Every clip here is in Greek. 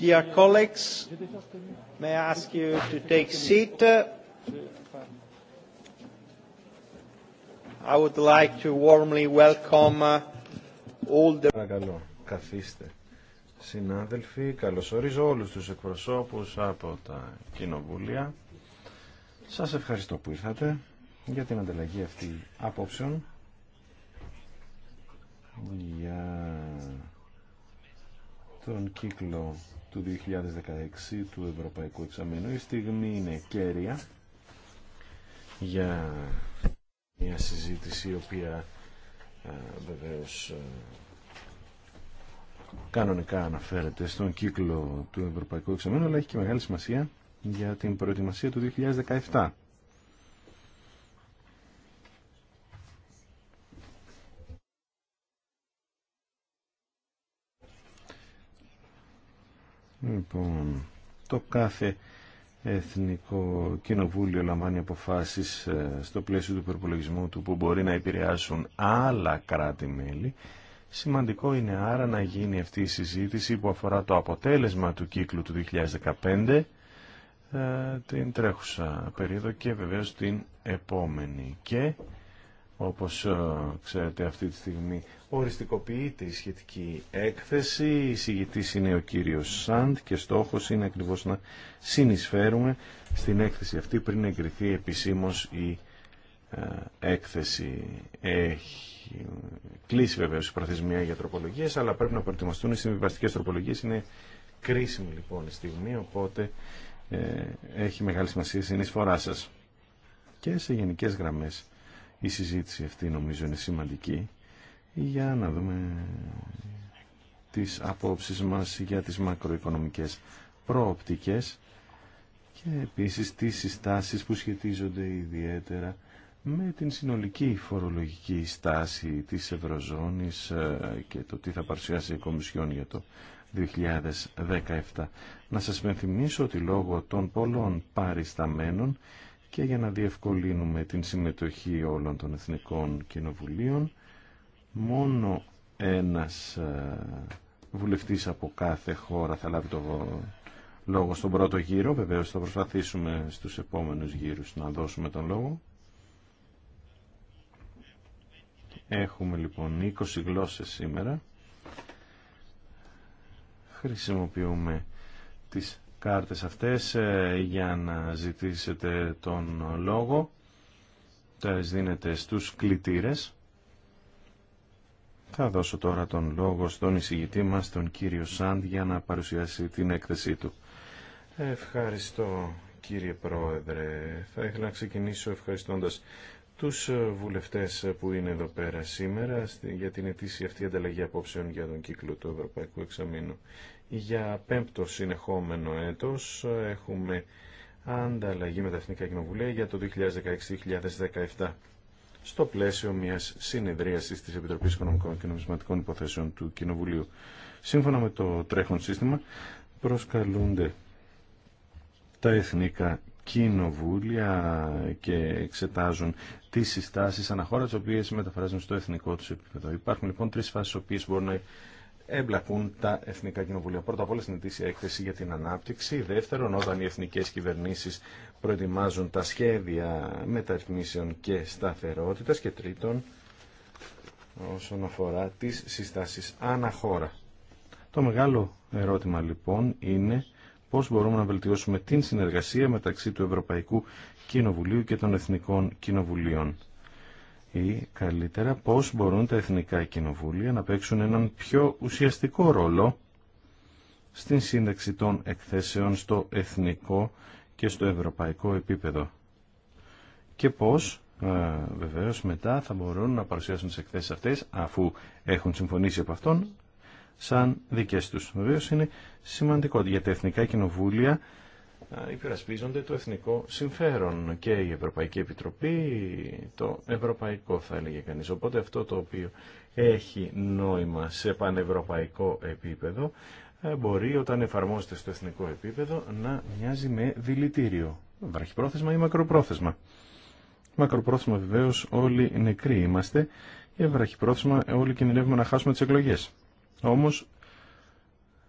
Dear colleagues, may I ask you to take seat? I would like to warmly welcome uh, all the... Παρακαλώ, καθίστε. Συνάδελφοι, καλωσορίζω όλους τους εκπροσώπους από τα κοινοβούλια. Σας ευχαριστώ που ήρθατε για την ανταλλαγή αυτή απόψεων για τον κύκλο του 2016 του Ευρωπαϊκού Εξαμήνου. Η στιγμή είναι κέρια για μια συζήτηση η οποία ε, βεβαίως ε, κανονικά αναφέρεται στον κύκλο του Ευρωπαϊκού Εξαμήνου αλλά έχει και μεγάλη σημασία για την προετοιμασία του 2017. Λοιπόν, το κάθε Εθνικό Κοινοβούλιο λαμβάνει αποφάσεις ε, στο πλαίσιο του προπολογισμού του που μπορεί να επηρεάσουν άλλα κράτη-μέλη. Σημαντικό είναι άρα να γίνει αυτή η συζήτηση που αφορά το αποτέλεσμα του κύκλου του 2015, ε, την τρέχουσα περίοδο και βεβαίως την επόμενη. Και όπως ε, ξέρετε αυτή τη στιγμή οριστικοποιείται η σχετική έκθεση, η συγητής είναι ο κύριος Σαντ και στόχος είναι ακριβώς να συνεισφέρουμε στην έκθεση αυτή πριν εγκριθεί επισήμως η ε, έκθεση. Έχει κλείσει βεβαίως η προθεσμία για τροπολογίες, αλλά πρέπει να προετοιμαστούν οι συμβιβαστικές τροπολογίες. Είναι κρίσιμη λοιπόν η στιγμή, οπότε ε, έχει μεγάλη σημασία η συνεισφορά σας. Και σε γενικές γραμμές η συζήτηση αυτή νομίζω είναι σημαντική για να δούμε τις απόψεις μας για τις μακροοικονομικές προοπτικές και επίσης τις συστάσεις που σχετίζονται ιδιαίτερα με την συνολική φορολογική στάση της Ευρωζώνης ε, και το τι θα παρουσιάσει η Κομισιόν για το 2017. Να σας μεθυμίσω ότι λόγω των πολλών παρισταμένων και για να διευκολύνουμε την συμμετοχή όλων των Εθνικών Κοινοβουλίων μόνο ένας ε, βουλευτής από κάθε χώρα θα λάβει το λόγο στον πρώτο γύρο. Βεβαίως θα προσπαθήσουμε στους επόμενους γύρους να δώσουμε τον λόγο. Έχουμε λοιπόν 20 γλώσσες σήμερα. Χρησιμοποιούμε τις κάρτες αυτές ε, για να ζητήσετε τον λόγο. Τα δίνετε στους κλητήρες. Θα δώσω τώρα τον λόγο στον εισηγητή μας, τον κύριο Σάντ, για να παρουσιάσει την έκθεσή του. Ευχαριστώ κύριε Πρόεδρε. Θα ήθελα να ξεκινήσω ευχαριστώντας τους βουλευτές που είναι εδώ πέρα σήμερα για την ετήσια αυτή ανταλλαγή απόψεων για τον κύκλο του Ευρωπαϊκού Εξαμήνου. Για πέμπτο συνεχόμενο έτος έχουμε ανταλλαγή με τα Εθνικά Κοινοβουλία για το 2016-2017 στο πλαίσιο μιας συνεδρίασης τη Επιτροπή Οικονομικών και Νομισματικών Υποθέσεων του Κοινοβουλίου. Σύμφωνα με το τρέχον σύστημα, προσκαλούνται τα εθνικά κοινοβούλια και εξετάζουν τι συστάσεις αναχώρα τι οποίε μεταφράζουν στο εθνικό τους επίπεδο. Υπάρχουν λοιπόν τρεις φάσεις οποίε μπορούν να εμπλακούν τα εθνικά κοινοβούλια. Πρώτα απ' όλα στην ετήσια έκθεση για την ανάπτυξη. Δεύτερον, όταν οι εθνικέ κυβερνήσει προετοιμάζουν τα σχέδια μεταρρυθμίσεων και σταθερότητας και τρίτον όσον αφορά τις συστάσεις αναχώρα. Το μεγάλο ερώτημα λοιπόν είναι πώς μπορούμε να βελτιώσουμε την συνεργασία μεταξύ του Ευρωπαϊκού Κοινοβουλίου και των Εθνικών Κοινοβουλίων. Ή καλύτερα πώς μπορούν τα Εθνικά Κοινοβούλια να παίξουν έναν πιο ουσιαστικό ρόλο στην σύνταξη των εκθέσεων στο Εθνικό και στο ευρωπαϊκό επίπεδο. Και πώς ε, βεβαίως μετά θα μπορούν να παρουσιάσουν τις εκθέσεις αυτές αφού έχουν συμφωνήσει από αυτόν σαν δικές τους. Βεβαίως είναι σημαντικό γιατί τα εθνικά κοινοβούλια ε, υπερασπίζονται το εθνικό συμφέρον και η Ευρωπαϊκή Επιτροπή το ευρωπαϊκό θα έλεγε κανείς. Οπότε αυτό το οποίο έχει νόημα σε πανευρωπαϊκό επίπεδο ε, μπορεί όταν εφαρμόζεται στο εθνικό επίπεδο να μοιάζει με δηλητήριο. Βραχυπρόθεσμα ή μακροπρόθεσμα. Μακροπρόθεσμα βεβαίω όλοι νεκροί είμαστε και βραχυπρόθεσμα όλοι κινδυνεύουμε να χάσουμε τι εκλογέ. Όμω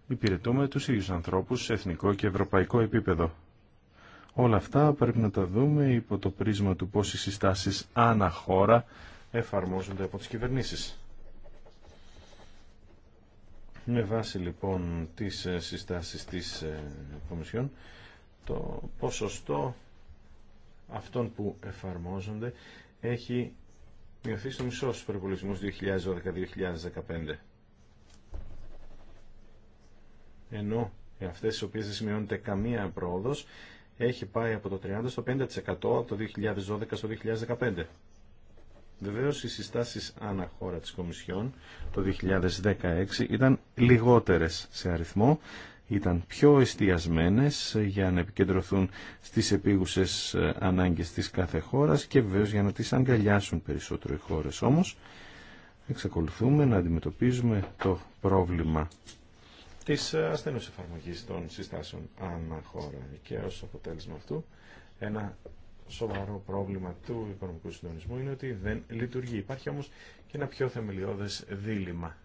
υπηρετούμε του ίδιου ανθρώπου σε εθνικό και ευρωπαϊκό επίπεδο. Όλα αυτά πρέπει να τα δούμε υπό το πρίσμα του πώς οι ανά χώρα εφαρμόζονται από τι κυβερνήσει. Με βάση λοιπόν τις ε, συστάσεις της ε, Κομισιόν, το ποσοστό αυτών που εφαρμόζονται έχει μειωθεί στο μισό στους προπολογισμούς 2012-2015. Ενώ οι αυτές οι οποίες δεν σημειώνεται καμία πρόοδος έχει πάει από το 30% στο 50% από το 2012 στο 2015. Βεβαίω, οι συστάσεις αναχώρα της Κομισιόν το 2016 ήταν λιγότερες σε αριθμό, ήταν πιο εστιασμένες για να επικεντρωθούν στις επίγουσες ε, ανάγκες της κάθε χώρας και βεβαίω για να τις αγκαλιάσουν περισσότερο οι χώρες. Όμως εξακολουθούμε να αντιμετωπίζουμε το πρόβλημα της ε, ασθενού εφαρμογή των συστάσεων αναχώρα και ω αποτέλεσμα αυτού σοβαρό πρόβλημα του οικονομικού συντονισμού είναι ότι δεν λειτουργεί. Υπάρχει όμως και ένα πιο θεμελιώδες δίλημα.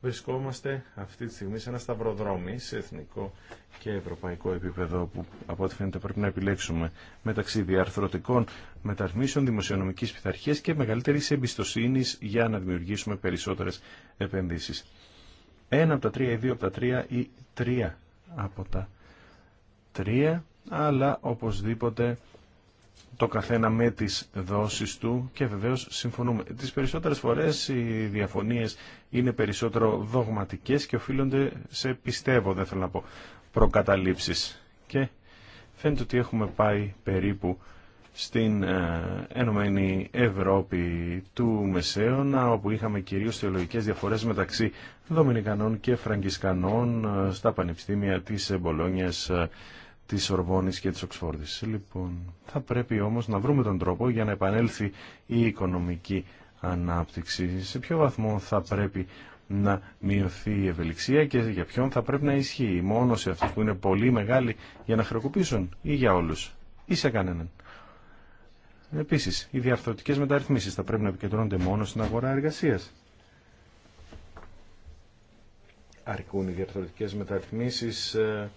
Βρισκόμαστε αυτή τη στιγμή σε ένα σταυροδρόμι σε εθνικό και ευρωπαϊκό επίπεδο που από ό,τι φαίνεται πρέπει να επιλέξουμε μεταξύ διαρθρωτικών μεταρρυθμίσεων, δημοσιονομικής πειθαρχία και μεγαλύτερη εμπιστοσύνη για να δημιουργήσουμε περισσότερες επενδύσεις. Ένα από τα τρία ή δύο από τα τρία ή τρία από τα τρία αλλά οπωσδήποτε το καθένα με τις δόσεις του και βεβαίως συμφωνούμε. Τις περισσότερες φορές οι διαφωνίες είναι περισσότερο δογματικές και οφείλονται σε πιστεύω, δεν θέλω να πω, προκαταλήψεις. Και φαίνεται ότι έχουμε πάει περίπου στην ε, Ενωμένη Ευρώπη του Μεσαίωνα, όπου είχαμε κυρίως θεολογικές διαφορές μεταξύ Δομινικανών και Φραγκισκανών ε, στα πανεπιστήμια της Μπολόνιας ε, Τη ορβόνη και τη Οξφόρδης. Λοιπόν, θα πρέπει όμως να βρούμε τον τρόπο για να επανέλθει η οικονομική ανάπτυξη. Σε ποιο βαθμό θα πρέπει να μειωθεί η ευελιξία και για ποιον θα πρέπει να ισχύει. Μόνο σε αυτού που είναι πολύ μεγάλοι για να χρεοκοπήσουν ή για όλους ή σε κανέναν. Επίση, οι διαρθρωτικές μεταρρυθμίσεις θα πρέπει να επικεντρώνονται μόνο στην αγορά εργασία. Αρκούν οι διαρθρωτικές μεταρρυθμίσεις ε,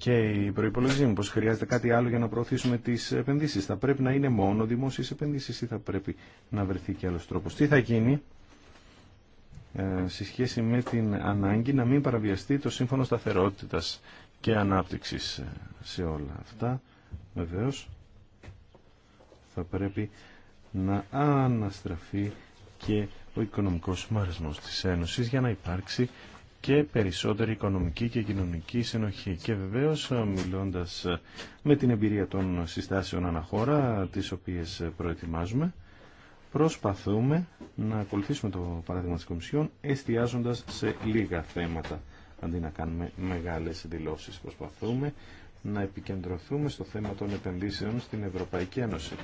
και οι προπολογισμοί, πως χρειάζεται κάτι άλλο για να προωθήσουμε τις επενδύσεις. Θα πρέπει να είναι μόνο δημόσιες επενδύσεις ή θα πρέπει να βρεθεί και άλλος τρόπος. Τι θα γίνει ε, σε σχέση με την ανάγκη να μην παραβιαστεί το σύμφωνο σταθερότητας και ανάπτυξης ε, σε όλα αυτά. Βεβαίω θα πρέπει να αναστραφεί και ο οικονομικός μάρισμός της Ένωσης για να υπάρξει και περισσότερη οικονομική και κοινωνική συνοχή. Και βεβαίως ε, μιλώντας ε, με την εμπειρία των συστάσεων αναχώρα, τις οποίες προετοιμάζουμε, προσπαθούμε να ακολουθήσουμε το παράδειγμα της Κομισιόν, εστιάζοντας σε λίγα θέματα, αντί να κάνουμε μεγάλες δηλώσεις. Προσπαθούμε να επικεντρωθούμε στο θέμα των επενδύσεων στην Ευρωπαϊκή Ένωση,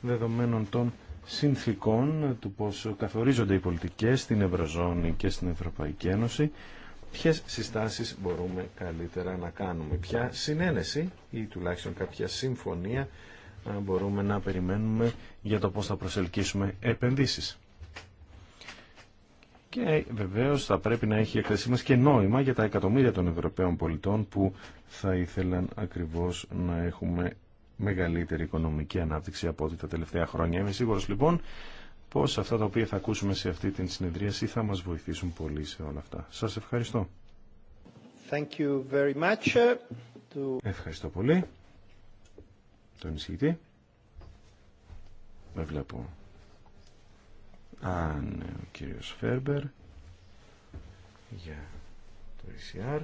δεδομένων των συνθήκων του πώς καθορίζονται οι πολιτικές στην Ευρωζώνη και στην Ευρωπαϊκή Ένωση ποιες συστάσεις μπορούμε καλύτερα να κάνουμε ποια συνένεση ή τουλάχιστον κάποια συμφωνία μπορούμε να περιμένουμε για το πώς θα προσελκύσουμε επενδύσεις και βεβαίως θα πρέπει να έχει η εκθεσή μας και νόημα για τα εκατομμύρια των Ευρωπαίων πολιτών που θα ήθελαν ακριβώς να έχουμε μεγαλύτερη οικονομική ανάπτυξη από ό,τι τα τελευταία χρόνια. Είμαι σίγουρο λοιπόν πω αυτά τα οποία θα ακούσουμε σε αυτή την συνεδρίαση θα μας βοηθήσουν πολύ σε όλα αυτά. Σας ευχαριστώ. Thank you very much. Ε, ευχαριστώ πολύ Το ενισχύτη. Δεν βλέπω αν ο κύριος Φέρμπερ για το ECR.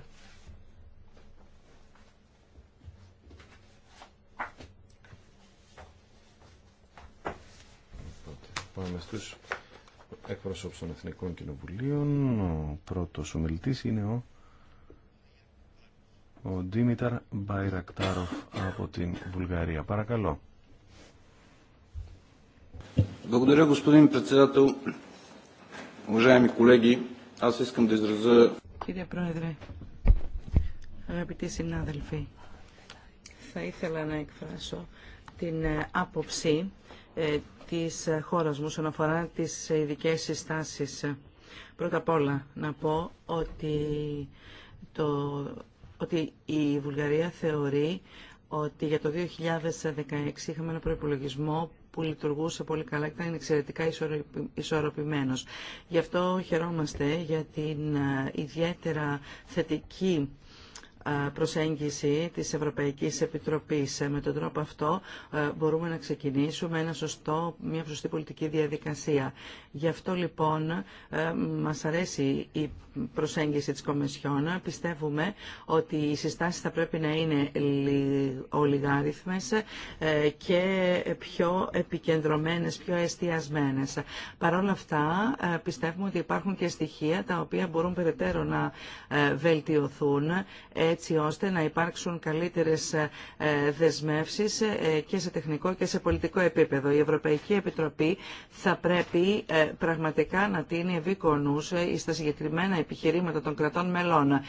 Πάμε στους εκπροσώπους των Εθνικών Κοινοβουλίων. Ο πρώτος ομιλητής είναι ο, ο Μπαϊρακτάροφ από την Βουλγαρία. Παρακαλώ. Κύριε Πρόεδρε, αγαπητοί συνάδελφοι, θα ήθελα να εκφράσω την ε, άποψη ε, της χώρας μου όσον αφορά τις ειδικές συστάσεις. Πρώτα απ' όλα να πω ότι, το, ότι η Βουλγαρία θεωρεί ότι για το 2016 είχαμε ένα προπολογισμό που λειτουργούσε πολύ καλά και ήταν εξαιρετικά ισορροπημένος. Γι' αυτό χαιρόμαστε για την ε, ιδιαίτερα θετική προσέγγιση της Ευρωπαϊκής Επιτροπής. Ε, με τον τρόπο αυτό ε, μπορούμε να ξεκινήσουμε ένα σωστό, μια σωστή πολιτική διαδικασία. Γι' αυτό λοιπόν ε, μας αρέσει η προσέγγιση της Κομισιόν. Πιστεύουμε ότι οι συστάσεις θα πρέπει να είναι ολιγάριθμες και πιο επικεντρωμένες, πιο εστιασμένες. Παρ' όλα αυτά πιστεύουμε ότι υπάρχουν και στοιχεία τα οποία μπορούν περαιτέρω να βελτιωθούν έτσι ώστε να υπάρξουν καλύτερες ε, δεσμεύσεις ε, και σε τεχνικό και σε πολιτικό επίπεδο. Η Ευρωπαϊκή Επιτροπή θα πρέπει ε, πραγματικά να τίνει ευήκονους στα συγκεκριμένα επιχειρήματα των κρατών μελών.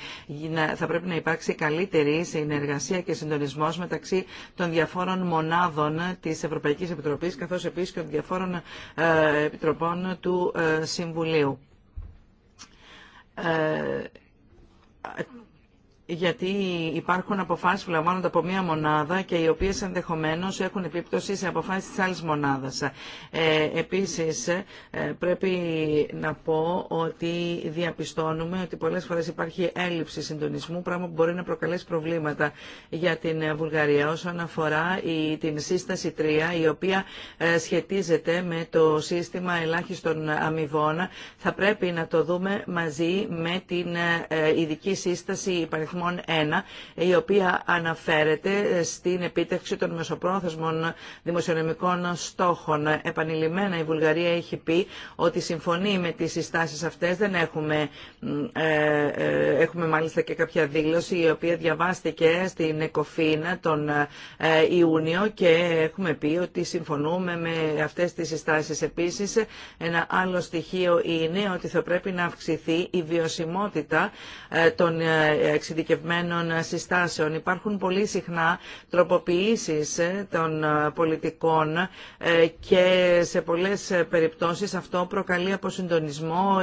Θα πρέπει να υπάρξει καλύτερη συνεργασία και συντονισμός μεταξύ των διαφόρων μονάδων της Ευρωπαϊκής Επιτροπής καθώς επίσης και των διαφόρων επιτροπών του Συμβουλίου γιατί υπάρχουν αποφάσεις που λαμβάνονται από μία μονάδα και οι οποίες ενδεχομένως έχουν επίπτωση σε αποφάσεις της άλλης μονάδας. Ε, επίσης, ε, πρέπει να πω ότι διαπιστώνουμε ότι πολλές φορές υπάρχει έλλειψη συντονισμού, πράγμα που μπορεί να προκαλέσει προβλήματα για την Βουλγαρία όσον αφορά η, την σύσταση 3, η οποία ε, σχετίζεται με το σύστημα ελάχιστων αμοιβών. Θα πρέπει να το δούμε μαζί με την ε, ειδική σύσταση υπαριθμών 1, η οποία αναφέρεται στην επίτευξη των μεσοπρόθεσμων δημοσιονομικών στόχων. Επανειλημμένα η Βουλγαρία έχει πει ότι συμφωνεί με τις συστάσεις αυτές. Δεν έχουμε, ε, ε, έχουμε μάλιστα και κάποια δήλωση η οποία διαβάστηκε στην Εκοφίνα τον ε, Ιούνιο και έχουμε πει ότι συμφωνούμε με αυτές τις συστάσεις. Επίσης, ένα άλλο στοιχείο είναι ότι θα πρέπει να αυξηθεί η βιωσιμότητα των εξειδικευμένων συστάσεων. Υπάρχουν πολύ συχνά τροποποιήσεις ε, των ε, πολιτικών ε, και σε πολλές περιπτώσεις αυτό προκαλεί αποσυντονισμό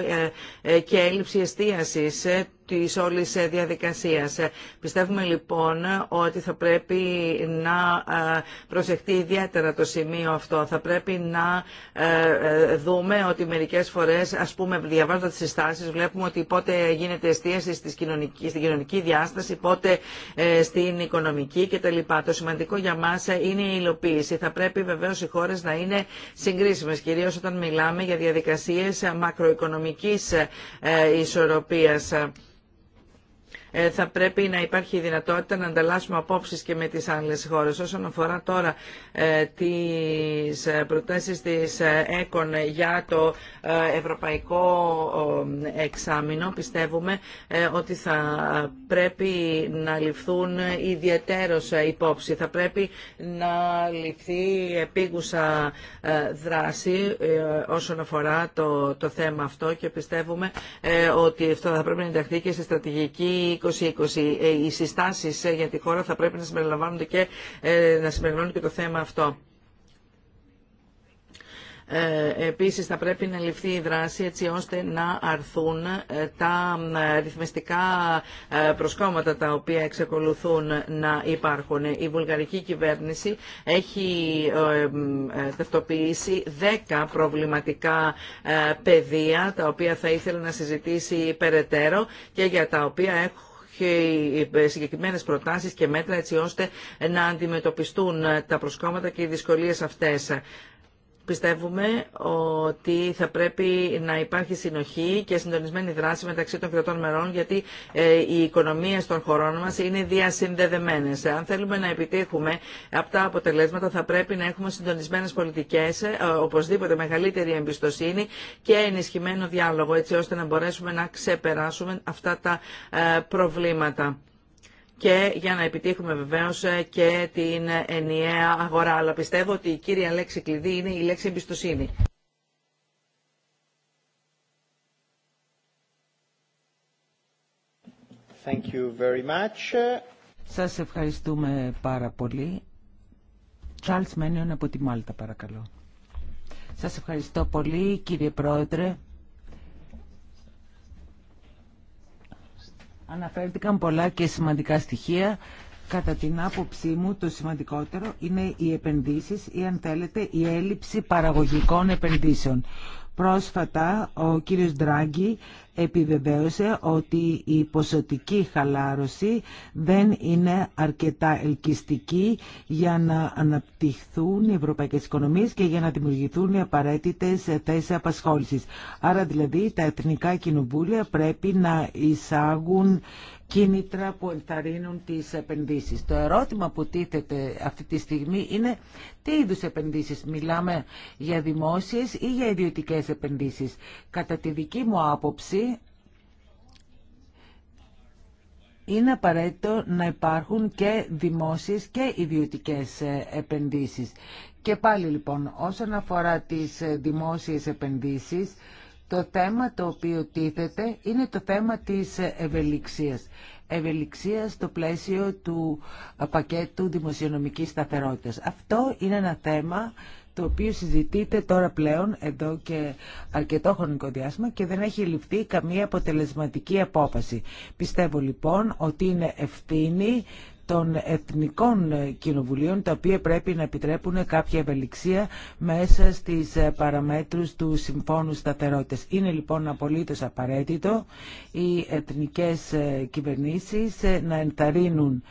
και έλλειψη εστίασης Τη όλη ε, διαδικασία. Ε, πιστεύουμε λοιπόν ότι θα πρέπει να ε, προσεχτεί ιδιαίτερα το σημείο αυτό. Θα πρέπει να δούμε ότι μερικέ φορέ α πούμε, διαβάζοντα τι συστάσει, βλέπουμε ότι πότε γίνεται εστίαση στην κοινωνική διάσταση, πότε στην οικονομική κτλ. Το σημαντικό για μα είναι η υλοποίηση. Θα πρέπει βεβαίω οι χώρε να είναι συγκρίσιμε, κυρίω όταν μιλάμε για διαδικασίε μακροοικονομική ισορροπία. Ε, θα πρέπει να υπάρχει η δυνατότητα να ανταλλάσσουμε απόψεις και με τις άλλες χώρες. Όσον αφορά τώρα ε, τις ε, προτάσεις της ΕΚΟΝ για το ευρωπαϊκό εξάμεινο, πιστεύουμε ότι θα πρέπει να ληφθούν ιδιαίτερως υπόψη. Θα πρέπει να ληφθεί επίγουσα δράση όσον αφορά το, το θέμα αυτό και πιστεύουμε ότι αυτό θα πρέπει να ενταχθεί και σε στρατηγική 2020 ε, οι συστάσει ε, για τη χώρα θα πρέπει να συμπεριλαμβάνονται και, ε, να συμπεριλαμβάνονται και το θέμα αυτό. Επίσης θα πρέπει να ληφθεί η δράση έτσι ώστε να αρθούν τα ρυθμιστικά προσκόμματα τα οποία εξακολουθούν να υπάρχουν. Η βουλγαρική κυβέρνηση έχει ταυτοποιήσει 10 προβληματικά πεδία τα οποία θα ήθελε να συζητήσει περαιτέρω και για τα οποία και συγκεκριμένες προτάσεις και μέτρα έτσι ώστε να αντιμετωπιστούν τα προσκόμματα και οι δυσκολίες αυτές. Πιστεύουμε ότι θα πρέπει να υπάρχει συνοχή και συντονισμένη δράση μεταξύ των κρατών μερών γιατί ε, οι οικονομίες των χωρών μας είναι διασυνδεδεμένες. Αν θέλουμε να επιτύχουμε αυτά αποτελέσματα θα πρέπει να έχουμε συντονισμένες πολιτικές, ε, οπωσδήποτε μεγαλύτερη εμπιστοσύνη και ενισχυμένο διάλογο έτσι ώστε να μπορέσουμε να ξεπεράσουμε αυτά τα ε, προβλήματα και για να επιτύχουμε βεβαίω ε, και την ενιαία αγορά. Αλλά πιστεύω ότι η κύρια λέξη κλειδί είναι η λέξη εμπιστοσύνη. Thank you very much. Σας ευχαριστούμε πάρα πολύ. Charles Mannion από τη Μάλτα, παρακαλώ. Σας ευχαριστώ πολύ, κύριε Πρόεδρε. Αναφέρθηκαν πολλά και σημαντικά στοιχεία. Κατά την άποψή μου το σημαντικότερο είναι οι επενδύσεις ή αν θέλετε η έλλειψη παραγωγικών επενδύσεων. Πρόσφατα ο κύριος Ντράγκη επιβεβαίωσε ότι η ποσοτική χαλάρωση δεν είναι αρκετά ελκυστική για να αναπτυχθούν οι ευρωπαϊκές οικονομίες και για να δημιουργηθούν οι απαραίτητες θέσεις απασχόλησης. Άρα δηλαδή τα εθνικά κοινοβούλια πρέπει να εισάγουν κίνητρα που ενθαρρύνουν τις επενδύσεις. Το ερώτημα που τίθεται αυτή τη στιγμή είναι τι είδους επενδύσεις. Μιλάμε για δημόσιες ή για ιδιωτικές επενδύσεις. Κατά τη δική μου άποψη είναι απαραίτητο να υπάρχουν και δημόσιες και ιδιωτικές επενδύσεις. Και πάλι λοιπόν όσον αφορά τις δημόσιες επενδύσεις το θέμα το οποίο τίθεται είναι το θέμα της ευελιξίας. Ευελιξία στο πλαίσιο του πακέτου δημοσιονομικής σταθερότητας. Αυτό είναι ένα θέμα το οποίο συζητείται τώρα πλέον εδώ και αρκετό χρονικό διάστημα και δεν έχει ληφθεί καμία αποτελεσματική απόφαση. Πιστεύω λοιπόν ότι είναι ευθύνη των εθνικών κοινοβουλίων τα οποία πρέπει να επιτρέπουν κάποια ευελιξία μέσα στις παραμέτρους του Συμφώνου Σταθερότητας. Είναι λοιπόν απολύτως απαραίτητο οι εθνικές κυβερνήσεις να ενθαρρύνουν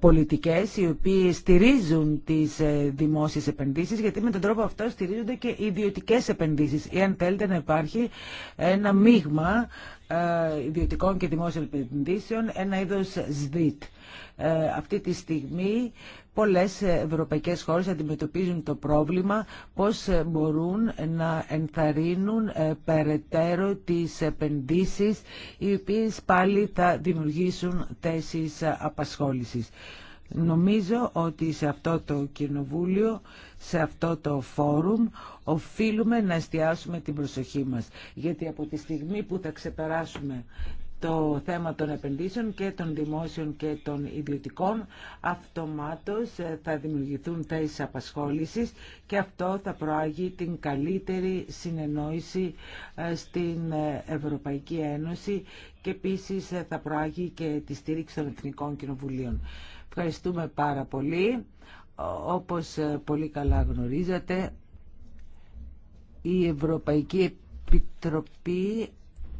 πολιτικές οι οποίες στηρίζουν τις δημόσιες επενδύσεις γιατί με τον τρόπο αυτό στηρίζονται και οι ιδιωτικές επενδύσεις ή αν θέλετε να υπάρχει ένα μείγμα ε, ιδιωτικών και δημόσιων επενδύσεων, ένα είδος ΣΔΙΤ. Ε, αυτή τη στιγμή πολλές ευρωπαϊκές χώρες αντιμετωπίζουν το πρόβλημα πώς ε, μπορούν να ενθαρρύνουν ε, περαιτέρω τις επενδύσεις οι οποίες πάλι θα δημιουργήσουν θέσεις απασχόλησης. Νομίζω ότι σε αυτό το κοινοβούλιο, σε αυτό το φόρουμ, οφείλουμε να εστιάσουμε την προσοχή μας. Γιατί από τη στιγμή που θα ξεπεράσουμε το θέμα των επενδύσεων και των δημόσιων και των ιδιωτικών αυτομάτως ε, θα δημιουργηθούν θέσεις απασχόλησης και αυτό θα προάγει την καλύτερη συνεννόηση ε, στην ε, Ευρωπαϊκή Ένωση και επίσης θα προάγει και τη στήριξη των Εθνικών Κοινοβουλίων. Ευχαριστούμε πάρα πολύ. Όπως πολύ καλά γνωρίζετε, η Ευρωπαϊκή Επιτροπή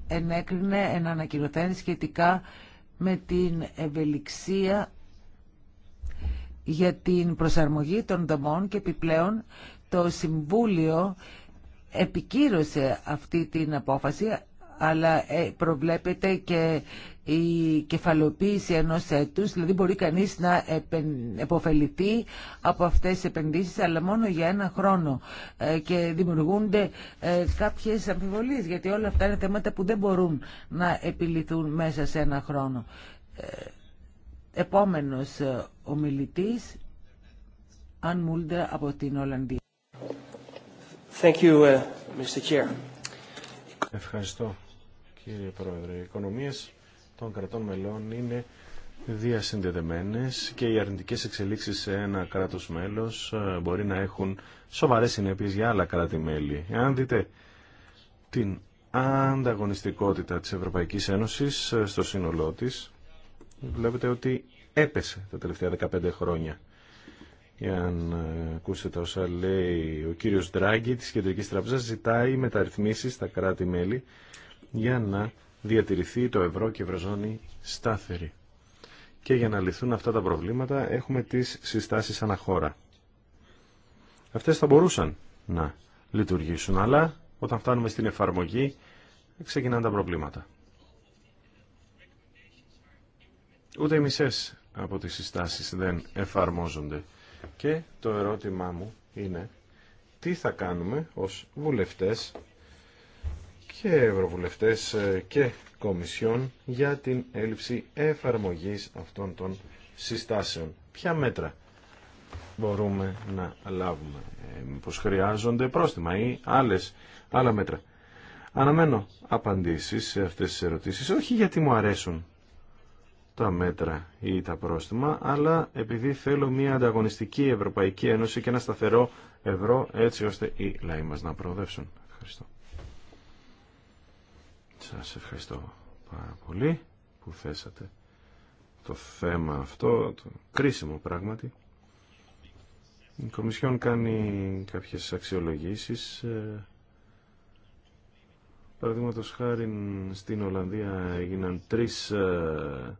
ενέκρινε ένα ανακοινωθέν σχετικά με την ευελιξία για την προσαρμογή των δομών και επιπλέον το Συμβούλιο επικύρωσε αυτή την απόφαση αλλά ε, προβλέπεται και η κεφαλοποίηση ενός έτους, δηλαδή μπορεί κανείς να επωφεληθεί από αυτές τις επενδύσεις, αλλά μόνο για ένα χρόνο ε, και δημιουργούνται ε, κάποιες αμφιβολίες, γιατί όλα αυτά είναι θέματα που δεν μπορούν να επιληθούν μέσα σε ένα χρόνο. Επόμενος ομιλητής, Αν Μούλντερ από την Ολλανδία. Ευχαριστώ κύριε Πρόεδρε. Οι οικονομίες των κρατών μελών είναι διασυνδεδεμένες και οι αρνητικές εξελίξεις σε ένα κράτος μέλος ε, μπορεί να έχουν σοβαρές συνέπειες για άλλα κράτη-μέλη. Εάν δείτε την ανταγωνιστικότητα της Ευρωπαϊκής Ένωσης ε, στο σύνολό της, βλέπετε ότι έπεσε τα τελευταία 15 χρόνια. Εάν ε, ακούσετε όσα λέει ο κύριος Ντράγκη της Κεντρικής Τραπεζάς, ζητάει μεταρρυθμίσεις στα κράτη-μέλη για να διατηρηθεί το ευρώ και η ευρωζώνη στάθερη. Και για να λυθούν αυτά τα προβλήματα έχουμε τις συστάσεις αναχώρα. Αυτές θα μπορούσαν να λειτουργήσουν, αλλά όταν φτάνουμε στην εφαρμογή ξεκινάνε τα προβλήματα. Ούτε οι μισές από τις συστάσεις δεν εφαρμόζονται. Και το ερώτημά μου είναι τι θα κάνουμε ως βουλευτές και ευρωβουλευτές ε, και κομισιόν για την έλλειψη εφαρμογής αυτών των συστάσεων. Ποια μέτρα μπορούμε να λάβουμε, ε, πως χρειάζονται πρόστιμα ή άλλες, άλλα μέτρα. Αναμένω απαντήσεις σε αυτές τις ερωτήσεις, όχι γιατί μου αρέσουν τα μέτρα ή τα πρόστιμα, αλλά επειδή θέλω μια ανταγωνιστική Ευρωπαϊκή Ένωση και ένα σταθερό ευρώ, έτσι ώστε οι λαοί μας να προοδεύσουν. Ευχαριστώ. Σας ευχαριστώ πάρα πολύ που θέσατε το θέμα αυτό, το κρίσιμο πράγματι. Η Κομισιόν κάνει κάποιες αξιολογήσεις. Ε, Παραδείγματο χάρη στην Ολλανδία έγιναν τρεις ε,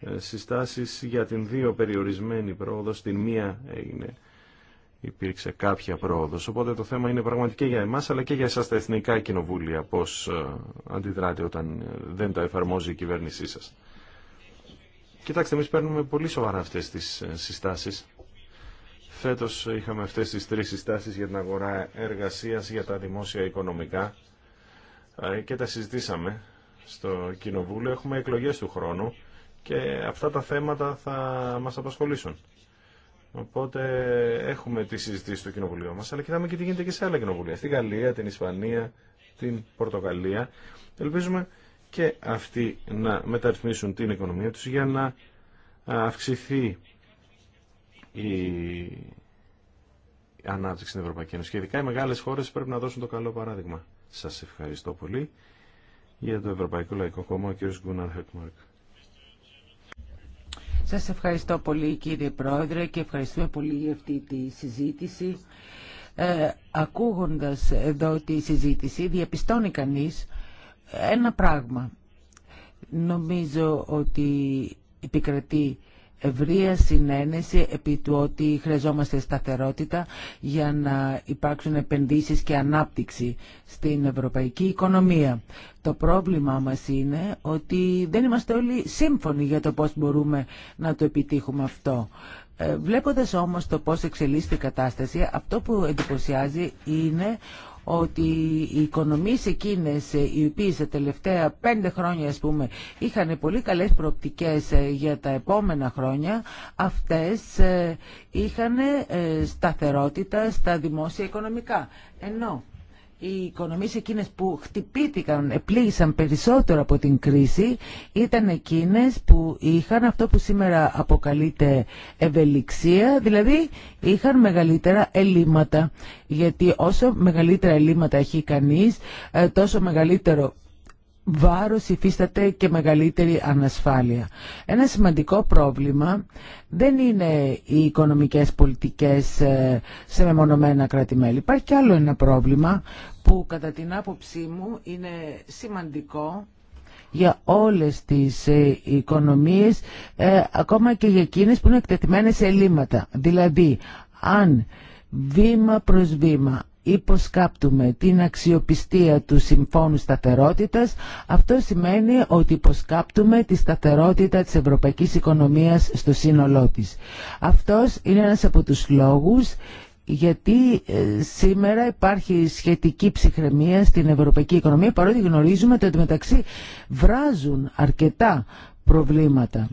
ε, συστάσεις για την δύο περιορισμένη πρόοδο, στην μία έγινε υπήρξε κάποια πρόοδος. Οπότε το θέμα είναι πραγματικά για εμάς αλλά και για εσάς τα εθνικά κοινοβούλια πώς ε, αντιδράτε όταν ε, δεν τα εφαρμόζει η κυβέρνησή σας. Κοιτάξτε, εμείς παίρνουμε πολύ σοβαρά αυτές τις ε, συστάσεις. Φέτος είχαμε αυτές τις τρεις συστάσεις για την αγορά εργασίας, για τα δημόσια οικονομικά και τα συζητήσαμε στο Κοινοβούλιο. Έχουμε εκλογές του χρόνου και αυτά τα θέματα θα μας απασχολήσουν. Οπότε έχουμε τη συζήτηση στο κοινοβουλίο μας, αλλά κοιτάμε και τι γίνεται και σε άλλα κοινοβουλία. Στη Γαλλία, την Ισπανία, την Πορτογαλία. Ελπίζουμε και αυτοί να μεταρρυθμίσουν την οικονομία τους για να αυξηθεί η ανάπτυξη στην Ευρωπαϊκή Ένωση. Και ειδικά οι μεγάλες χώρες πρέπει να δώσουν το καλό παράδειγμα. Σα ευχαριστώ πολύ για το Ευρωπαϊκό Λαϊκό Κόμμα, ο κ. Γκούναρ Χέρτμαρκ. Σας ευχαριστώ πολύ κύριε Πρόεδρε και ευχαριστούμε πολύ για αυτή τη συζήτηση. Ε, ακούγοντας εδώ τη συζήτηση διαπιστώνει κανείς ένα πράγμα. Νομίζω ότι επικρατεί ευρεία συνένεση επί του ότι χρειαζόμαστε σταθερότητα για να υπάρξουν επενδύσεις και ανάπτυξη στην ευρωπαϊκή οικονομία. Το πρόβλημά μας είναι ότι δεν είμαστε όλοι σύμφωνοι για το πώς μπορούμε να το επιτύχουμε αυτό. Ε, βλέποντας όμως το πώς εξελίσσεται η κατάσταση, αυτό που εντυπωσιάζει είναι ότι οι οικονομίες εκείνες ε, οι οποίες τα τελευταία πέντε χρόνια ας πούμε είχαν πολύ καλές προοπτικές ε, για τα επόμενα χρόνια αυτές ε, είχαν σταθερότητα στα δημόσια οικονομικά. Ενώ οι οικονομίες εκείνες που χτυπήθηκαν, επλήγησαν περισσότερο από την κρίση ήταν εκείνες που είχαν αυτό που σήμερα αποκαλείται ευελιξία, δηλαδή είχαν μεγαλύτερα ελλείμματα. Γιατί όσο μεγαλύτερα ελλείμματα έχει κανείς, ε, τόσο μεγαλύτερο βάρος υφίσταται και μεγαλύτερη ανασφάλεια. Ένα σημαντικό πρόβλημα δεν είναι οι οικονομικές πολιτικές ε, σε μεμονωμένα κράτη-μέλη. Υπάρχει και άλλο ένα πρόβλημα που κατά την άποψή μου είναι σημαντικό για όλες τις ε, οικονομίες, ε, ακόμα και για εκείνες που είναι εκτεθειμένες σε ελλείμματα. Δηλαδή, αν βήμα προς βήμα υποσκάπτουμε την αξιοπιστία του Συμφώνου Σταθερότητας, αυτό σημαίνει ότι υποσκάπτουμε τη σταθερότητα της ευρωπαϊκής οικονομίας στο σύνολό της. Αυτός είναι ένας από τους λόγους γιατί ε, σήμερα υπάρχει σχετική ψυχραιμία στην ευρωπαϊκή οικονομία παρότι γνωρίζουμε ότι μεταξύ βράζουν αρκετά προβλήματα.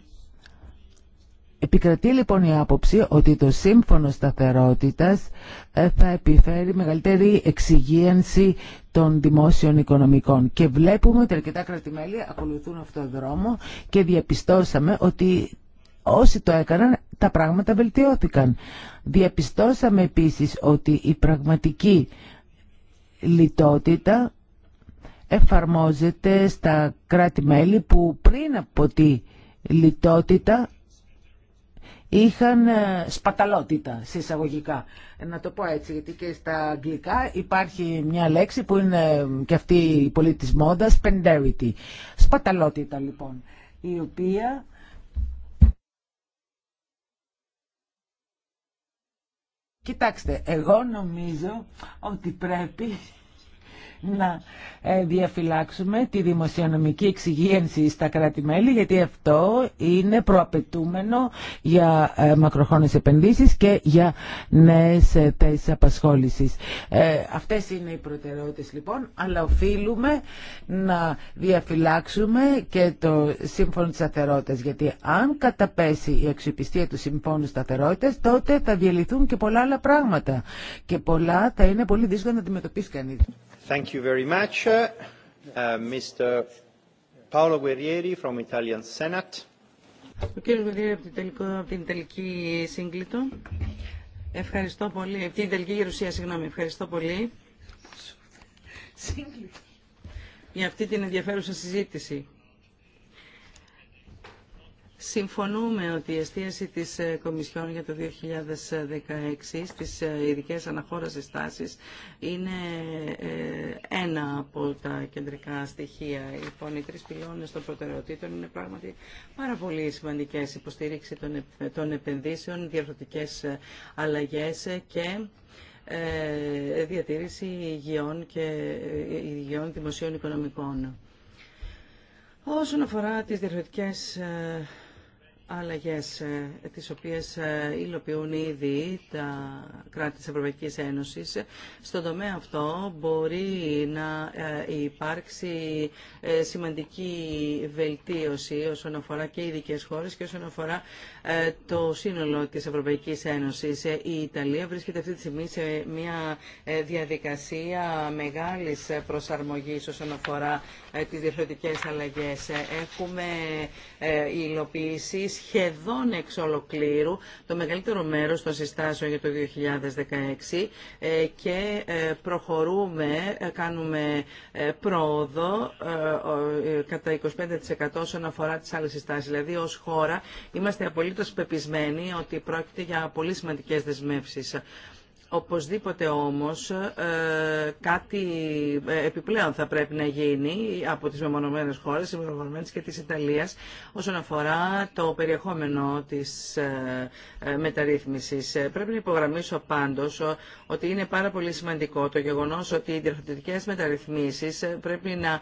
Επικρατεί λοιπόν η άποψη ότι το σύμφωνο σταθερότητας ε, θα επιφέρει μεγαλύτερη εξυγίανση των δημόσιων οικονομικών. Και βλέπουμε ότι αρκετά κρατημέλη ακολουθούν αυτόν τον δρόμο και διαπιστώσαμε ότι όσοι το έκαναν τα πράγματα βελτιώθηκαν. Διαπιστώσαμε επίσης ότι η πραγματική λιτότητα εφαρμόζεται στα κράτη-μέλη που πριν από τη λιτότητα είχαν ε, σπαταλότητα, συσσαγωγικά. Ε, να το πω έτσι, γιατί και στα αγγλικά υπάρχει μια λέξη που είναι ε, και αυτή η πολύ της μόδας, Σπαταλότητα λοιπόν, η οποία... Κοιτάξτε, εγώ νομίζω ότι πρέπει να ε, διαφυλάξουμε τη δημοσιονομική εξυγίανση στα κράτη-μέλη, γιατί αυτό είναι προαπαιτούμενο για ε, μακροχρόνιες επενδύσεις και για νέες ε, θέσεις απασχόλησης. Αυτές είναι οι προτεραιότητες λοιπόν, αλλά οφείλουμε να διαφυλάξουμε και το σύμφωνο της σταθερότητας, γιατί αν καταπέσει η αξιοπιστία του συμφώνου σταθερότητας, τότε θα διαλυθούν και πολλά άλλα πράγματα και πολλά θα είναι πολύ δύσκολο να αντιμετωπίσει κανείς. Thank you very much. Uh, uh Mr. Paolo Guerrieri from Italian Senate. Ο κύριος Γουδιέρη από, από την Ιταλική Σύγκλητο. Ευχαριστώ πολύ. Από την Ιταλική Γερουσία, συγγνώμη. Ευχαριστώ πολύ. Σύγκλητο. Για αυτή την ενδιαφέρουσα συζήτηση. Συμφωνούμε ότι η εστίαση της ε, Κομισιόν για το 2016 στις ε, ειδικές αναχώρασης τάσεις είναι ε, ένα από τα κεντρικά στοιχεία. Λοιπόν, οι τρεις πυλώνες των προτεραιοτήτων είναι πράγματι πάρα πολύ σημαντικές. Υποστήριξη των επενδύσεων, διαφορετικές αλλαγές και διατήρηση υγιών και υγιών δημοσίων οικονομικών. Όσον αφορά τις διαφορετικές αλλαγές ε, τις οποίες ε, υλοποιούν ήδη τα κράτη της Ευρωπαϊκής Ένωσης. Στον τομέα αυτό μπορεί να ε, υπάρξει σημαντική βελτίωση όσον αφορά και οι ειδικές χώρες και όσον αφορά το σύνολο της Ευρωπαϊκής Ένωσης. Η Ιταλία βρίσκεται αυτή τη στιγμή σε μια διαδικασία μεγάλης προσαρμογής όσον αφορά τις διαφορετικές αλλαγές. Έχουμε υλοποιήσει σχεδόν εξ ολοκλήρου το μεγαλύτερο μέρος των συστάσεων για το 2016 ε, και ε, προχωρούμε, ε, κάνουμε πρόοδο κατά 25% όσον αφορά τις άλλες συστάσεις. Δηλαδή ως χώρα είμαστε απολύτως πεπισμένοι ότι πρόκειται για πολύ σημαντικές δεσμεύσεις. Οπωσδήποτε όμως ε, κάτι ε, επιπλέον θα πρέπει να γίνει από τις μεμονωμένες χώρες, οι μεμονωμένες και της Ιταλίας, όσον αφορά το περιεχόμενο της ε, μεταρρύθμισης. Πρέπει να υπογραμμίσω πάντως ότι είναι πάρα πολύ σημαντικό το γεγονός ότι οι διευθυντικές μεταρρυθμίσεις πρέπει να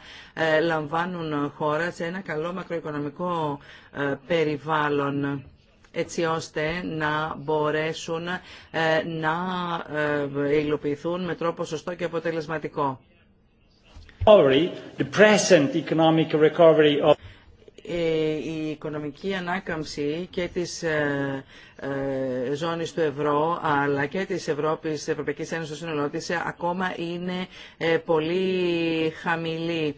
λαμβάνουν χώρα σε ένα καλό μακροοικονομικό περιβάλλον έτσι ώστε να μπορέσουν ε, να ε, υλοποιηθούν με τρόπο σωστό και αποτελεσματικό. The present economic recovery ε, η οικονομική ανάκαμψη και της ε, ε, ζώνης του ευρώ αλλά και της Ευρώπης, Ευρωπαϊκής Ένωσης στο ακόμα είναι πολύ χαμηλή.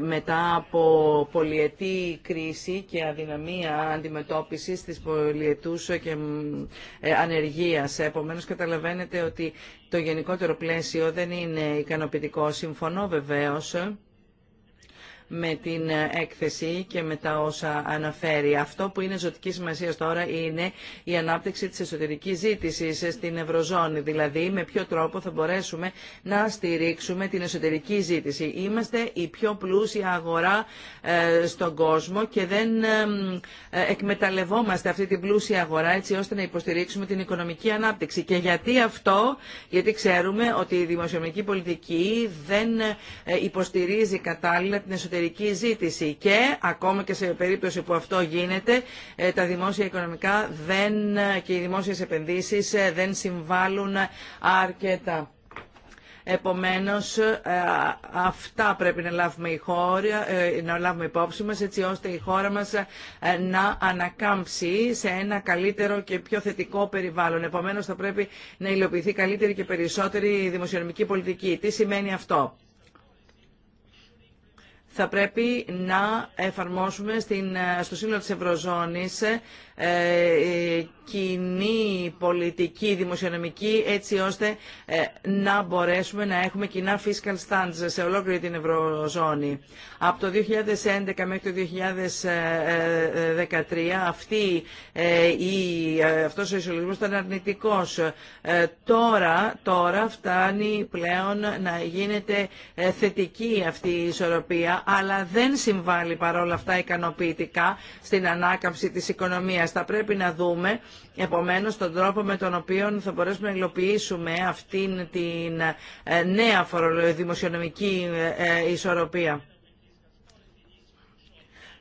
Μετά από πολυετή κρίση και αδυναμία αντιμετώπισης της πολυετούς και ανεργίας. Επομένως καταλαβαίνετε ότι το γενικότερο πλαίσιο δεν είναι ικανοποιητικό. Συμφωνώ βεβαίως με την έκθεση και με τα όσα αναφέρει. Αυτό που είναι ζωτική σημασία τώρα είναι η ανάπτυξη της εσωτερικής ζήτησης στην Ευρωζώνη. Δηλαδή με ποιο τρόπο θα μπορέσουμε να στηρίξουμε την εσωτερική ζήτηση. Είμαστε η πιο πλούσια αγορά ε, στον κόσμο και δεν ε, ε, εκμεταλλευόμαστε αυτή την πλούσια αγορά έτσι ώστε να υποστηρίξουμε την οικονομική ανάπτυξη. Και γιατί αυτό, γιατί ξέρουμε ότι η δημοσιονομική πολιτική δεν υποστηρίζει κατάλληλα την εσωτερική εσωτερική ζήτηση και ακόμα και σε περίπτωση που αυτό γίνεται ε, τα δημόσια οικονομικά δεν, και οι δημόσιες επενδύσεις ε, δεν συμβάλλουν αρκετά. Επομένως, ε, αυτά πρέπει να λάβουμε, η χώρα, να λάβουμε υπόψη μας, έτσι ώστε η χώρα μας να ανακάμψει σε ένα καλύτερο και πιο θετικό περιβάλλον. Επομένως, θα πρέπει να υλοποιηθεί καλύτερη και περισσότερη δημοσιονομική πολιτική. Τι σημαίνει αυτό θα πρέπει να εφαρμόσουμε στην, ε, στο σύνολο της Ευρωζώνης ε, ε, κοινή πολιτική, δημοσιονομική, έτσι ώστε ε, να μπορέσουμε να έχουμε κοινά fiscal stands σε ολόκληρη την Ευρωζώνη. Από το 2011 μέχρι το 2013 αυτή, ε, η, ε, αυτός ο ισολογισμός ήταν αρνητικός. Τώρα, τώρα φτάνει πλέον να γίνεται θετική αυτή η ισορροπία, αλλά δεν συμβάλλει παρόλα αυτά ικανοποιητικά στην ανάκαμψη της οικονομίας. Θα πρέπει να δούμε επομένω τον τρόπο με τον οποίο θα μπορέσουμε να υλοποιήσουμε αυτήν την ε, νέα δημοσιονομική ε, ε, ισορροπία.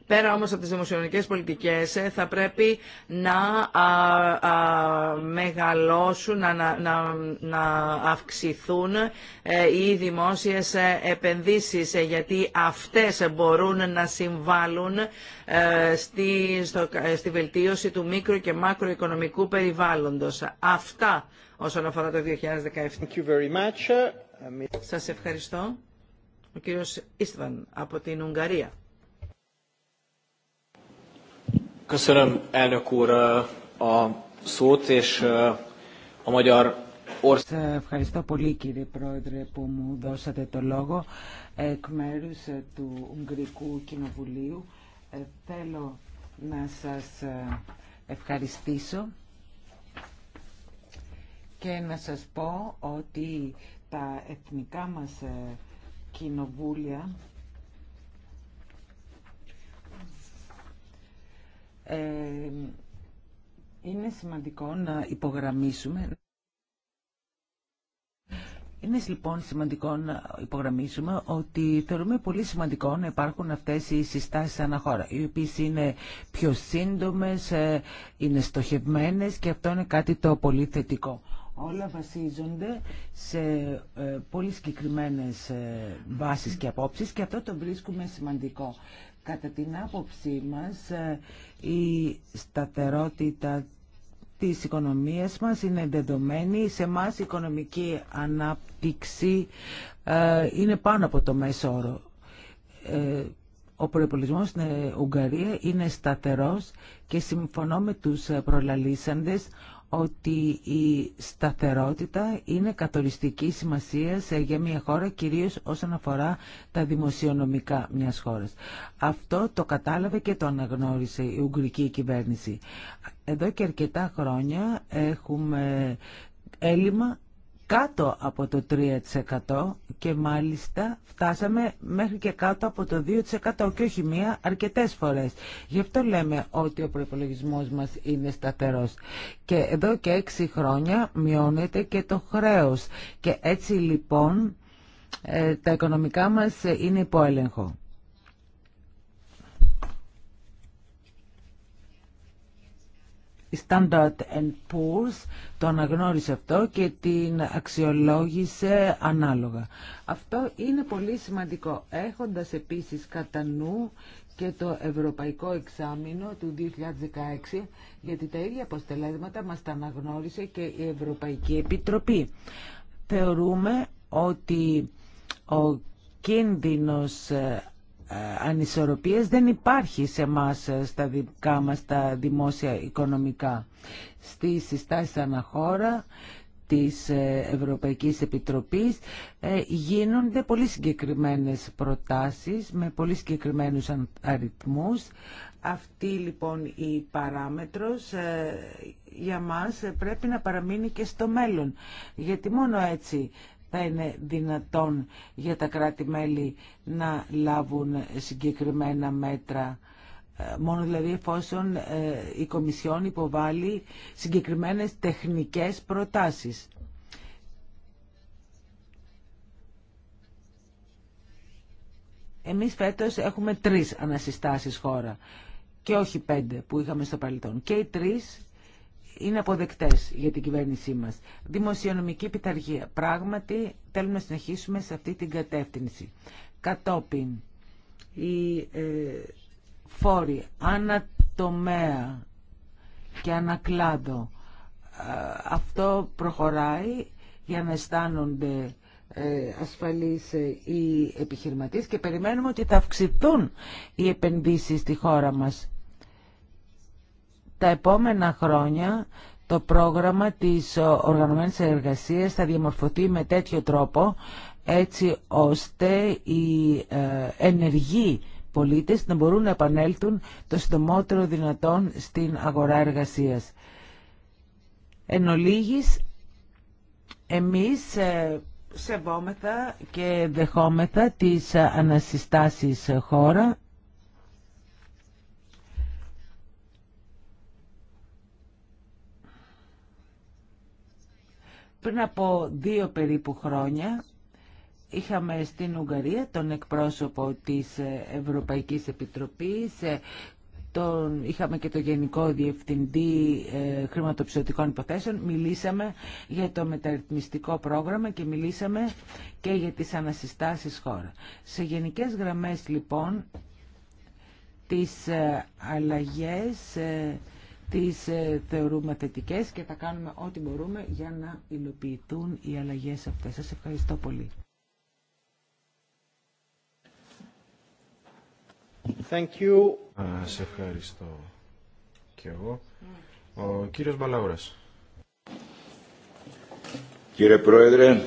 Πέρα όμως από τις δημοσιονομικές πολιτικές ε, θα πρέπει να α, μεγαλώσουν, να, να, να αυξηθούν ε, οι δημόσιες ε, επενδύσεις γιατί αυτές μπορούν να συμβάλλουν στη, στη βελτίωση του μικρο και μακροοικονομικού περιβάλλοντος. Αυτά όσον αφορά το 2017. Thank very much. Σας ευχαριστώ. Ο κύριος Ιστβαν από την Ουγγαρία. Ευχαριστώ πολύ κύριε Πρόεδρε που μου δώσατε το λόγο. Εκ μέρου ε, του Ουγγρικού Κοινοβουλίου ε, θέλω να σας ε, ευχαριστήσω και να σας πω ότι τα εθνικά μας κοινοβούλια Ε, είναι σημαντικό να υπογραμμίσουμε... Είναι λοιπόν σημαντικό να υπογραμμίσουμε ότι θεωρούμε πολύ σημαντικό να υπάρχουν αυτές οι συστάσεις ανά χώρα, οι οποίες είναι πιο σύντομες, ε, είναι στοχευμένες και αυτό είναι κάτι το πολύ θετικό. Όλα βασίζονται σε ε, πολύ συγκεκριμένες βάσεις και απόψεις και αυτό το βρίσκουμε σημαντικό. Κατά την άποψή μας ε, η σταθερότητα της οικονομίας μας είναι δεδομένη. Σε εμά η οικονομική ανάπτυξη ε, είναι πάνω από το μέσο όρο. Ε, ο προϋπολογισμός στην Ουγγαρία είναι σταθερός και συμφωνώ με τους προλαλήσαντες ότι η σταθερότητα είναι καθοριστική σημασία για μια χώρα, κυρίως όσον αφορά τα δημοσιονομικά μιας χώρας. Αυτό το κατάλαβε και το αναγνώρισε η Ουγγρική κυβέρνηση. Εδώ και αρκετά χρόνια έχουμε έλλειμμα κάτω από το 3% και μάλιστα φτάσαμε μέχρι και κάτω από το 2% και όχι μία αρκετές φορές. Γι' αυτό λέμε ότι ο προπολογισμό μας είναι σταθερός. Και εδώ και έξι χρόνια μειώνεται και το χρέος. Και έτσι λοιπόν ε, τα οικονομικά μας είναι υπό έλεγχο. Standard Poor's το αναγνώρισε αυτό και την αξιολόγησε ανάλογα. Αυτό είναι πολύ σημαντικό, έχοντας επίσης κατά νου και το Ευρωπαϊκό Εξάμεινο του 2016, γιατί τα ίδια αποστελέσματα μας τα αναγνώρισε και η Ευρωπαϊκή Επιτροπή. Θεωρούμε ότι ο κίνδυνος ε, ε, ανισορροπίες δεν υπάρχει σε μας ε, στα δικά μας τα δημόσια οικονομικά. Στις συστάσεις αναχώρα της ε, Ευρωπαϊκής Επιτροπής γίνονται πολύ συγκεκριμένες προτάσεις με πολύ συγκεκριμένους αριθμούς. Αυτή λοιπόν η παράμετρος για μας πρέπει να παραμείνει και στο μέλλον γιατί μόνο έτσι θα είναι δυνατόν για τα κράτη-μέλη να λάβουν συγκεκριμένα μέτρα ε, μόνο δηλαδή εφόσον ε, η Κομισιόν υποβάλλει συγκεκριμένες τεχνικές προτάσεις. Εμείς φέτος έχουμε τρεις ανασυστάσεις χώρα και όχι πέντε που είχαμε στο παρελθόν. Και οι τρεις είναι αποδεκτές για την κυβέρνησή μας. Δημοσιονομική πειθαρχία. Πράγματι θέλουμε να συνεχίσουμε σε αυτή την κατεύθυνση. Κατόπιν, οι ε, φόροι ανατομέα και ανακλάδο. Ε, αυτό προχωράει για να αισθάνονται ε, ασφαλείς ε, οι επιχειρηματίες και περιμένουμε ότι θα αυξηθούν οι επενδύσεις στη χώρα μας. Τα επόμενα χρόνια το πρόγραμμα της οργανωμένης εργασίας θα διαμορφωθεί με τέτοιο τρόπο έτσι ώστε οι ε, ενεργοί πολίτες να μπορούν να επανέλθουν το συντομότερο δυνατόν στην αγορά εργασίας. Εν ολίγης, εμείς ε, σεβόμεθα και δεχόμεθα τις ανασυστάσεις χώρα Πριν από δύο περίπου χρόνια είχαμε στην Ουγγαρία τον εκπρόσωπο της Ευρωπαϊκής Επιτροπής, ε, τον, είχαμε και το Γενικό Διευθυντή ε, Υποθέσεων, μιλήσαμε για το μεταρρυθμιστικό πρόγραμμα και μιλήσαμε και για τις ανασυστάσεις χώρα. Σε γενικές γραμμές λοιπόν τις ε, αλλαγές... Ε, τις ε, θεωρούμε θετικές και θα κάνουμε ό,τι μπορούμε για να υλοποιηθούν οι αλλαγές αυτές. Σας ευχαριστώ πολύ. Thank you. ευχαριστώ και εγώ. Ο κύριος Μπαλάουρας. Κύριε Πρόεδρε,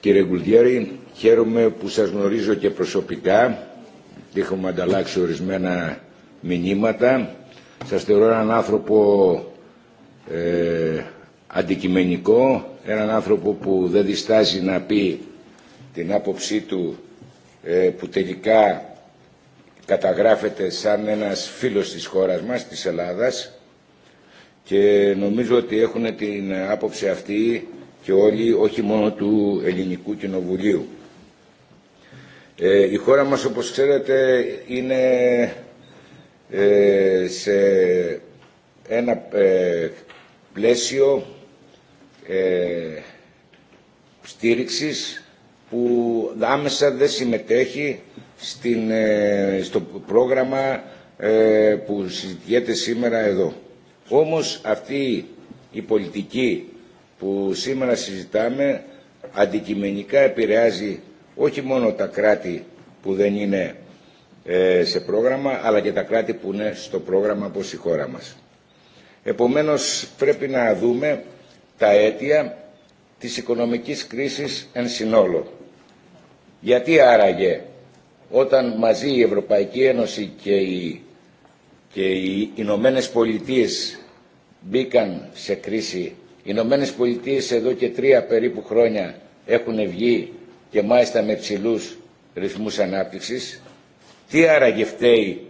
κύριε Γκουλτιέρη, χαίρομαι που σας γνωρίζω και προσωπικά. έχουμε ανταλλάξει ορισμένα μηνύματα σας θεωρώ έναν άνθρωπο ε, αντικειμενικό, έναν άνθρωπο που δεν διστάζει να πει την άποψή του ε, που τελικά καταγράφεται σαν ένας φίλος της χώρας μας, της Ελλάδας και νομίζω ότι έχουν την άποψη αυτή και όλοι, όχι μόνο του Ελληνικού Κοινοβουλίου. Ε, η χώρα μας, όπως ξέρετε, είναι ε, σε ένα ε, πλαίσιο ε, στήριξης που άμεσα δεν συμμετέχει στην, στο πρόγραμμα που συζητιέται σήμερα εδώ. Όμως αυτή η πολιτική που σήμερα συζητάμε αντικειμενικά επηρεάζει όχι μόνο τα κράτη που δεν είναι ε, σε πρόγραμμα, αλλά και τα κράτη που είναι στο πρόγραμμα όπως η χώρα μας. Επομένως, πρέπει να δούμε τα αίτια της οικονομικής κρίσης εν συνόλο. Γιατί άραγε όταν μαζί η Ευρωπαϊκή Ένωση και οι, και οι Ηνωμένε Πολιτείε μπήκαν σε κρίση. Οι Ηνωμένε Πολιτείε εδώ και τρία περίπου χρόνια έχουν βγει και μάλιστα με ψηλού ρυθμούς ανάπτυξης τι άραγε φταίει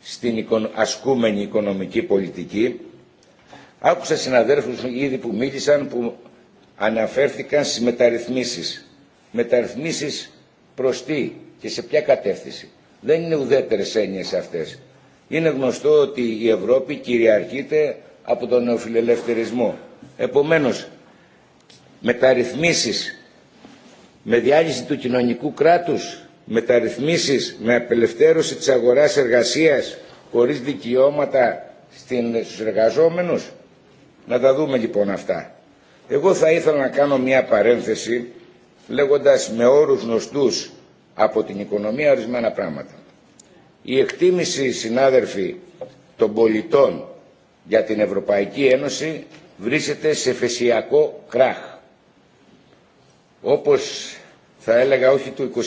στην ασκούμενη οικονομική πολιτική. Άκουσα συναδέρφους ήδη που μίλησαν που αναφέρθηκαν στις μεταρρυθμίσεις. Μεταρρυθμίσεις προς τι και σε ποια κατεύθυνση. Δεν είναι ουδέτερες έννοιες αυτές. Είναι γνωστό ότι η Ευρώπη κυριαρχείται από τον νεοφιλελευθερισμό. Επομένως, μεταρρυθμίσεις με διάλυση του κοινωνικού κράτους μεταρρυθμίσεις με απελευθέρωση της αγοράς εργασίας χωρίς δικαιώματα στους εργαζόμενους. Να τα δούμε λοιπόν αυτά. Εγώ θα ήθελα να κάνω μια παρένθεση λέγοντας με όρους γνωστούς από την οικονομία ορισμένα πράγματα. Η εκτίμηση, συνάδελφοι, των πολιτών για την Ευρωπαϊκή Ένωση βρίσκεται σε φεσιακό κράχ. Όπως θα έλεγα όχι του 29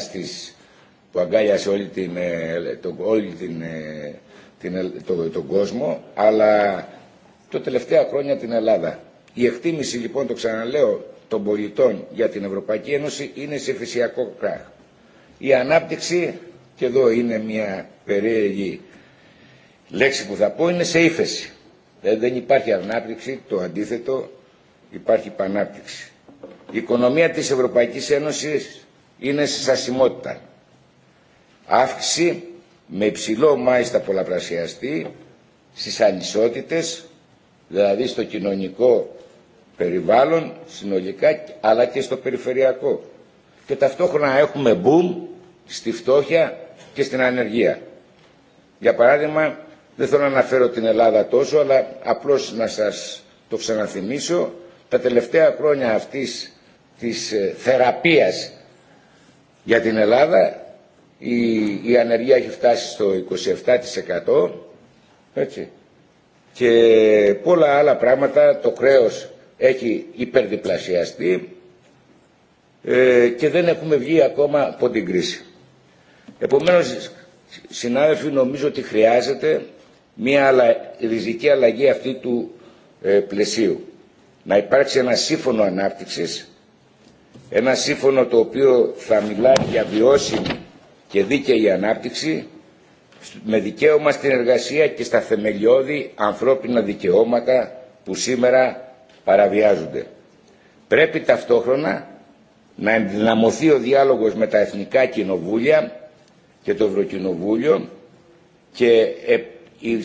στις, που αγκάλιασε όλη την, ε, το, όλη την, ε, ε, τον κόσμο, αλλά το τελευταία χρόνια την Ελλάδα. Η εκτίμηση λοιπόν, το ξαναλέω, των πολιτών για την Ευρωπαϊκή Ένωση είναι σε φυσιακό κράχ. Η ανάπτυξη, και εδώ είναι μια περίεργη λέξη που θα πω, είναι σε ύφεση. δεν υπάρχει ανάπτυξη, το αντίθετο υπάρχει πανάπτυξη. Η οικονομία της Ευρωπαϊκής Ένωσης είναι σε σασιμότητα. Αύξηση με υψηλό μάλιστα πολλαπλασιαστή στις ανισότητες, δηλαδή στο κοινωνικό περιβάλλον συνολικά αλλά και στο περιφερειακό. Και ταυτόχρονα έχουμε boom στη φτώχεια και στην ανεργία. Για παράδειγμα, δεν θέλω να αναφέρω την Ελλάδα τόσο, αλλά απλώς να σας το ξαναθυμίσω, τα τελευταία χρόνια αυτής της ε, θεραπείας για την Ελλάδα. Η, η ανεργία έχει φτάσει στο 27% έτσι. και πολλά άλλα πράγματα. Το κρέος έχει υπερδιπλασιαστεί ε, και δεν έχουμε βγει ακόμα από την κρίση. Επομένως, συνάδελφοι, νομίζω ότι χρειάζεται μια αλλα... ριζική αλλαγή αυτή του ε, πλαισίου. Να υπάρξει ένα σύμφωνο ανάπτυξης ένα σύμφωνο το οποίο θα μιλάει για βιώσιμη και δίκαιη ανάπτυξη με δικαίωμα στην εργασία και στα θεμελιώδη ανθρώπινα δικαιώματα που σήμερα παραβιάζονται. Πρέπει ταυτόχρονα να ενδυναμωθεί ο διάλογος με τα εθνικά κοινοβούλια και το Ευρωκοινοβούλιο και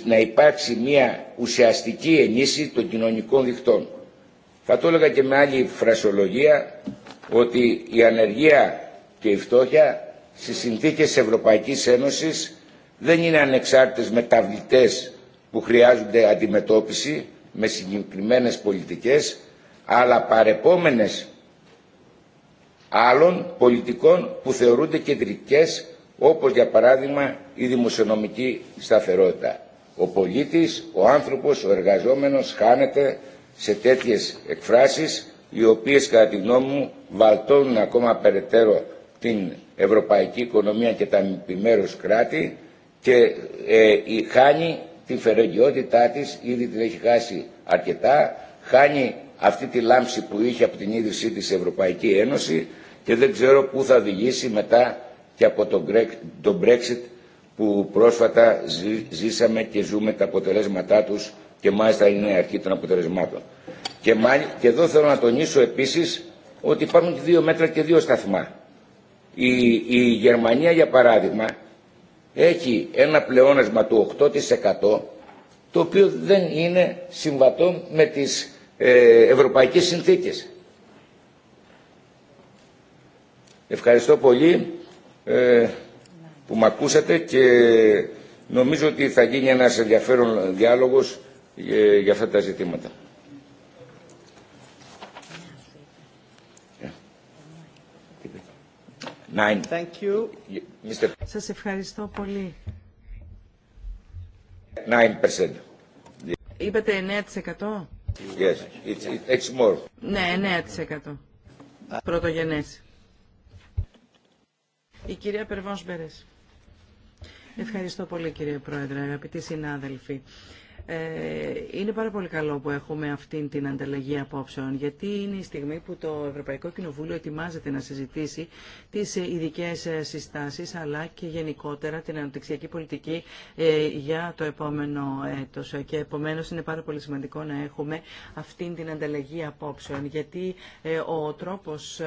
να υπάρξει μια ουσιαστική ενίσχυση των κοινωνικών δικτών. Θα το έλεγα και με άλλη φρασολογία ότι η ανεργία και η φτώχεια στις συνθήκες Ευρωπαϊκής Ένωσης δεν είναι ανεξάρτητες μεταβλητές που χρειάζονται αντιμετώπιση με συγκεκριμένε πολιτικές αλλά παρεπόμενες άλλων πολιτικών που θεωρούνται κεντρικές όπως για παράδειγμα η δημοσιονομική σταθερότητα. Ο πολίτης, ο άνθρωπος, ο εργαζόμενος χάνεται σε τέτοιες εκφράσεις οι οποίες κατά τη γνώμη μου βαλτώνουν ακόμα περαιτέρω την ευρωπαϊκή οικονομία και τα επιμέρους κράτη και ε, χάνει τη φερεγγιότητά της, ήδη την έχει χάσει αρκετά, χάνει αυτή τη λάμψη που είχε από την είδηση της Ευρωπαϊκή Ένωση και δεν ξέρω πού θα οδηγήσει μετά και από τον Brexit που πρόσφατα ζήσαμε και ζούμε τα αποτελέσματά τους και μάλιστα είναι η αρχή των αποτελεσμάτων. Και, μάλι, και εδώ θέλω να τονίσω επίσης ότι υπάρχουν και δύο μέτρα και δύο σταθμά. Η, η Γερμανία για παράδειγμα έχει ένα πλεόνασμα του 8% το οποίο δεν είναι συμβατό με τις ε, ευρωπαϊκές συνθήκες. Ευχαριστώ πολύ ε, που με ακούσατε και νομίζω ότι θα γίνει ένας ενδιαφέρον διάλογος ε, για αυτά τα ζητήματα. Thank you. Mr. Σας ευχαριστώ πολύ. 9%. Είπατε 9%. Yes, it's, it's more. Ναι, 9%. Πρωτογενές. Η κυρία Περβόνς Ευχαριστώ πολύ κύριε Πρόεδρε, αγαπητοί συνάδελφοι. Ε, είναι πάρα πολύ καλό που έχουμε αυτή την ανταλλαγή απόψεων, γιατί είναι η στιγμή που το Ευρωπαϊκό Κοινοβούλιο ετοιμάζεται να συζητήσει τις ειδικέ συστάσει, αλλά και γενικότερα την αναπτυξιακή πολιτική ε, για το επόμενο έτος. Και επομένω είναι πάρα πολύ σημαντικό να έχουμε αυτή την ανταλλαγή απόψεων, γιατί ε, ο τρόπος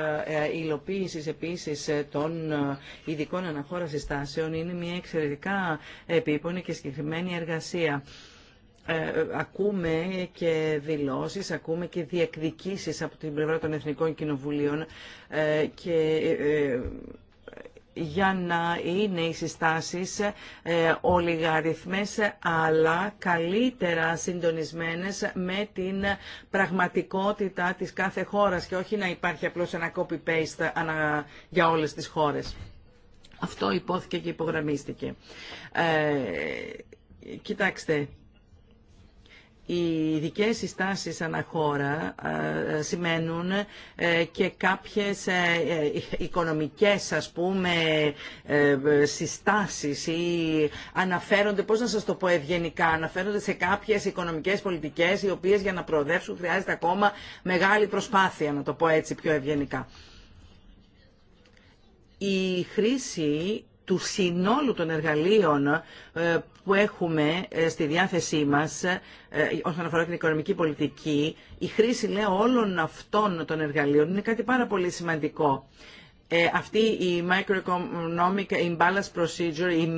υλοποίηση επίσης των ειδικών αναχώρα συστάσεων είναι μια εξαιρετικά επίπονη και συγκεκριμένη εργασία. Ε, ακούμε και δηλώσεις, ακούμε και διεκδικήσεις από την πλευρά των Εθνικών Κοινοβουλίων ε, και ε, για να είναι οι συστάσεις ε, ολιγαριθμές αλλά καλύτερα συντονισμένες με την πραγματικότητα της κάθε χώρας και όχι να υπάρχει απλώς ένα copy-paste για όλες τις χώρες. Αυτό υπόθηκε και υπογραμμίστηκε. Ε, κοιτάξτε, οι ειδικέ συστάσεις αναχώρα σημαίνουν ε, και κάποιες ε, ε, οικονομικές ας πούμε συστάσεις ή αναφέρονται, πώς να σας το πω ευγενικά, αναφέρονται σε κάποιες οικονομικές πολιτικές οι οποίες για να προοδεύσουν χρειάζεται ακόμα μεγάλη προσπάθεια, να το πω έτσι πιο ευγενικά. Η χρήση του συνόλου των εργαλείων ε, που έχουμε ε, στη διάθεσή μας ε, όσον αφορά την οικονομική πολιτική, η χρήση λέω όλων αυτών των εργαλείων είναι κάτι πάρα πολύ σημαντικό. Ε, αυτή η Microeconomic Imbalance Procedure, η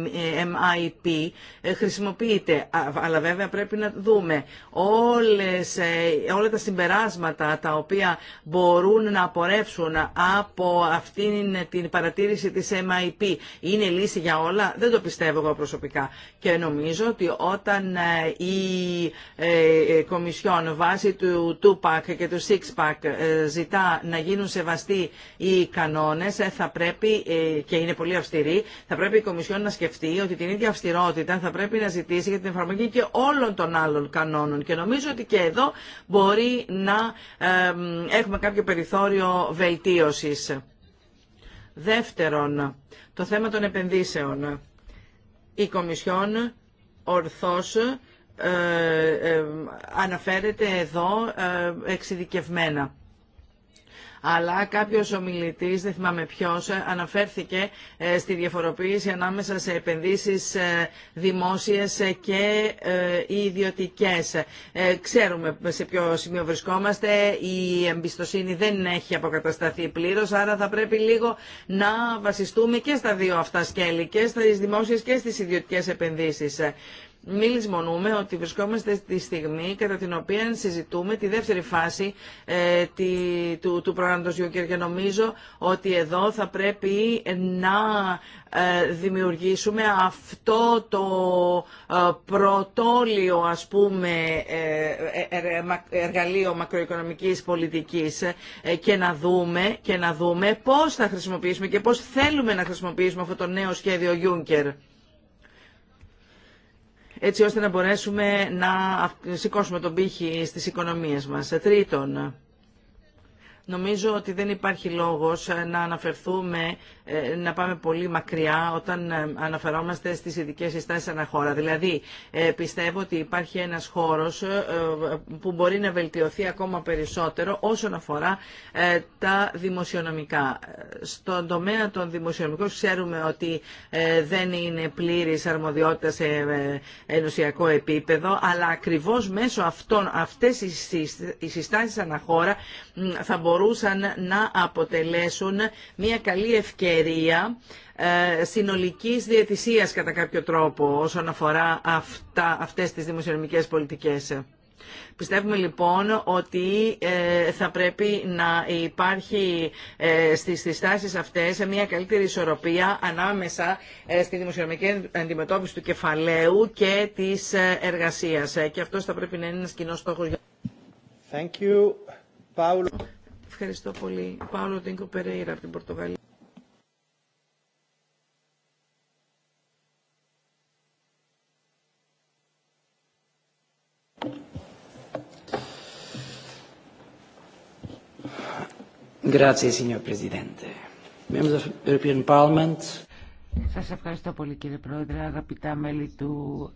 MIP, ε, χρησιμοποιείται. Αλλά βέβαια πρέπει να δούμε όλες, ε, όλα τα συμπεράσματα τα οποία μπορούν να απορρεύσουν από αυτήν την παρατήρηση της MIP. Είναι λύση για όλα. Δεν το πιστεύω εγώ προσωπικά. Και νομίζω ότι όταν η Κομισιόν βάσει του 2 pac και του 6-pack ζητά να γίνουν σεβαστοί οι κανόνες, κανόνες ε, θα πρέπει, ε, και είναι πολύ αυστηρή, θα πρέπει η Κομισιόν να σκεφτεί ότι την ίδια αυστηρότητα θα πρέπει να ζητήσει για την εφαρμογή και όλων των άλλων κανόνων. Και νομίζω ότι και εδώ μπορεί να έχουμε κάποιο περιθώριο βελτίωσης. Δεύτερον, το θέμα των επενδύσεων. Η Κομισιόν ορθώς ε, ε αναφέρεται εδώ εξειδικευμένα αλλά κάποιος ομιλητής, δεν θυμάμαι ποιο, αναφέρθηκε ε, στη διαφοροποίηση ανάμεσα σε επενδύσεις ε, δημόσιες ε, και ιδιωτικές. Ξέρουμε σε ποιο σημείο βρισκόμαστε, η εμπιστοσύνη δεν έχει αποκατασταθεί πλήρω, άρα θα πρέπει λίγο να βασιστούμε και στα δύο αυτά σκέλη, και στι δημόσιε και στι ιδιωτικές επενδύσεις. Μη λησμονούμε ότι βρισκόμαστε στη στιγμή κατά την οποία συζητούμε τη δεύτερη φάση ε, τη, του, του προγράμματος Juncker και νομίζω ότι εδώ θα πρέπει να ε, δημιουργήσουμε αυτό το ε, πρωτόλιο ας πούμε ε, εργαλείο μακροοικονομικής πολιτικής και να δούμε και να δούμε πώς θα χρησιμοποιήσουμε και πώς θέλουμε να χρησιμοποιήσουμε αυτό το νέο σχέδιο Juncker έτσι ώστε να μπορέσουμε να σηκώσουμε τον πύχη στις οικονομίες μας. Τρίτον, Νομίζω ότι δεν υπάρχει λόγος ε, να αναφερθούμε, ε, να πάμε πολύ μακριά όταν ε, αναφερόμαστε στις ειδικέ συστάσεις αναχώρα. Δηλαδή, πιστεύω ότι υπάρχει ένας χώρος που μπορεί να βελτιωθεί ακόμα περισσότερο όσον αφορά τα δημοσιονομικά. Στον τομέα των δημοσιονομικών ξέρουμε ότι δεν είναι πλήρης αρμοδιότητα σε ενωσιακό επίπεδο, αλλά ακριβώς μέσω αυτών, αυτές οι αναχώρα θα μπορούσαν να αποτελέσουν μια καλή ευκαιρία ε, συνολικής διαιτησίας κατά κάποιο τρόπο όσον αφορά αυτά, αυτές τις δημοσιονομικές πολιτικές. Πιστεύουμε λοιπόν ότι ε, θα πρέπει να υπάρχει ε, στις συστάσεις αυτές μια καλύτερη ισορροπία ανάμεσα στη δημοσιονομική αντιμετώπιση του κεφαλαίου και της εργασίας. Και αυτός θα πρέπει να είναι ένας κοινός στόχος. Thank you, Ευχαριστώ πολύ. Πάολο Τίνκο Περέιρα από την Πορτογαλία. Grazie, signor Presidente. Members of European Parliament. Σας ευχαριστώ πολύ κύριε Πρόεδρε, αγαπητά μέλη του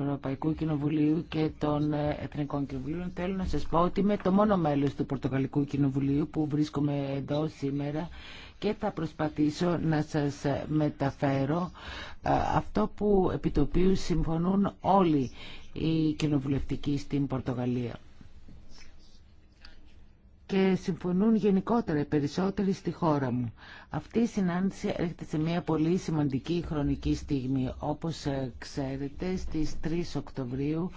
Ευρωπαϊκού Κοινοβουλίου και των ε, Εθνικών Κοινοβουλίων. Θέλω να σας πω ότι είμαι το μόνο μέλος του Πορτογαλικού Κοινοβουλίου που βρίσκομαι εδώ σήμερα και θα προσπαθήσω να σας ε, μεταφέρω ε, αυτό που επί συμφωνούν όλοι οι κοινοβουλευτικοί στην Πορτογαλία και συμφωνούν γενικότερα περισσότεροι στη χώρα μου. Αυτή η συνάντηση έρχεται σε μια πολύ σημαντική χρονική στιγμή. Όπως ε, ξέρετε, στις 3 Οκτωβρίου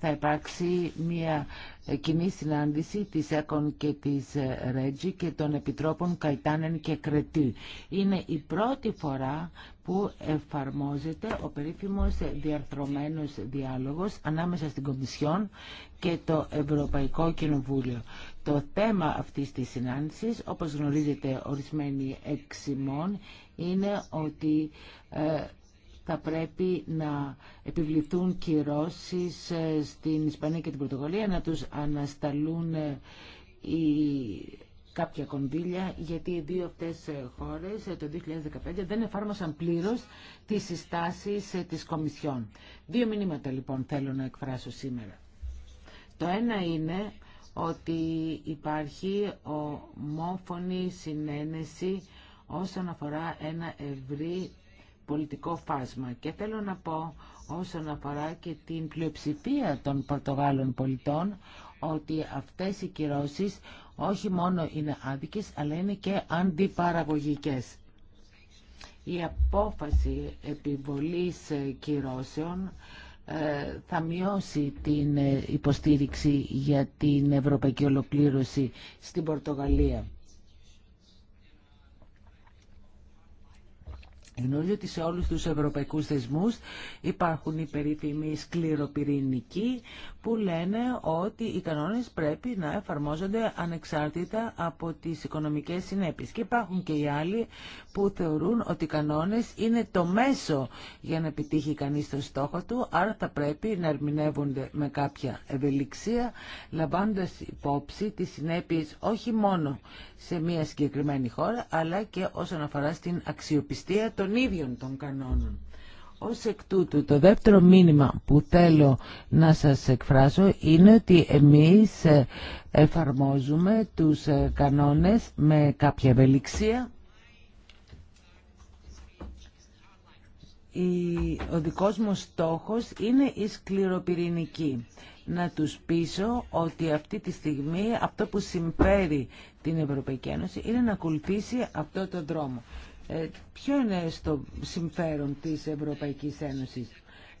θα υπάρξει μια ε, κοινή συνάντηση της ΕΚΟΝ και της ε, ΡΕΤΖΙ και των Επιτρόπων Καϊτάνεν και Κρετή. Είναι η πρώτη φορά που εφαρμόζεται ο περίφημος διαρθρωμένος διάλογος ανάμεσα στην Κομισιόν και το Ευρωπαϊκό Κοινοβούλιο. Το θέμα αυτής της συνάντησης, όπως γνωρίζετε ορισμένοι ημών, είναι ότι ε, θα πρέπει να επιβληθούν κυρώσεις ε, στην Ισπανία και την Πορτογαλία, να τους ανασταλούν ε, οι κάποια κονδύλια, γιατί οι δύο αυτές χώρες το 2015 δεν εφάρμοσαν πλήρως τις συστάσεις της Κομισιόν. Δύο μηνύματα λοιπόν θέλω να εκφράσω σήμερα. Το ένα είναι ότι υπάρχει ομόφωνη συνένεση όσον αφορά ένα ευρύ πολιτικό φάσμα. Και θέλω να πω όσον αφορά και την πλειοψηφία των Πορτογάλων πολιτών ότι αυτές οι κυρώσεις όχι μόνο είναι άδικες αλλά είναι και αντιπαραγωγικές. Η απόφαση επιβολής κυρώσεων ε, θα μειώσει την ε, υποστήριξη για την ευρωπαϊκή ολοκλήρωση στην Πορτογαλία. Γνωρίζω ότι σε όλους τους ευρωπαϊκούς θεσμούς υπάρχουν οι περίφημοι σκληροπυρηνικοί που λένε ότι οι κανόνες πρέπει να εφαρμόζονται ανεξάρτητα από τις οικονομικές συνέπειες. Και υπάρχουν και οι άλλοι που θεωρούν ότι οι κανόνες είναι το μέσο για να επιτύχει κανείς το στόχο του, άρα θα πρέπει να ερμηνεύονται με κάποια ευελιξία, λαμβάνοντας υπόψη τις συνέπειες όχι μόνο σε μια συγκεκριμένη χώρα, αλλά και όσον αφορά στην αξιοπιστία των των ίδιων των κανόνων. Ως εκ τούτου, το δεύτερο μήνυμα που θέλω να σας εκφράσω είναι ότι εμείς ε, εφαρμόζουμε τους ε, κανόνες με κάποια ευελιξία. Ο δικός μου στόχος είναι η σκληροπυρηνική. Να τους πείσω ότι αυτή τη στιγμή αυτό που συμφέρει την Ευρωπαϊκή Ένωση είναι να ακολουθήσει αυτό το δρόμο. Ε, ποιο είναι στο συμφέρον της Ευρωπαϊκής Ένωσης.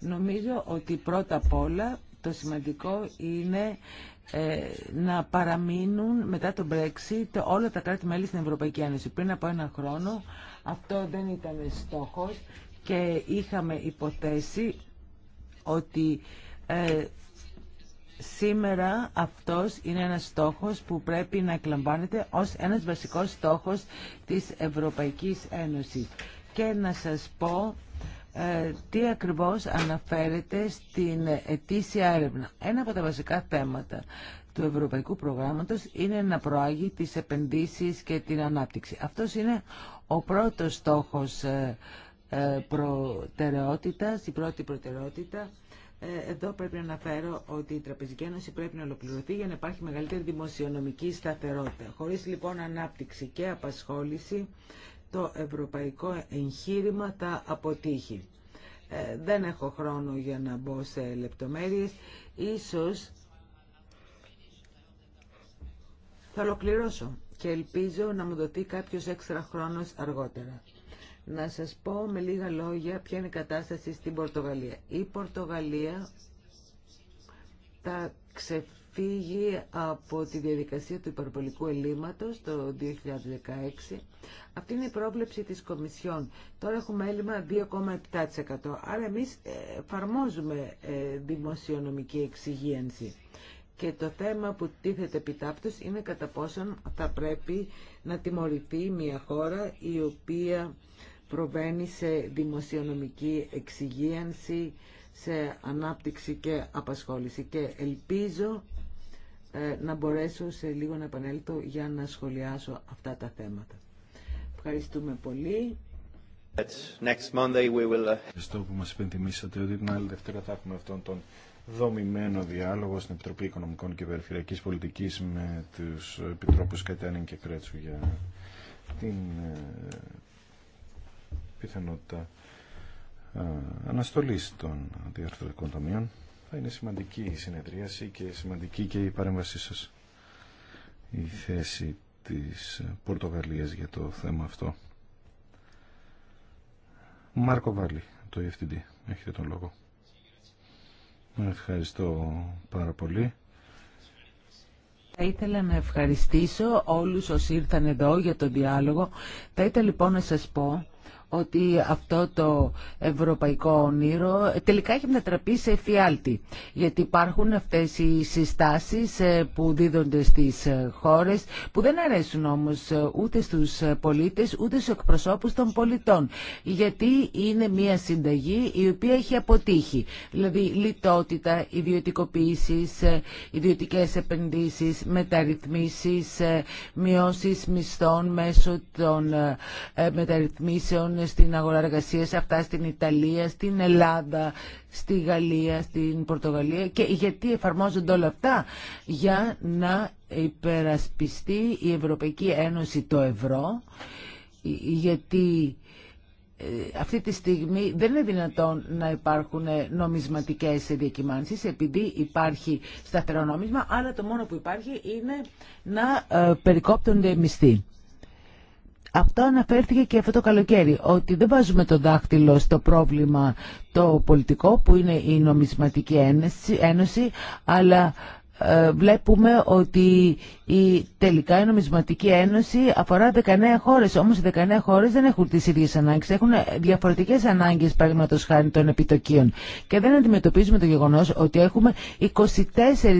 Νομίζω ότι πρώτα απ' όλα το σημαντικό είναι ε, να παραμείνουν μετά το Brexit όλα τα κράτη-μέλη στην Ευρωπαϊκή Ένωση. Πριν από ένα χρόνο αυτό δεν ήταν στόχος και είχαμε υποθέσει ότι ε, Σήμερα αυτός είναι ένας στόχος που πρέπει να εκλαμβάνεται ως ένας βασικός στόχος της Ευρωπαϊκής Ένωσης. Και να σας πω ε, τι ακριβώς αναφέρεται στην ετήσια έρευνα. Ένα από τα βασικά θέματα του Ευρωπαϊκού Προγράμματος είναι να προάγει τις επενδύσεις και την ανάπτυξη. Αυτός είναι ο πρώτος στόχος ε, ε, προτεραιότητας, η πρώτη προτεραιότητα ε, εδώ πρέπει να αναφέρω ότι η Τραπεζική Ένωση πρέπει να ολοκληρωθεί για να υπάρχει μεγαλύτερη δημοσιονομική σταθερότητα. Χωρίς λοιπόν ανάπτυξη και απασχόληση, το ευρωπαϊκό εγχείρημα θα αποτύχει. Ε, δεν έχω χρόνο για να μπω σε λεπτομέρειες. Ίσως θα ολοκληρώσω και ελπίζω να μου δοθεί κάποιος έξτρα χρόνος αργότερα. Να σας πω με λίγα λόγια ποια είναι η κατάσταση στην Πορτογαλία. Η Πορτογαλία θα ξεφύγει από τη διαδικασία του υπερβολικού ελλείμματος το 2016. Αυτή είναι η πρόβλεψη της Κομισιόν. Τώρα έχουμε έλλειμμα 2,7%. Άρα εμείς ε, εφαρμόζουμε ε, δημοσιονομική εξυγίανση. Και το θέμα που τίθεται επιτάπτως είναι κατά πόσον θα πρέπει να τιμωρηθεί μια χώρα η οποία προβαίνει σε δημοσιονομική εξυγίανση, σε ανάπτυξη και απασχόληση. Και ελπίζω ε, να μπορέσω σε λίγο να επανέλθω για να σχολιάσω αυτά τα θέματα. Ευχαριστούμε πολύ. Next uh, Ευχαριστώ που μας υπενθυμίσατε ότι την άλλη Δευτέρα θα έχουμε αυτόν τον δομημένο διάλογο στην Επιτροπή Οικονομικών και Περιφερειακής Πολιτικής με τους Επιτρόπους Κατάνιν και Κρέτσου για την ε, πιθανότητα αναστολής των διαρθρωτικών τομείων. Θα είναι σημαντική η συνεδρίαση και σημαντική και η παρέμβασή σας. Η θέση της Πορτογαλίας για το θέμα αυτό. Μάρκο Βάλλη, το EFTD. Έχετε τον λόγο. Ευχαριστώ πάρα πολύ. Θα ήθελα να ευχαριστήσω όλους όσοι ήρθαν εδώ για τον διάλογο. Θα ήθελα λοιπόν να σας πω ότι αυτό το ευρωπαϊκό όνειρο τελικά έχει μετατραπεί σε φιάλτη. Γιατί υπάρχουν αυτές οι συστάσεις ε, που δίδονται στις ε, χώρες που δεν αρέσουν όμως ε, ούτε στους πολίτες ούτε στους εκπροσώπους των πολιτών. Γιατί είναι μια συνταγή η οποία έχει αποτύχει. Δηλαδή λιτότητα, ιδιωτικοποίηση, ιδιωτικές επενδύσεις, μεταρρυθμίσεις, μειώσεις μισθών μέσω των μεταρρυθμίσεων στην αγορά εργασία, αυτά στην Ιταλία, στην Ελλάδα, στη Γαλλία, στην Πορτογαλία και γιατί εφαρμόζονται όλα αυτά για να υπερασπιστεί η Ευρωπαϊκή Ένωση το ευρώ γιατί ε, αυτή τη στιγμή δεν είναι δυνατόν να υπάρχουν νομισματικές διακυμάνσεις επειδή υπάρχει σταθερό νόμισμα αλλά το μόνο που υπάρχει είναι να ε, περικόπτονται μισθοί. Αυτό αναφέρθηκε και αυτό το καλοκαίρι, ότι δεν βάζουμε το δάχτυλο στο πρόβλημα το πολιτικό που είναι η νομισματική ένωση, αλλά ε, βλέπουμε ότι η, τελικά η νομισματική ένωση αφορά 19 χώρες. Όμως οι 19 χώρες δεν έχουν τις ίδιες ανάγκες. Έχουν διαφορετικές ανάγκες παραδείγματο χάρη των επιτοκίων. Και δεν αντιμετωπίζουμε το γεγονός ότι έχουμε 24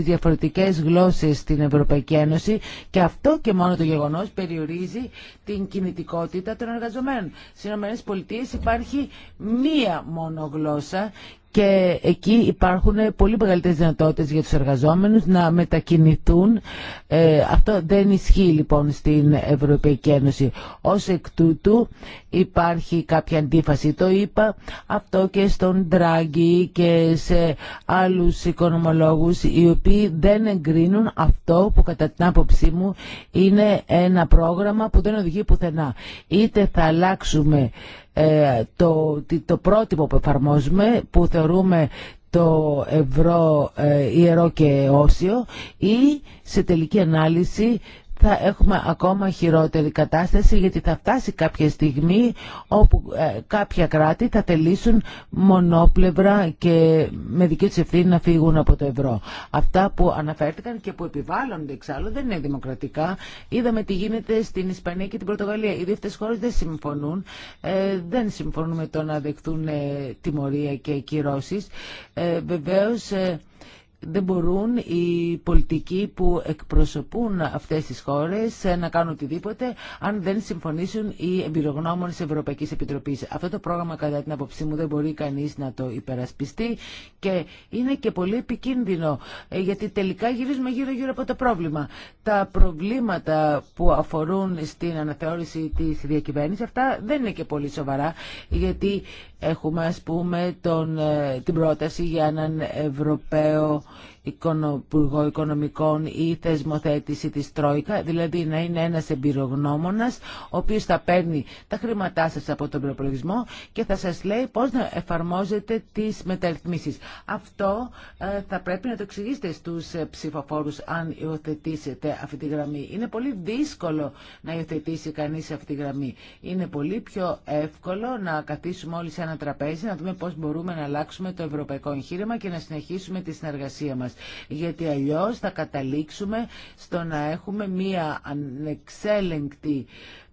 διαφορετικές γλώσσες στην Ευρωπαϊκή Ένωση και αυτό και μόνο το γεγονός περιορίζει την κινητικότητα των εργαζομένων. Στι ΗΠΑ υπάρχει μία μόνο γλώσσα και εκεί υπάρχουν πολύ μεγαλύτερες δυνατότητες για τους εργαζόμενους να μετακινηθούν. Ε, αυτό δεν ισχύει λοιπόν στην Ευρωπαϊκή Ένωση. Ως εκ τούτου υπάρχει κάποια αντίφαση. Το είπα αυτό και στον Τράγκη και σε άλλους οικονομολόγους οι οποίοι δεν εγκρίνουν αυτό που κατά την άποψή μου είναι ένα πρόγραμμα που δεν οδηγεί πουθενά. Είτε θα αλλάξουμε ε, το, το πρότυπο που εφαρμόζουμε, που θεωρούμε το ευρώ ε, ιερό και όσιο ή σε τελική ανάλυση θα έχουμε ακόμα χειρότερη κατάσταση γιατί θα φτάσει κάποια στιγμή όπου ε, κάποια κράτη θα τελείσουν μονόπλευρα και με δική τους ευθύνη να φύγουν από το ευρώ. Αυτά που αναφέρθηκαν και που επιβάλλονται εξάλλου δεν είναι δημοκρατικά. Είδαμε τι γίνεται στην Ισπανία και την Πορτογαλία. Οι δύο χώρες δεν συμφωνούν. Ε, δεν συμφωνούν το να δεχθούν ε, τιμωρία και κυρώσει. Ε, δεν μπορούν οι πολιτικοί που εκπροσωπούν αυτές τις χώρες ε, να κάνουν οτιδήποτε αν δεν συμφωνήσουν οι εμπειρογνώμονες της Ευρωπαϊκής Επιτροπής. Αυτό το πρόγραμμα κατά την απόψή μου δεν μπορεί κανείς να το υπερασπιστεί και είναι και πολύ επικίνδυνο ε, γιατί τελικά γυρίζουμε γύρω γύρω από το πρόβλημα. Τα προβλήματα που αφορούν στην αναθεώρηση της διακυβέρνησης αυτά δεν είναι και πολύ σοβαρά γιατί έχουμε ας πούμε τον, ε, την πρόταση για έναν Ευρωπαίο Υπουργό Οικονομικών ή θεσμοθέτηση της Τρόικα, δηλαδή να είναι ένας εμπειρογνώμονας ο οποίος θα παίρνει τα χρήματά σας από τον προπολογισμό και θα σας λέει πώς να εφαρμόζετε τις μεταρρυθμίσεις. Αυτό ε, θα πρέπει να το εξηγήσετε στους ε, ψηφοφόρους αν υιοθετήσετε αυτή τη γραμμή. Είναι πολύ δύσκολο να υιοθετήσει κανείς αυτή τη γραμμή. Είναι πολύ πιο εύκολο να καθίσουμε όλοι σε ένα τραπέζι, να δούμε πώς μπορούμε να αλλάξουμε το ευρωπαϊκό εγχείρημα και να συνεχίσουμε τη συνεργασία μα γιατί αλλιώς θα καταλήξουμε στο να έχουμε μία ανεξέλεγκτη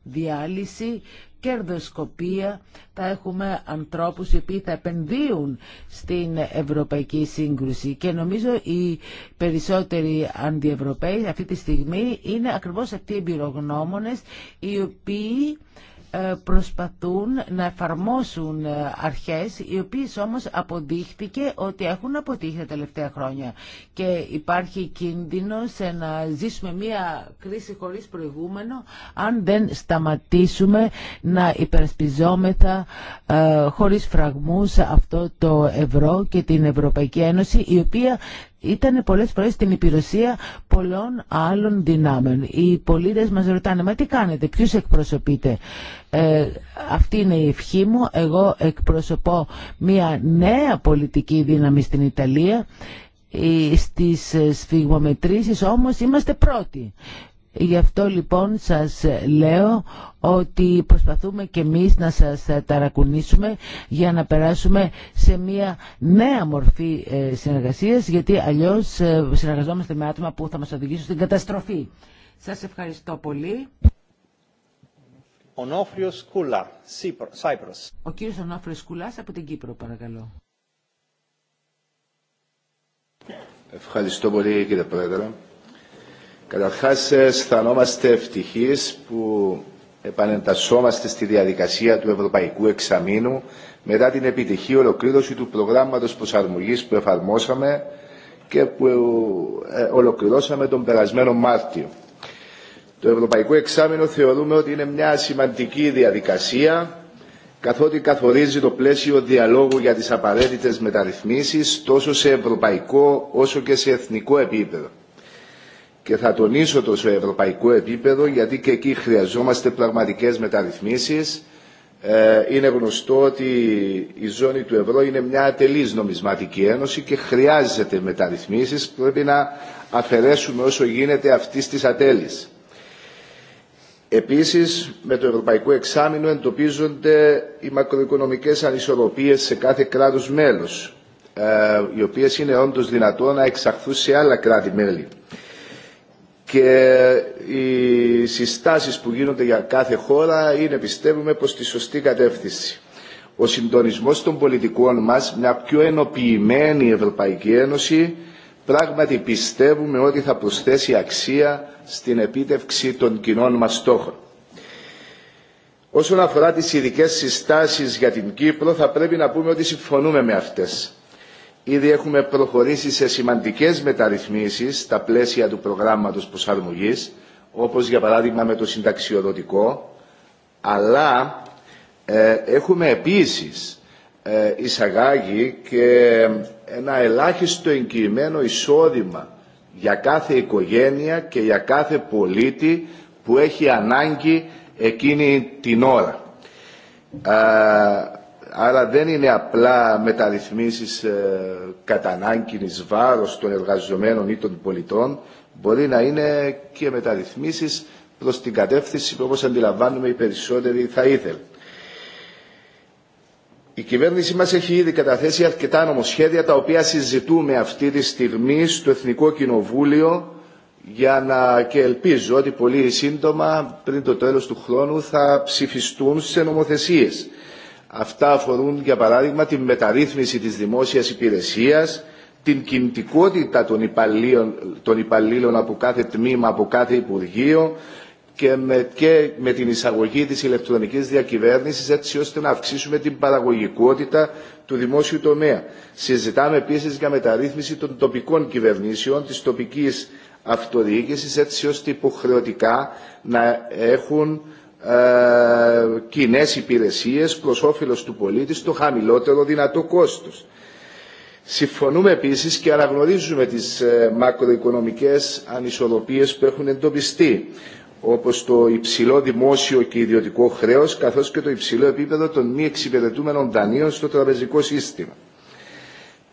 διάλυση, κερδοσκοπία, θα έχουμε ανθρώπους οι οποίοι θα επενδύουν στην ευρωπαϊκή σύγκρουση και νομίζω οι περισσότεροι αντιευρωπαίοι αυτή τη στιγμή είναι ακριβώς αυτοί οι εμπειρογνώμονες οι οποίοι ε, προσπαθούν να εφαρμόσουν ε, αρχές οι οποίες όμως αποδείχθηκε ότι έχουν αποτύχει τα τελευταία χρόνια και υπάρχει σε να ζήσουμε μια κρίση χωρίς προηγούμενο αν δεν σταματήσουμε να υπερασπιζόμεθα ε, χωρίς φραγμούς αυτό το ευρώ και την Ευρωπαϊκή Ένωση η οποία Ήτανε πολλές φορές στην υπηρεσία πολλών άλλων δυνάμεων. Οι πολίτες μας ρωτάνε, μα τι κάνετε, ποιους εκπροσωπείτε. Ε, αυτή είναι η ευχή μου. Εγώ εκπροσωπώ μια νέα πολιτική δύναμη στην Ιταλία. Ε, στις σφιγμομετρήσεις όμως είμαστε πρώτοι. Γι' αυτό λοιπόν σας λέω ότι προσπαθούμε και εμείς να σας ταρακουνήσουμε για να περάσουμε σε μια νέα μορφή ε, συνεργασίας γιατί αλλιώς ε, συνεργαζόμαστε με άτομα που θα μας οδηγήσουν στην καταστροφή. Σας ευχαριστώ πολύ. Ο κύριος Ονόφριος Κούλας από την Κύπρο, παρακαλώ. Ευχαριστώ πολύ κύριε Πρόεδρε. Καταρχάς ε, αισθανόμαστε ευτυχεί που επανεντασσόμαστε στη διαδικασία του Ευρωπαϊκού Εξαμήνου μετά την επιτυχή ολοκλήρωση του προγράμματος προσαρμογής που εφαρμόσαμε και που ε, ολοκληρώσαμε τον περασμένο Μάρτιο. Το Ευρωπαϊκό Εξάμεινο θεωρούμε ότι είναι μια σημαντική διαδικασία καθότι καθορίζει το πλαίσιο διαλόγου για τις απαραίτητες μεταρρυθμίσεις τόσο σε ευρωπαϊκό όσο και σε εθνικό επίπεδο και θα τονίσω το σε ευρωπαϊκό επίπεδο γιατί και εκεί χρειαζόμαστε πραγματικές μεταρρυθμίσεις. Ε, είναι γνωστό ότι η ζώνη του ευρώ είναι μια ατελής νομισματική ένωση και χρειάζεται μεταρρυθμίσεις. Πρέπει να αφαιρέσουμε όσο γίνεται αυτή της ατέλης. Επίσης, με το Ευρωπαϊκό Εξάμεινο εντοπίζονται οι μακροοικονομικές ανισορροπίες σε κάθε κράτος μέλος, ε, οι οποίες είναι όντως δυνατόν να εξαχθούν σε άλλα κράτη-μέλη και οι συστάσεις που γίνονται για κάθε χώρα είναι πιστεύουμε προς τη σωστή κατεύθυνση. Ο συντονισμός των πολιτικών μας, μια πιο ενοποιημένη Ευρωπαϊκή Ένωση, πράγματι πιστεύουμε ότι θα προσθέσει αξία στην επίτευξη των κοινών μας στόχων. Όσον αφορά τις ειδικέ συστάσεις για την Κύπρο, θα πρέπει να πούμε ότι συμφωνούμε με αυτές. Ήδη έχουμε προχωρήσει σε σημαντικές μεταρρυθμίσεις στα πλαίσια του προγράμματος προσαρμογής, όπως για παράδειγμα με το συνταξιοδοτικό, αλλά ε, έχουμε επίσης ε, εισαγάγει και ένα ελάχιστο εγκυημένο εισόδημα για κάθε οικογένεια και για κάθε πολίτη που έχει ανάγκη εκείνη την ώρα. Ε, Άρα δεν είναι απλά μεταρρυθμίσεις ε, κατά ανάγκη βάρος των εργαζομένων ή των πολιτών, μπορεί να είναι και μεταρρυθμίσεις προς την κατεύθυνση που όπως αντιλαμβάνουμε οι περισσότεροι θα ήθελαν. Η κυβέρνηση μας έχει ήδη καταθέσει αρκετά νομοσχέδια τα οποία συζητούμε αυτή τη στιγμή στο Εθνικό Κοινοβούλιο για να και ελπίζω ότι πολύ σύντομα πριν το τέλος του χρόνου θα ψηφιστούν σε νομοθεσίες. Αυτά αφορούν, για παράδειγμα, την μεταρρύθμιση της δημόσιας υπηρεσίας, την κινητικότητα των υπαλλήλων, από κάθε τμήμα, από κάθε Υπουργείο και με, με την εισαγωγή της ηλεκτρονικής διακυβέρνησης έτσι ώστε να αυξήσουμε την παραγωγικότητα του δημόσιου τομέα. Συζητάμε επίσης για μεταρρύθμιση των τοπικών κυβερνήσεων, της τοπικής αυτοδιοίκησης έτσι ώστε υποχρεωτικά να έχουν ε, κοινέ υπηρεσίε προ όφελο του πολίτη στο χαμηλότερο δυνατό κόστο. Συμφωνούμε επίση και αναγνωρίζουμε τις ε, μακροοικονομικέ ανισορροπίε που έχουν εντοπιστεί, όπω το υψηλό δημόσιο και ιδιωτικό χρέο, καθώς και το υψηλό επίπεδο των μη εξυπηρετούμενων δανείων στο τραπεζικό σύστημα.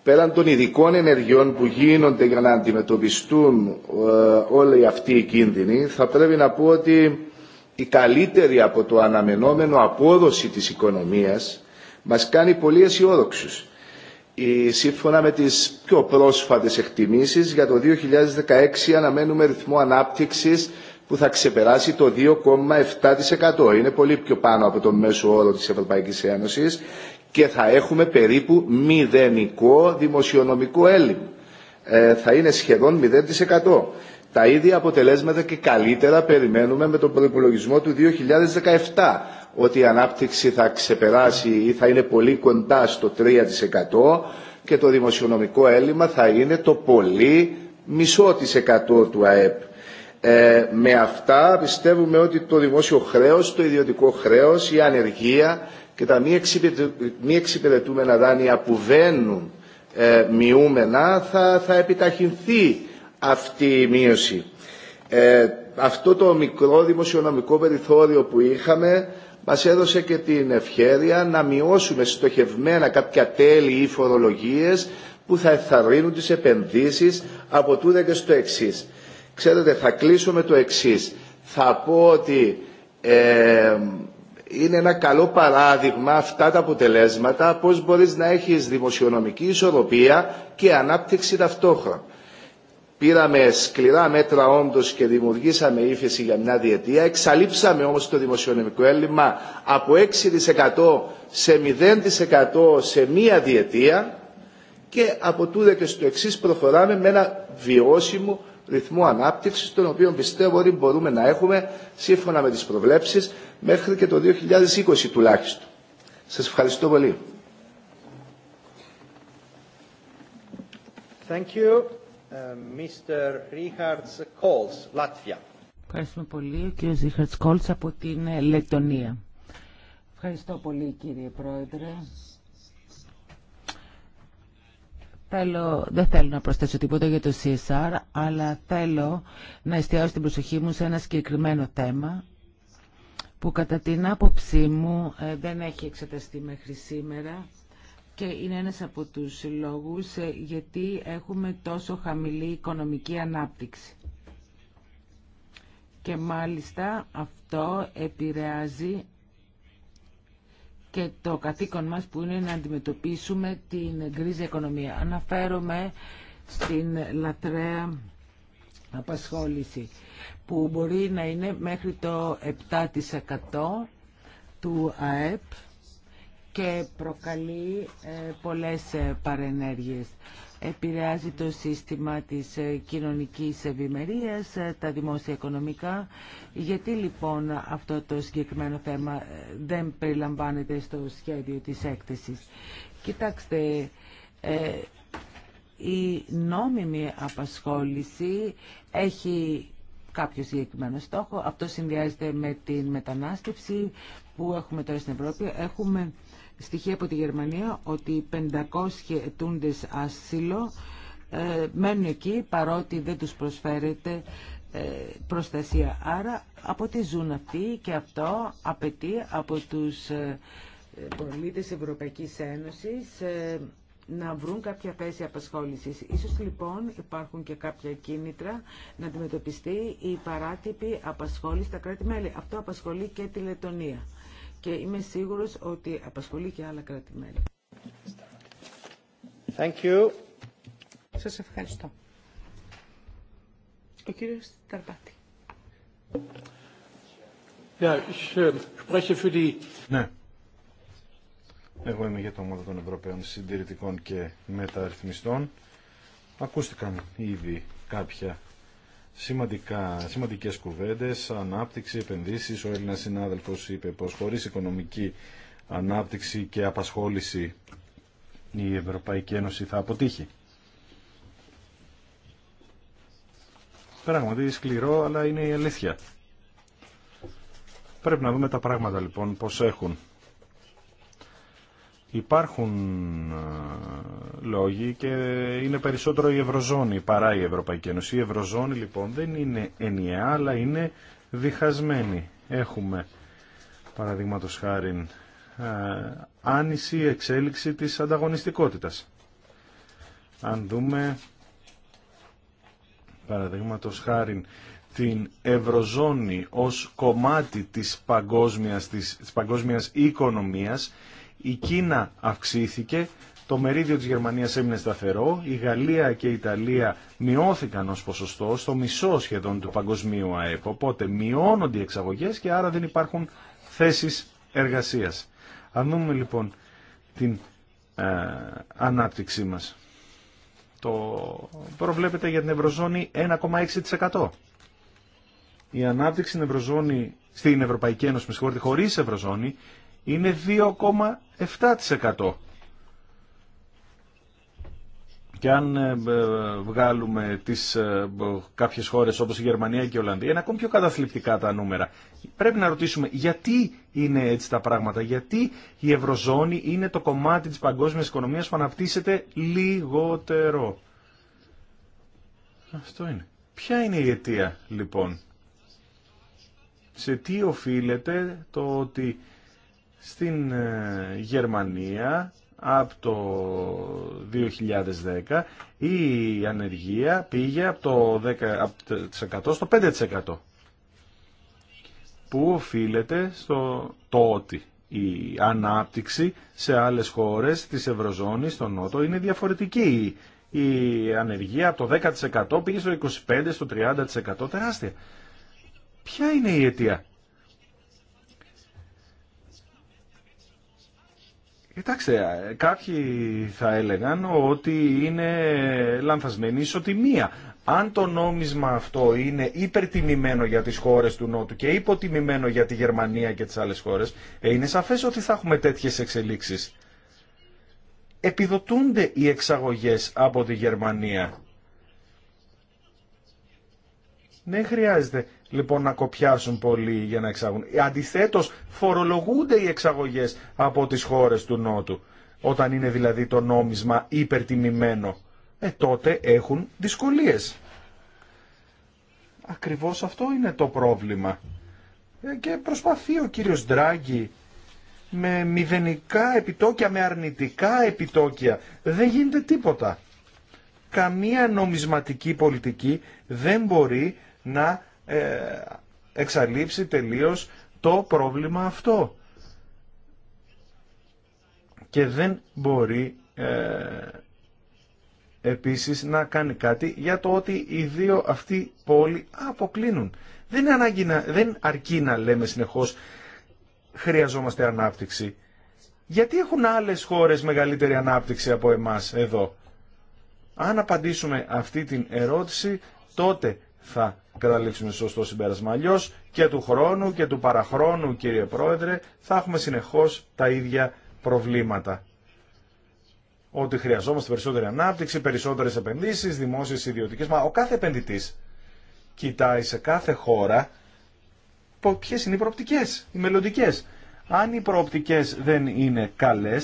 Πέραν των ειδικών ενεργειών που γίνονται για να αντιμετωπιστούν ε, όλοι αυτοί οι κίνδυνοι, θα πρέπει να πω ότι η καλύτερη από το αναμενόμενο απόδοση της οικονομίας μας κάνει πολύ αισιόδοξου. Σύμφωνα με τις πιο πρόσφατες εκτιμήσεις, για το 2016 αναμένουμε ρυθμό ανάπτυξης που θα ξεπεράσει το 2,7%. Είναι πολύ πιο πάνω από το μέσο όρο της Ευρωπαϊκής Ένωσης και θα έχουμε περίπου μηδενικό δημοσιονομικό έλλειμμα. Ε, θα είναι σχεδόν 0%. Τα ίδια αποτελέσματα και καλύτερα περιμένουμε με τον προπολογισμό του 2017 ότι η ανάπτυξη θα ξεπεράσει ή θα είναι πολύ κοντά στο 3% και το δημοσιονομικό έλλειμμα θα είναι το πολύ μισό της εκατό του ΑΕΠ. Ε, με αυτά πιστεύουμε ότι το δημόσιο χρέος, το ιδιωτικό χρέος, η ανεργία και τα μη εξυπηρετούμενα δάνεια που βαίνουν ε, μειούμενα θα, θα επιταχυνθεί αυτή η μείωση. Ε, αυτό το μικρό δημοσιονομικό περιθώριο που είχαμε μας έδωσε και την ευχαίρεια να μειώσουμε στοχευμένα κάποια τέλη ή φορολογίες που θα εθαρρύνουν τις επενδύσεις από τούτα και στο εξή. Ξέρετε, θα κλείσω με το εξή. Θα πω ότι ε, είναι ένα καλό παράδειγμα αυτά τα αποτελέσματα πώς μπορείς να έχεις δημοσιονομική ισορροπία και ανάπτυξη ταυτόχρονα. Πήραμε σκληρά μέτρα όντω και δημιουργήσαμε ύφεση για μια διετία. Εξαλείψαμε όμω το δημοσιονομικό έλλειμμα από 6% σε 0% σε μία διετία και από τούδε και στο εξή προχωράμε με ένα βιώσιμο ρυθμό ανάπτυξη, τον οποίο πιστεύω ότι μπορούμε να έχουμε σύμφωνα με τι προβλέψει μέχρι και το 2020 τουλάχιστον. Σα ευχαριστώ πολύ. Thank you. Ευχαριστούμε πολύ. Ο κύριος Ρίχαρτς Κόλτς από την ε, Λετωνία. Ευχαριστώ πολύ κύριε Πρόεδρε. Θέλω, δεν θέλω να προσθέσω τίποτα για το CSR, αλλά θέλω να εστιάσω την προσοχή μου σε ένα συγκεκριμένο θέμα που κατά την άποψή μου ε, δεν έχει εξεταστεί μέχρι σήμερα και είναι ένας από τους λόγους ε, γιατί έχουμε τόσο χαμηλή οικονομική ανάπτυξη. Και μάλιστα αυτό επηρεάζει και το καθήκον μας που είναι να αντιμετωπίσουμε την γκρίζα οικονομία. Αναφέρομαι στην λατρέα απασχόληση που μπορεί να είναι μέχρι το 7% του ΑΕΠ και προκαλεί ε, πολλές ε, παρενέργειες. Επηρεάζει το σύστημα της ε, κοινωνικής ευημερίας, τα δημόσια οικονομικά. Γιατί λοιπόν αυτό το συγκεκριμένο θέμα δεν περιλαμβάνεται στο σχέδιο της έκθεσης. Κοιτάξτε, η νόμιμη απασχόληση έχει κάποιο συγκεκριμένο στόχο. Αυτό συνδυάζεται με την μετανάστευση που έχουμε τώρα στην Ευρώπη. Έχουμε στοιχεία από τη Γερμανία ότι 500 ετούντες άσυλο ε, μένουν εκεί παρότι δεν τους προσφέρεται ε, προστασία. Άρα από τι ζουν αυτοί και αυτό απαιτεί από τους ε, πολίτες Ευρωπαϊκής Ένωσης να βρουν κάποια θέση απασχόλησης. Ίσως λοιπόν υπάρχουν και κάποια κίνητρα να αντιμετωπιστεί η παράτυπη απασχόληση στα κράτη-μέλη. Αυτό απασχολεί και τη Λετωνία και είμαι σίγουρος ότι απασχολεί και άλλα κράτη-μέλη. Σας ευχαριστώ. Ο κύριος Ταρπάτη. Äh, ναι. Εγώ είμαι για το ομάδα των Ευρωπαίων Συντηρητικών και Μεταρρυθμιστών. Ακούστηκαν ήδη κάποια σημαντικά, σημαντικές κουβέντες, ανάπτυξη, επενδύσεις. Ο Έλληνας συνάδελφος είπε πως χωρίς οικονομική ανάπτυξη και απασχόληση η Ευρωπαϊκή Ένωση θα αποτύχει. Πράγματι σκληρό, αλλά είναι η αλήθεια. Πρέπει να δούμε τα πράγματα λοιπόν, πώς έχουν. Υπάρχουν ε, λόγοι και είναι περισσότερο η Ευρωζώνη παρά η Ευρωπαϊκή Ένωση. Η Ευρωζώνη λοιπόν δεν είναι ενιαία αλλά είναι διχασμένη. Έχουμε παραδείγματο χάρη ε, άνηση εξέλιξη της ανταγωνιστικότητας. Αν δούμε παραδείγματο χάρη την Ευρωζώνη ως κομμάτι της παγκόσμιας, της, της παγκόσμιας οικονομίας η Κίνα αυξήθηκε, το μερίδιο της Γερμανίας έμεινε σταθερό, η Γαλλία και η Ιταλία μειώθηκαν ως ποσοστό στο μισό σχεδόν του παγκοσμίου ΑΕΠ, οπότε μειώνονται οι εξαγωγές και άρα δεν υπάρχουν θέσεις εργασίας. Αν δούμε λοιπόν την ε, ανάπτυξή μας, το προβλέπεται για την Ευρωζώνη 1,6%. Η ανάπτυξη στην Ευρωζώνη, στην Ευρωπαϊκή Ένωση, με συγχωρείτε, χωρίς Ευρωζώνη, είναι 2,7%. Και αν ε, ε, βγάλουμε τις ε, κάποιες χώρες όπως η Γερμανία και η Ολλανδία, είναι ακόμη πιο καταθλιπτικά τα νούμερα. Πρέπει να ρωτήσουμε γιατί είναι έτσι τα πράγματα, γιατί η Ευρωζώνη είναι το κομμάτι της παγκόσμιας οικονομίας που αναπτύσσεται λιγότερο. Αυτό είναι. Ποια είναι η αιτία λοιπόν. Σε τι οφείλεται το ότι στην ε, Γερμανία από το 2010 η ανεργία πήγε από το 10% στο 5% που οφείλεται στο το ότι η ανάπτυξη σε άλλες χώρες της Ευρωζώνης, στο Νότο, είναι διαφορετική. Η ανεργία από το 10% πήγε στο 25% στο 30% τεράστια. Ποια είναι η αιτία Κοιτάξτε, κάποιοι θα έλεγαν ότι είναι λανθασμένη ισοτιμία. Αν το νόμισμα αυτό είναι υπερτιμημένο για τις χώρες του Νότου και υποτιμημένο για τη Γερμανία και τις άλλες χώρες, ε, είναι σαφές ότι θα έχουμε τέτοιες εξελίξεις. Επιδοτούνται οι εξαγωγές από τη Γερμανία. Δεν χρειάζεται λοιπόν να κοπιάσουν πολύ για να εξάγουν. Ε, αντιθέτως φορολογούνται οι εξαγωγέ από τις χώρες του Νότου. Όταν είναι δηλαδή το νόμισμα υπερτιμημένο, ε, τότε έχουν δυσκολίες. Ακριβώς αυτό είναι το πρόβλημα. Ε, και προσπαθεί ο κύριος Ντράγκη με μηδενικά επιτόκια, με αρνητικά επιτόκια. Δεν γίνεται τίποτα. Καμία νομισματική πολιτική δεν μπορεί να ε, εξαλείψει τελείως το πρόβλημα αυτό. Και δεν μπορεί ε, επίσης να κάνει κάτι για το ότι οι δύο αυτοί πόλοι αποκλίνουν. Δεν, ανάγκη να, δεν αρκεί να λέμε συνεχώς χρειαζόμαστε ανάπτυξη. Γιατί έχουν άλλες χώρες μεγαλύτερη ανάπτυξη από εμάς εδώ. Αν απαντήσουμε αυτή την ερώτηση τότε θα καταλήξουμε σωστό συμπέρασμα. Αλλιώ και του χρόνου και του παραχρόνου, κύριε Πρόεδρε, θα έχουμε συνεχώς τα ίδια προβλήματα. Ότι χρειαζόμαστε περισσότερη ανάπτυξη, περισσότερες επενδύσεις, δημόσιες, ιδιωτικές. Μα ο κάθε επενδυτής κοιτάει σε κάθε χώρα ποιε είναι οι προοπτικές, οι μελλοντικέ. Αν οι προοπτικέ δεν είναι καλέ,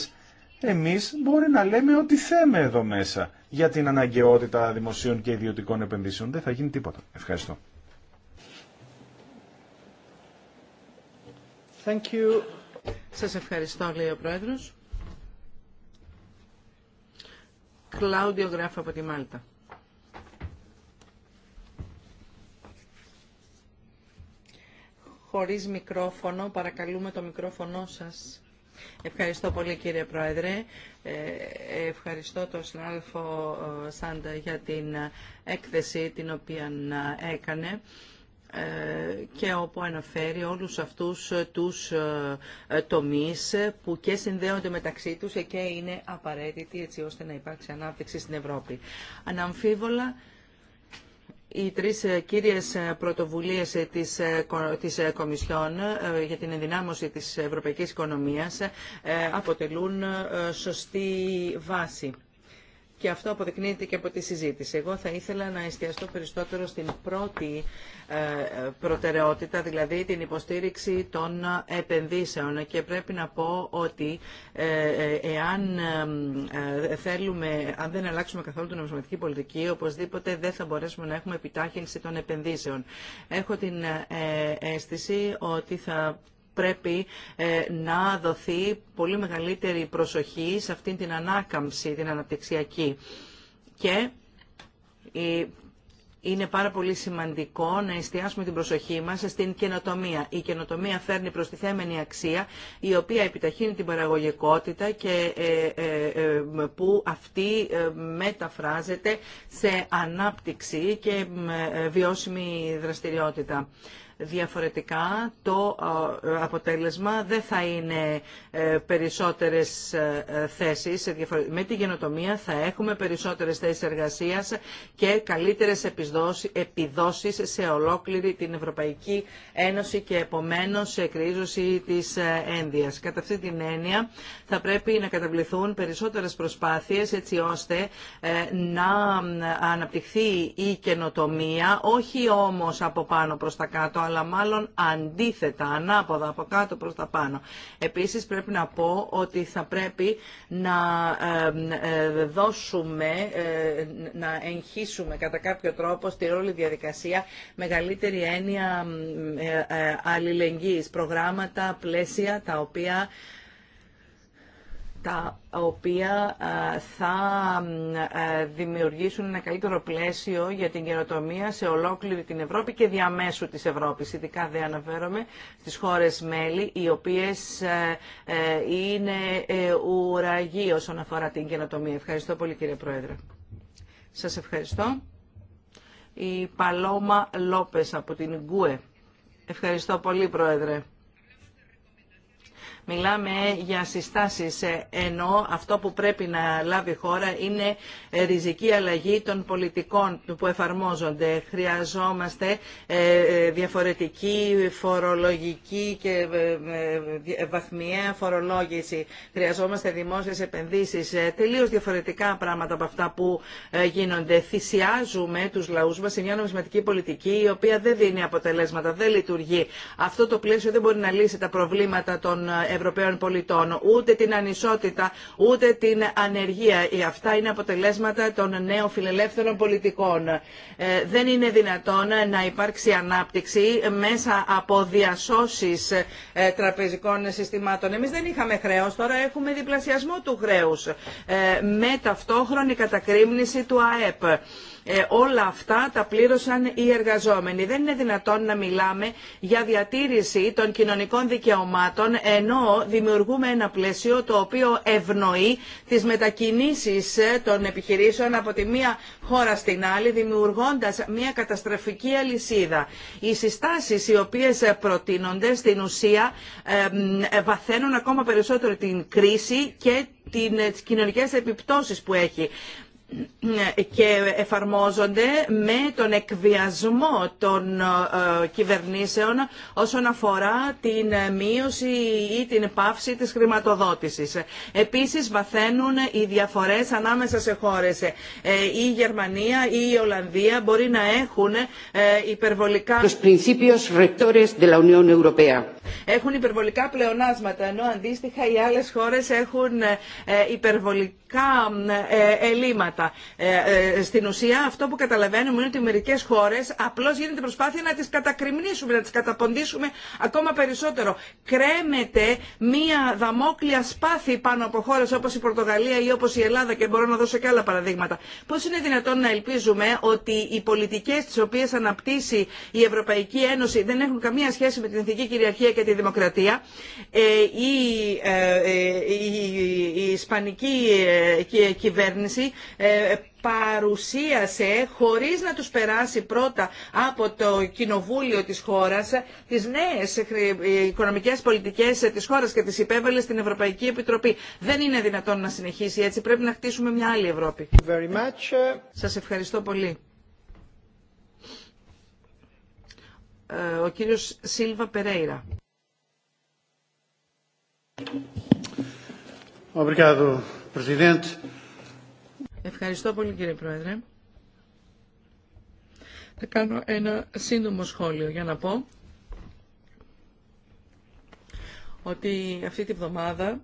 εμεί μπορεί να λέμε ότι θέμε εδώ μέσα για την αναγκαιότητα δημοσίων και ιδιωτικών επενδύσεων. Δεν θα γίνει τίποτα. Ευχαριστώ. Thank you. Σας ευχαριστώ, λέει ο Πρόεδρος. Κλάουδιο από τη Μάλτα. Χωρίς μικρόφωνο, παρακαλούμε το μικρόφωνο σας. Ευχαριστώ πολύ κύριε Πρόεδρε. Ε, ευχαριστώ τον συνάδελφο ε, Σάντα για την ε, έκθεση την οποία έκανε και όπου αναφέρει όλους αυτούς τους τομείς που και συνδέονται μεταξύ τους και είναι απαραίτητοι έτσι ώστε να υπάρξει ανάπτυξη στην Ευρώπη. Αναμφίβολα οι τρεις ε, κύριες ε, πρωτοβουλίες ε, της, της Κομισιόν για την ενδυνάμωση της ευρωπαϊκής οικονομίας αποτελούν σωστή βάση και αυτό αποδεικνύεται και από τη συζήτηση. Εγώ θα ήθελα να εστιαστώ περισσότερο στην πρώτη ε, προτεραιότητα, δηλαδή την υποστήριξη των επενδύσεων και πρέπει να πω ότι ε, ε, εάν θέλουμε, αν δεν αλλάξουμε καθόλου την νομισματική πολιτική, οπωσδήποτε δεν θα μπορέσουμε να έχουμε επιτάχυνση των επενδύσεων. Έχω την αίσθηση ότι θα πρέπει ε, να δοθεί πολύ μεγαλύτερη προσοχή σε αυτήν την ανάκαμψη, την αναπτυξιακή. Και ε, είναι πάρα πολύ σημαντικό να εστιάσουμε την προσοχή μας στην καινοτομία. Η καινοτομία φέρνει προστιθέμενη αξία, η οποία επιταχύνει την παραγωγικότητα και ε, που αυτή μεταφράζεται σε ανάπτυξη και βιώσιμη δραστηριότητα. Διαφορετικά το ε, αποτέλεσμα δεν θα είναι ε, περισσότερες ε, θέσεις. Με τη γενοτομία θα έχουμε περισσότερες θέσεις εργασίας και καλύτερες επιδόσεις σε ολόκληρη την Ευρωπαϊκή Ένωση και επομένως σε κρίζωση της ένδυας. Κατά αυτή την έννοια θα πρέπει να καταβληθούν περισσότερες προσπάθειες έτσι ώστε να αναπτυχθεί η καινοτομία, όχι όμως από πάνω προς τα κάτω, αλλά μάλλον αντίθετα, ανάποδα, από κάτω προς τα πάνω. Επίσης πρέπει να πω ότι θα πρέπει να ε, δώσουμε, ε, να εγχύσουμε κατά κάποιο τρόπο στη ρόλη διαδικασία μεγαλύτερη έννοια ε, αλληλεγγύης, προγράμματα, πλαίσια τα οποία τα οποία θα δημιουργήσουν ένα καλύτερο πλαίσιο για την καινοτομία σε ολόκληρη την Ευρώπη και διαμέσου της Ευρώπης. Ειδικά δεν αναφέρομαι στις χώρες μέλη, οι οποίες ε, είναι ε, ουραγοί όσον αφορά την καινοτομία. Ευχαριστώ πολύ κύριε Πρόεδρε. Σας ευχαριστώ. Η Παλώμα Λόπες από την Γκουε. Ευχαριστώ πολύ Πρόεδρε. Μιλάμε για συστάσεις, ε, ενώ αυτό που πρέπει να λάβει η χώρα είναι ε, ριζική αλλαγή των πολιτικών που εφαρμόζονται. Χρειαζόμαστε ε, διαφορετική φορολογική και βαθμιαία φορολόγηση. Χρειαζόμαστε δημόσιες επενδύσεις. Τελείως διαφορετικά πράγματα από αυτά που γίνονται. Θυσιάζουμε τους λαούς μας σε μια νομισματική πολιτική η οποία δεν δίνει αποτελέσματα, δεν λειτουργεί. Αυτό το πλαίσιο δεν μπορεί να λύσει τα προβλήματα των Ευρωπαίων πολιτών, ούτε την ανισότητα, ούτε την ανεργία. Ε, αυτά είναι αποτελέσματα των νέων φιλελεύθερων πολιτικών. Ε, δεν είναι δυνατόν να υπάρξει ανάπτυξη μέσα από διασώσεις ε, τραπεζικών συστημάτων. Εμείς δεν είχαμε χρέος, τώρα έχουμε διπλασιασμό του χρέους με ταυτόχρονη κατακρίμνηση του ΑΕΠ. Ε, όλα αυτά τα πλήρωσαν οι εργαζόμενοι. Δεν είναι δυνατόν να μιλάμε για διατήρηση των κοινωνικών δικαιωμάτων ενώ δημιουργούμε ένα πλαίσιο το οποίο ευνοεί τις μετακινήσεις ε, των επιχειρήσεων από τη μία χώρα στην άλλη δημιουργώντας μια καταστροφική αλυσίδα. Οι συστάσεις οι οποίες ε, προτείνονται στην ουσία βαθαίνουν ακόμα περισσότερο την κρίση και τις κοινωνικές επιπτώσεις που έχει και εφαρμόζονται με τον εκβιασμό των ε, κυβερνήσεων όσον αφορά την μείωση ή την πάυση της χρηματοδότησης. Επίσης βαθαίνουν οι διαφορές ανάμεσα σε χώρες. Ε, η Γερμανία ή η Ολλανδία μπορεί να έχουν ε, υπερβολικά... Έχουν υπερβολικά πλεονάσματα, ενώ αντίστοιχα οι άλλες χώρες έχουν υπερβολικά δημοσιονομικά ε, ελλείμματα. Ε, ε, στην ουσία αυτό που καταλαβαίνουμε είναι ότι μερικέ χώρε απλώ γίνεται προσπάθεια να τι κατακριμνήσουμε, να τι καταποντήσουμε ακόμα περισσότερο. Κρέμεται μία δαμόκλια σπάθη πάνω από χώρε όπω η Πορτογαλία ή όπω η Ελλάδα και μπορώ να δώσω και άλλα παραδείγματα. Πώ είναι δυνατόν να ελπίζουμε ότι οι πολιτικέ τι οποίε αναπτύσσει η Ευρωπαϊκή Ένωση δεν έχουν καμία σχέση με την εθνική κυριαρχία και τη δημοκρατία. Η, η, η, κυβέρνηση ε, παρουσίασε χωρίς να τους περάσει πρώτα από το κοινοβούλιο της χώρας τις νέες ε, οικονομικές πολιτικές της χώρας και τις υπέβαλε στην Ευρωπαϊκή Επιτροπή. Δεν είναι δυνατόν να συνεχίσει έτσι. Πρέπει να χτίσουμε μια άλλη Ευρώπη. Very Σας ευχαριστώ πολύ. Ε, ο κύριος Σίλβα Περέιρα. Obrigado, Ευχαριστώ πολύ κύριε Πρόεδρε. Θα κάνω ένα σύντομο σχόλιο για να πω ότι αυτή τη βδομάδα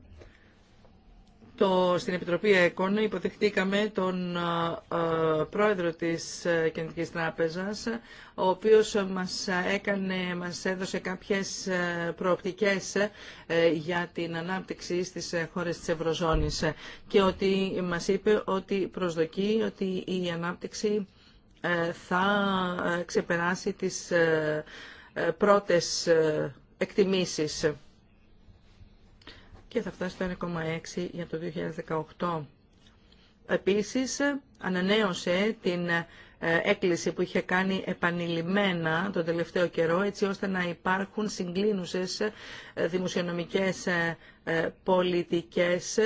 το, στην Επιτροπή ΕΚΟΝ υποδεχτήκαμε τον πρόεδρο της ε, Κεντρικής Τράπεζας, ο οποίος μας, έκανε, μας έδωσε κάποιες ε, προοπτικές ε, για την ανάπτυξη στις χώρες της Ευρωζώνης και ότι μας είπε ότι προσδοκεί ότι η ανάπτυξη θα ξεπεράσει τις πρώτες εκτιμήσεις και θα φτάσει στο 1,6 για το 2018. Επίσης, ανανέωσε την ε, έκκληση που είχε κάνει επανειλημμένα τον τελευταίο καιρό, έτσι ώστε να υπάρχουν συγκλίνουσες ε, δημοσιονομικές ε, πολιτικές,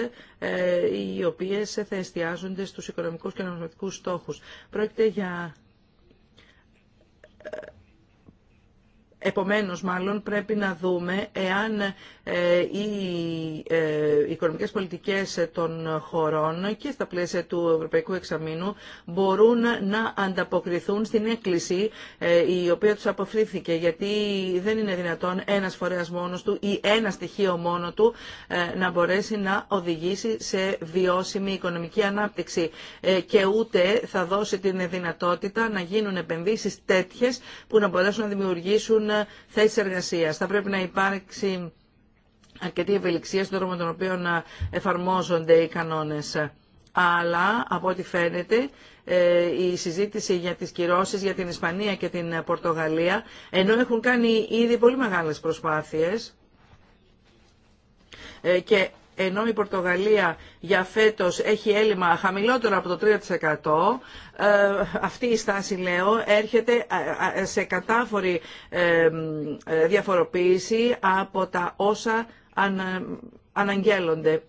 οι οποίες θα εστιάζονται στους οικονομικούς και νομισματικούς στόχους. Πρόκειται για Επομένως, μάλλον πρέπει να δούμε εάν ε, ε, οι οικονομικές πολιτικές των χωρών και στα πλαίσια του Ευρωπαϊκού Εξαμήνου μπορούν να ανταποκριθούν στην έκκληση ε, η οποία τους αποφύθηκε γιατί δεν είναι δυνατόν ένας φορέας μόνος του ή ένα στοιχείο μόνο του να μπορέσει να οδηγήσει σε βιώσιμη οικονομική ανάπτυξη και ούτε θα δώσει την δυνατότητα να γίνουν επενδύσεις τέτοιες που να μπορέσουν να δημιουργήσουν θέσεις εργασίας. Θα πρέπει να υπάρξει αρκετή ευελιξία στον τρόπο με τον οποίο εφαρμόζονται οι κανόνες. Αλλά, από ό,τι φαίνεται, ε, η συζήτηση για τις κυρώσεις για την Ισπανία και την Πορτογαλία, ενώ έχουν κάνει ήδη πολύ μεγάλες προσπάθειες ε, και ενώ η Πορτογαλία για φέτος έχει έλλειμμα χαμηλότερο από το 3%, ε, αυτή η στάση, λέω, έρχεται σε κατάφορη διαφοροποίηση από τα όσα ανα, ε, αναγγέλλονται.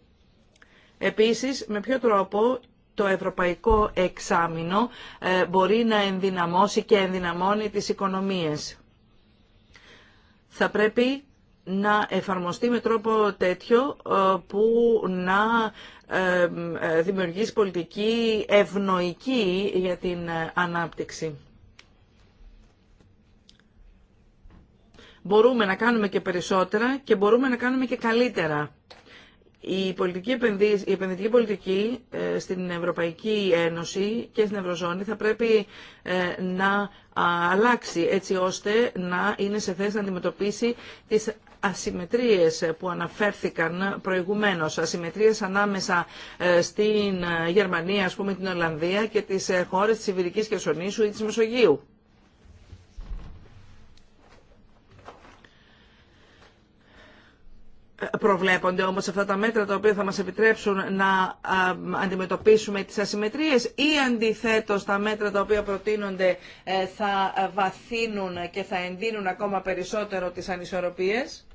Επίσης, με ποιο τρόπο το ευρωπαϊκό εξάμεινο ε, μπορεί να ενδυναμώσει και ενδυναμώνει τις οικονομίες. Θα πρέπει να εφαρμοστεί με τρόπο τέτοιο ε, που να δημιουργήσει πολιτική ευνοϊκή για την ανάπτυξη. μπορούμε να κάνουμε και περισσότερα και μπορούμε να κάνουμε και καλύτερα. Η, πολιτική η επενδυτική πολιτική ε, στην Ευρωπαϊκή Ένωση και στην Ευρωζώνη θα πρέπει ε, να αλλάξει έτσι ώστε να είναι σε θέση να αντιμετωπίσει τις ασυμμετρίες που αναφέρθηκαν προηγουμένως, ασυμμετρίες ανάμεσα ε, στην Γερμανία, ας πούμε την Ολλανδία και τις χώρες της Ιβηρικής Κερσονήσου ή της Μεσογείου. προβλέπονται όμως αυτά τα μέτρα τα οποία θα μας επιτρέψουν να αντιμετωπίσουμε τις ασυμμετρίες ή αντιθέτως τα μέτρα τα οποία προτείνονται ε, θα βαθύνουν και θα ενδύνουν ακόμα περισσότερο τις ανισορροπίες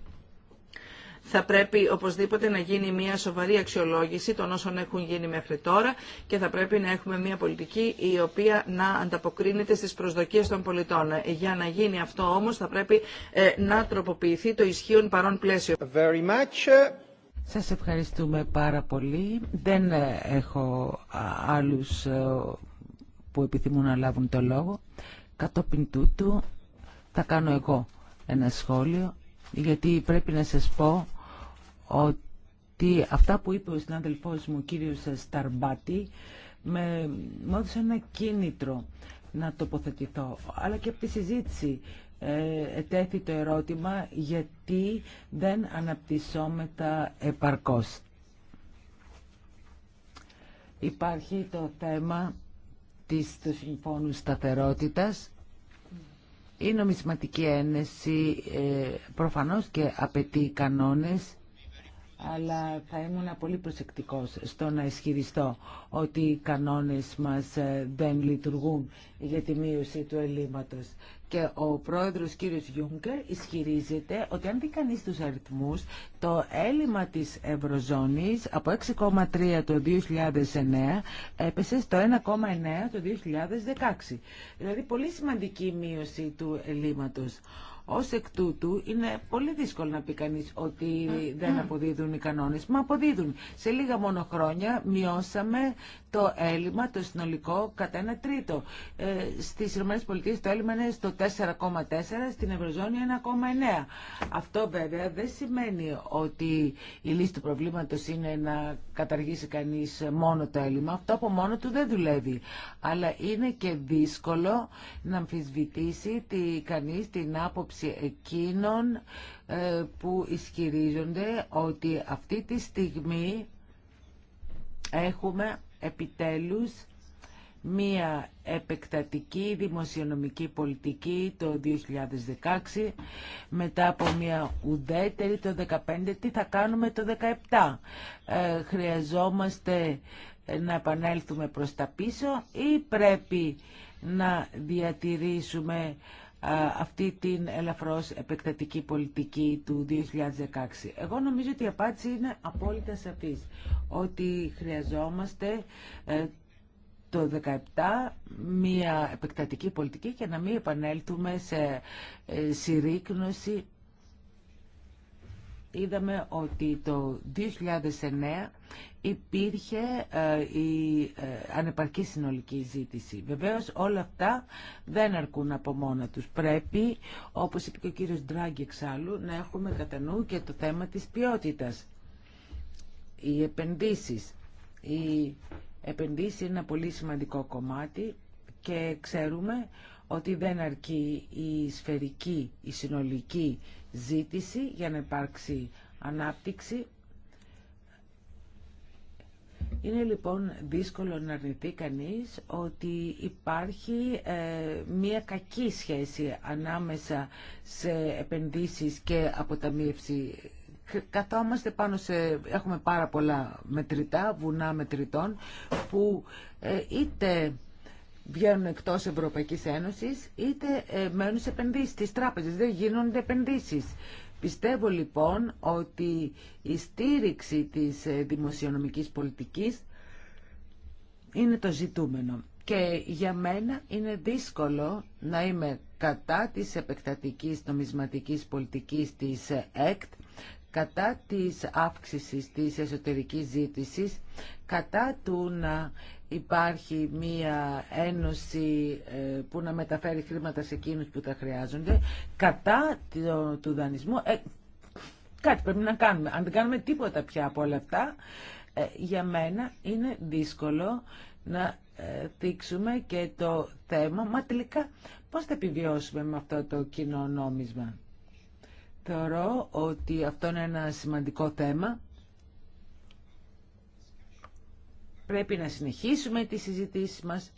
θα πρέπει οπωσδήποτε να γίνει μια σοβαρή αξιολόγηση των όσων έχουν γίνει μέχρι τώρα και θα πρέπει να έχουμε μια πολιτική η οποία να ανταποκρίνεται στις προσδοκίες των πολιτών. Ε, για να γίνει αυτό όμως θα πρέπει ε, να τροποποιηθεί το ισχύον παρόν πλαίσιο. Σα Σας ευχαριστούμε πάρα πολύ. Δεν ε, έχω άλλους που επιθυμούν να λάβουν το λόγο. Κατόπιν τούτου θα κάνω εγώ ένα σχόλιο, γιατί πρέπει να σας πω ότι αυτά που είπε ο συνάδελφός μου, κύριος Σταρμπάτη, με, μου έδωσε ένα κίνητρο να τοποθετηθώ. Αλλά και από τη συζήτηση ε, ετέθη το ερώτημα γιατί δεν αναπτυσσόμετα επαρκώς. Υπάρχει το θέμα της, του συμφώνου σταθερότητας. Η νομισματική ένεση ε, προφανώς και απαιτεί κανόνες αλλά θα ήμουν πολύ προσεκτικός στο να ισχυριστώ ότι οι κανόνες μας ε, δεν λειτουργούν για τη μείωση του ελλείμματος. Και ο πρόεδρος κύριος Γιούγκερ ισχυρίζεται ότι αν δει κανείς τους αριθμούς, το έλλειμμα της Ευρωζώνης από 6,3 το 2009 έπεσε στο 1,9 το 2016. Δηλαδή πολύ σημαντική μείωση του ελλείμματος. Ω εκ τούτου είναι πολύ δύσκολο να πει κανεί ότι δεν αποδίδουν οι κανόνε Μα αποδίδουν. Σε λίγα μόνο χρόνια μειώσαμε το έλλειμμα, το συνολικό, κατά ένα τρίτο. Ε, Στι ΗΠΑ το έλλειμμα είναι στο 4,4, στην Ευρωζώνη 1,9. Αυτό βέβαια δεν σημαίνει ότι η λύση του προβλήματο είναι να καταργήσει κανεί μόνο το έλλειμμα. Αυτό από μόνο του δεν δουλεύει. Αλλά είναι και δύσκολο να αμφισβητήσει κανεί την άποψη εκείνων ε, που ισχυρίζονται ότι αυτή τη στιγμή έχουμε επιτέλους μία επεκτατική δημοσιονομική πολιτική το 2016, μετά από μία ουδέτερη το 2015, τι θα κάνουμε το 2017. Ε, χρειαζόμαστε να επανέλθουμε προς τα πίσω ή πρέπει να διατηρήσουμε ε, αυτή την ελαφρώς επεκτατική πολιτική του 2016. Εγώ νομίζω ότι η απάντηση είναι απόλυτα σαφής, ότι χρειαζόμαστε ε, το 2017 μία επεκτατική πολιτική και να μην επανέλθουμε σε ε, συρρήκνωση είδαμε ότι το 2009 υπήρχε ε, η ε, ανεπαρκή συνολική ζήτηση. Βεβαίως όλα αυτά δεν αρκούν από μόνα τους. Πρέπει, όπως είπε και ο κύριος Ντράγκη εξάλλου, να έχουμε κατά νου και το θέμα της ποιότητας. Οι επενδύσεις. Οι επενδύσεις είναι ένα πολύ σημαντικό κομμάτι και ξέρουμε ότι δεν αρκεί η σφαιρική, η συνολική ζήτηση για να υπάρξει ανάπτυξη. Είναι λοιπόν δύσκολο να αρνηθεί κανείς ότι υπάρχει ε, μία κακή σχέση ανάμεσα σε επενδύσεις και αποταμίευση καθόμαστε πάνω σε, έχουμε πάρα πολλά μετρητά, βουνά μετρητών που ε, είτε βγαίνουν εκτός Ευρωπαϊκής Ένωσης, είτε ε, μένουν σε επενδύσεις στις τράπεζες, δεν γίνονται επενδύσεις. Πιστεύω λοιπόν ότι η στήριξη της ε, δημοσιονομικής πολιτικής είναι το ζητούμενο. Και για μένα είναι δύσκολο να είμαι κατά της επεκτατικής νομισματικής πολιτικής της ε, ΕΚΤ, κατά της αύξησης της εσωτερικής ζήτησης, κατά του να υπάρχει μία ένωση ε, που να μεταφέρει χρήματα σε εκείνους που τα χρειάζονται κατά του δανεισμού ε, κάτι πρέπει να κάνουμε αν δεν κάνουμε τίποτα πια από όλα αυτά ε, για μένα είναι δύσκολο να δείξουμε και το θέμα μα τελικά πώς θα επιβιώσουμε με αυτό το κοινό νόμισμα θεωρώ ότι αυτό είναι ένα σημαντικό θέμα Πρέπει να συνεχίσουμε τις συζητήσεις μας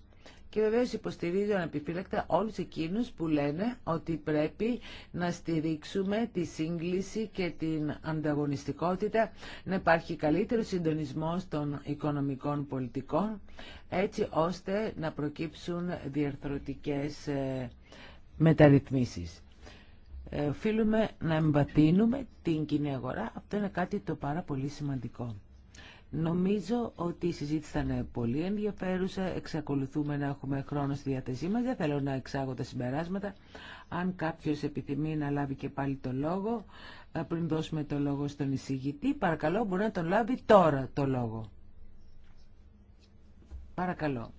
και βεβαίω υποστηρίζω ανεπιφύλακτα όλους εκείνους που λένε ότι πρέπει να στηρίξουμε τη σύγκληση και την ανταγωνιστικότητα, να υπάρχει καλύτερο συντονισμός των οικονομικών πολιτικών, έτσι ώστε να προκύψουν διαρθρωτικές ε, μεταρρυθμίσεις. Ε, οφείλουμε να εμβαθύνουμε την κοινή αγορά. Αυτό είναι κάτι το πάρα πολύ σημαντικό. Νομίζω ότι η συζήτηση ήταν πολύ ενδιαφέρουσα. Εξακολουθούμε να έχουμε χρόνο στη διάθεσή μα. Δεν θέλω να εξάγω τα συμπεράσματα. Αν κάποιο επιθυμεί να λάβει και πάλι το λόγο, ε, πριν δώσουμε το λόγο στον εισηγητή, παρακαλώ μπορεί να τον λάβει τώρα το λόγο. Παρακαλώ.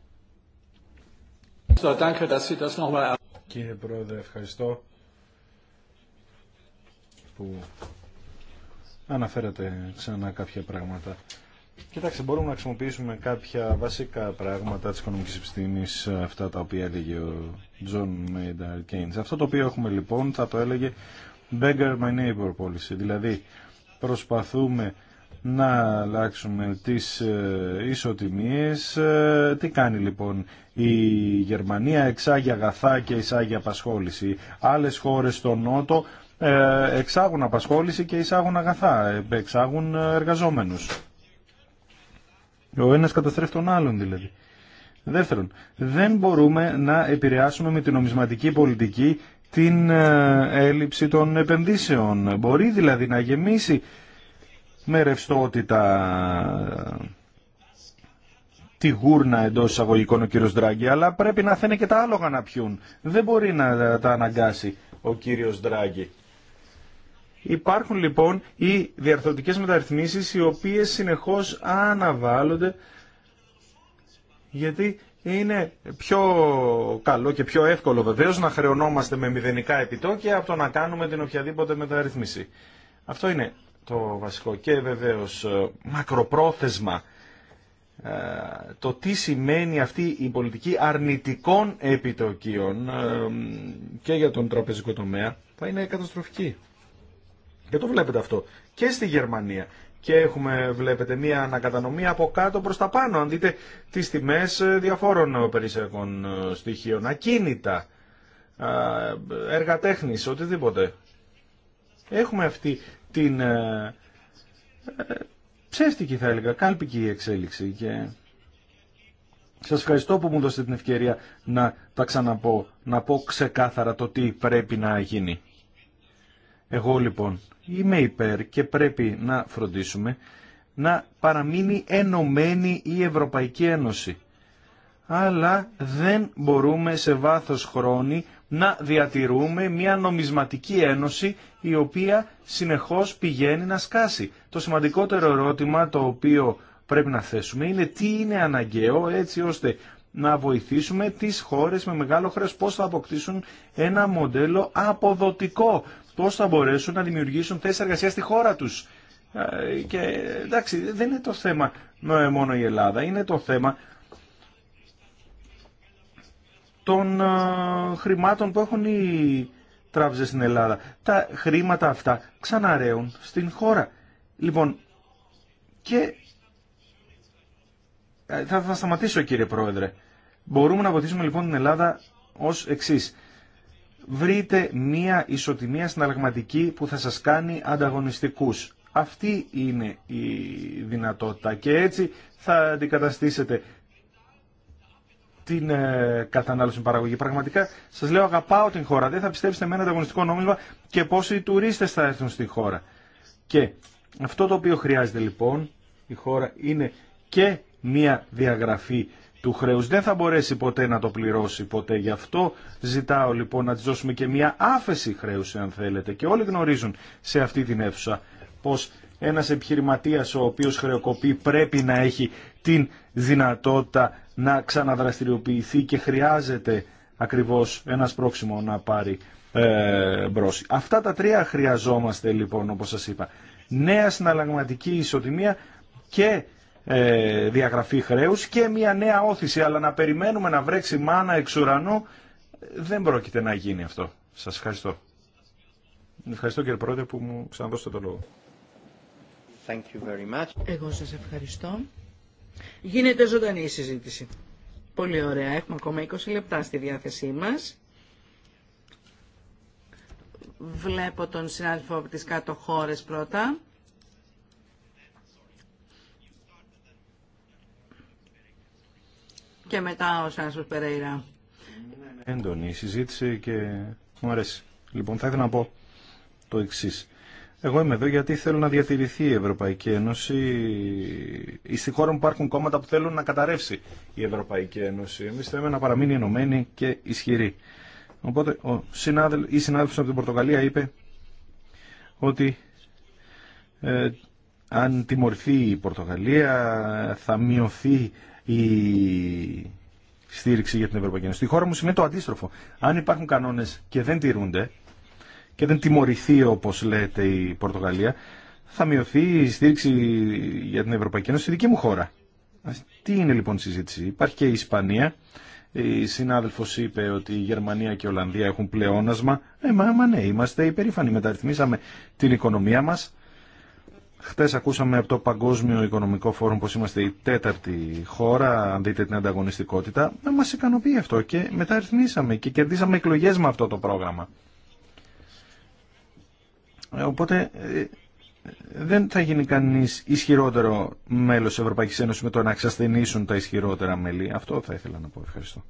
Κύριε Πρόεδρε, ευχαριστώ που αναφέρατε ξανά κάποια πράγματα. Κοιτάξτε, μπορούμε να χρησιμοποιήσουμε κάποια βασικά πράγματα της οικονομικής επιστήμης, αυτά τα οποία έλεγε ο Τζον Μέινταρ Keynes. Αυτό το οποίο έχουμε λοιπόν θα το έλεγε beggar my neighbor policy, δηλαδή προσπαθούμε να αλλάξουμε τις ε, ισοτιμίες. Ε, τι κάνει λοιπόν η Γερμανία, εξάγει αγαθά και εισάγει απασχόληση. Άλλες χώρες στο Νότο ε, εξάγουν απασχόληση και εισάγουν αγαθά, εξάγουν εργαζόμενους. Ο ένα καταστρέφει τον άλλον δηλαδή. Δεύτερον, δεν μπορούμε να επηρεάσουμε με την νομισματική πολιτική την ε, έλλειψη των επενδύσεων. Μπορεί δηλαδή να γεμίσει με ρευστότητα ε, τη γούρνα εντό εισαγωγικών ο κύριος Δράγκη αλλά πρέπει να φαίνεται και τα άλογα να πιούν. Δεν μπορεί να τα αναγκάσει ο κύριος Δράγκη. Υπάρχουν λοιπόν οι διαρθρωτικές μεταρρυθμίσεις οι οποίες συνεχώς αναβάλλονται γιατί είναι πιο καλό και πιο εύκολο βεβαίως να χρεωνόμαστε με μηδενικά επιτόκια από το να κάνουμε την οποιαδήποτε μεταρρυθμίση. Αυτό είναι το βασικό και βεβαίως ε, μακροπρόθεσμα ε, το τι σημαίνει αυτή η πολιτική αρνητικών επιτοκίων ε, και για τον τραπεζικό τομέα θα είναι καταστροφική. Και το βλέπετε αυτό. Και στη Γερμανία. Και έχουμε, βλέπετε, μία ανακατανομή από κάτω προς τα πάνω. Αν δείτε τις τιμές ε, διαφόρων ε, περισσεκών ε, στοιχείων, ακίνητα, Εργατέχνης. οτιδήποτε. Έχουμε αυτή την ψεύτικη, θα έλεγα, κάλπικη εξέλιξη. Και σας ευχαριστώ που μου δώσετε την ευκαιρία να τα ξαναπώ, να πω ξεκάθαρα το τι πρέπει να γίνει. Εγώ λοιπόν είμαι υπέρ και πρέπει να φροντίσουμε να παραμείνει ενωμένη η Ευρωπαϊκή Ένωση. Αλλά δεν μπορούμε σε βάθος χρόνου να διατηρούμε μια νομισματική ένωση η οποία συνεχώς πηγαίνει να σκάσει. Το σημαντικότερο ερώτημα το οποίο πρέπει να θέσουμε είναι τι είναι αναγκαίο έτσι ώστε να βοηθήσουμε τις χώρες με μεγάλο χρέος πώς θα αποκτήσουν ένα μοντέλο αποδοτικό Πώ θα μπορέσουν να δημιουργήσουν θέσει εργασία στη χώρα τους. Ε, και εντάξει, δεν είναι το θέμα μόνο η Ελλάδα, είναι το θέμα των ε, χρημάτων που έχουν οι τράπεζε στην Ελλάδα. Τα χρήματα αυτά ξαναραίουν στην χώρα. Λοιπόν, και ε, θα, θα σταματήσω κύριε Πρόεδρε. Μπορούμε να βοηθήσουμε λοιπόν την Ελλάδα ως εξής βρείτε μία ισοτιμία συναλλαγματική που θα σας κάνει ανταγωνιστικούς. Αυτή είναι η δυνατότητα και έτσι θα αντικαταστήσετε την ε, κατανάλωση παραγωγή. Πραγματικά σας λέω αγαπάω την χώρα, δεν θα πιστέψετε με ένα ανταγωνιστικό νόμισμα και πόσοι τουρίστες θα έρθουν στη χώρα. Και αυτό το οποίο χρειάζεται λοιπόν η χώρα είναι και μία διαγραφή του χρέους δεν θα μπορέσει ποτέ να το πληρώσει ποτέ. Γι' αυτό ζητάω λοιπόν να της δώσουμε και μια άφεση χρέους αν θέλετε. Και όλοι γνωρίζουν σε αυτή την αίθουσα πως ένας επιχειρηματίας ο οποίος χρεοκοπεί πρέπει να έχει την δυνατότητα να ξαναδραστηριοποιηθεί και χρειάζεται ακριβώς ένα πρόξιμο να πάρει ε, Αυτά τα τρία χρειαζόμαστε λοιπόν όπως σας είπα. Νέα συναλλαγματική ισοτιμία και ε, διαγραφή χρέους και μια νέα όθηση. Αλλά να περιμένουμε να βρέξει μάνα εξ ουρανού δεν πρόκειται να γίνει αυτό. Σας ευχαριστώ. Ευχαριστώ κύριε Πρόεδρε που μου ξαναδώσετε το λόγο. Thank you very much. Εγώ σας ευχαριστώ. Γίνεται ζωντανή η συζήτηση. Πολύ ωραία. Έχουμε ακόμα 20 λεπτά στη διάθεσή μας. Βλέπω τον συνάδελφο από τις κάτω χώρες πρώτα. και μετά ο Σάνσος Περέιρα. Έντονη η συζήτηση και μου αρέσει. Λοιπόν, θα ήθελα να πω το εξή. Εγώ είμαι εδώ γιατί θέλω να διατηρηθεί η Ευρωπαϊκή Ένωση. Στη χώρα μου υπάρχουν κόμματα που θέλουν να καταρρεύσει η Ευρωπαϊκή Ένωση. Εμεί θέλουμε να παραμείνει ενωμένη και ισχυρή. Οπότε ο συνάδελ, η συνάδελφος από την Πορτογαλία είπε ότι ε, αν τιμωρηθεί η Πορτογαλία θα μειωθεί η στήριξη για την Ευρωπαϊκή Ένωση. Στη χώρα μου σημαίνει το αντίστροφο. Αν υπάρχουν κανόνες και δεν τηρούνται και δεν τιμωρηθεί όπω λέτε η Πορτογαλία, θα μειωθεί η στήριξη για την Ευρωπαϊκή Ένωση στη δική μου χώρα. Τι είναι λοιπόν η συζήτηση. Υπάρχει και η Ισπανία. Η συνάδελφο είπε ότι η Γερμανία και η Ολλανδία έχουν πλεόνασμα. Ε, μα, ναι, είμαστε υπερήφανοι. Μεταρρυθμίσαμε την οικονομία μα. Χτες ακούσαμε από το Παγκόσμιο Οικονομικό Φόρουμ πώ είμαστε η τέταρτη χώρα, αν δείτε την ανταγωνιστικότητα. μα μας ικανοποιεί αυτό και μεταρρυθμίσαμε και κερδίσαμε εκλογέ με αυτό το πρόγραμμα. Ε, οπότε ε, δεν θα γίνει κανείς ισχυρότερο μέλος τη Ευρωπαϊκή Ένωση με το να ξασθενήσουν τα ισχυρότερα μέλη. Αυτό θα ήθελα να πω. Ευχαριστώ.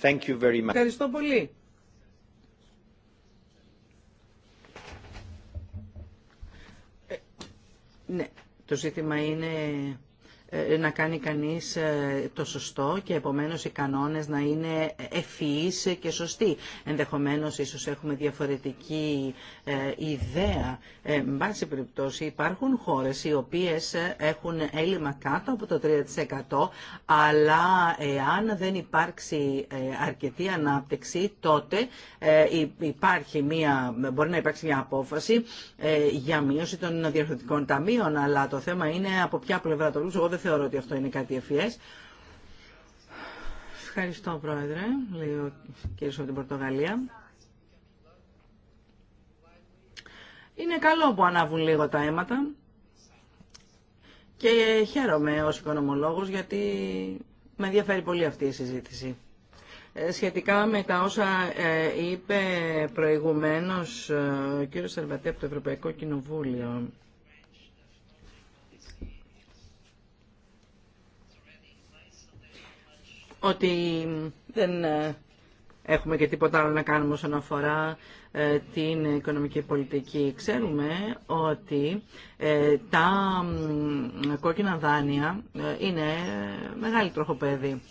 Thank you very much. Ευχαριστώ πολύ. Ναι, το ζήτημα είναι ε, να κάνει κανείς ε, το σωστό και επομένως οι κανόνες να είναι ευφυείς και σωστοί. Ενδεχομένως ίσως έχουμε διαφορετική ε, ιδέα. Εν πάση περιπτώσει υπάρχουν χώρες οι οποίες έχουν έλλειμμα κάτω από το 3% αλλά εάν δεν υπάρξει αρκετή ανάπτυξη τότε υπάρχει μια, μπορεί να υπάρξει μια απόφαση για μείωση των διαφορετικών ταμείων αλλά το θέμα είναι από ποια πλευρά το λούς θεωρώ ότι αυτό είναι κάτι ευφυές. Ευχαριστώ, Πρόεδρε, λέει ο κύριος από την Πορτογαλία. Είναι καλό που ανάβουν λίγο τα αίματα και χαίρομαι ως οικονομολόγος γιατί με ενδιαφέρει πολύ αυτή η συζήτηση. Ε, σχετικά με τα όσα ε, είπε προηγουμένως ε, ο κύριος Σερβατή από το Ευρωπαϊκό Κοινοβούλιο, ότι δεν ε, έχουμε και τίποτα άλλο να κάνουμε όσον αφορά ε, την οικονομική πολιτική. Ξέρουμε ότι ε, τα κόκκινα δάνεια είναι μεγάλη τροχοπέδη.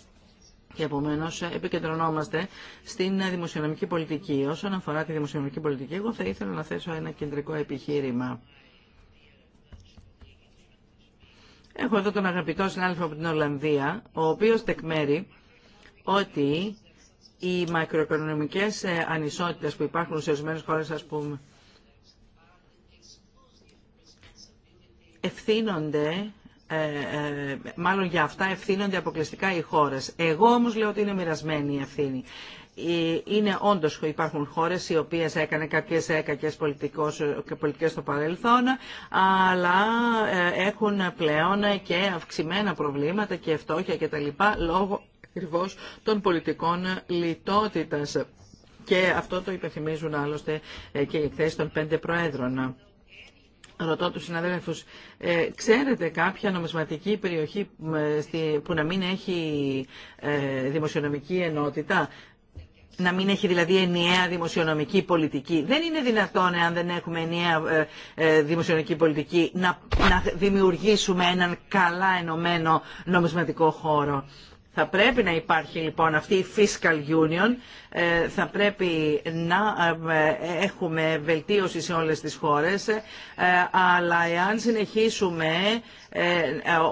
Και επομένω επικεντρωνόμαστε στην δημοσιονομική πολιτική. Όσον αφορά τη δημοσιονομική πολιτική, εγώ θα ήθελα να θέσω ένα κεντρικό επιχείρημα. Έχω εδώ τον αγαπητό συνάδελφο από την Ολλανδία, ο οποίος τεκμέρι ότι οι μακροοικονομικές ε, ανισότητες που υπάρχουν σε ορισμένε χώρες, ας πούμε, ευθύνονται, ε, ε, μάλλον για αυτά ευθύνονται αποκλειστικά οι χώρες. Εγώ όμως λέω ότι είναι μοιρασμένη η ευθύνη. Ε, είναι όντως υπάρχουν χώρες οι οποίες έκανε κάποιες έκακες πολιτικές στο παρελθόν, αλλά έχουν πλέον και αυξημένα προβλήματα και φτώχεια και λόγω ακριβώς των πολιτικών λιτότητας. Και αυτό το υπενθυμίζουν άλλωστε ε, και οι εκθέσει των πέντε προέδρων. Ρωτώ τους συναδέλφους, ε, ξέρετε κάποια νομισματική περιοχή ε, που να μην έχει δημοσιονομική ενότητα, να μην έχει δηλαδή ενιαία δημοσιονομική πολιτική. Δεν είναι δυνατόν, εάν δεν έχουμε ενιαία δημοσιονομική πολιτική, να, να δημιουργήσουμε έναν καλά ενωμένο νομισματικό χώρο. Θα πρέπει να υπάρχει λοιπόν αυτή η Fiscal Union ε, θα πρέπει να ε, έχουμε βελτίωση σε όλες τις χώρες, ε, αλλά εάν συνεχίσουμε,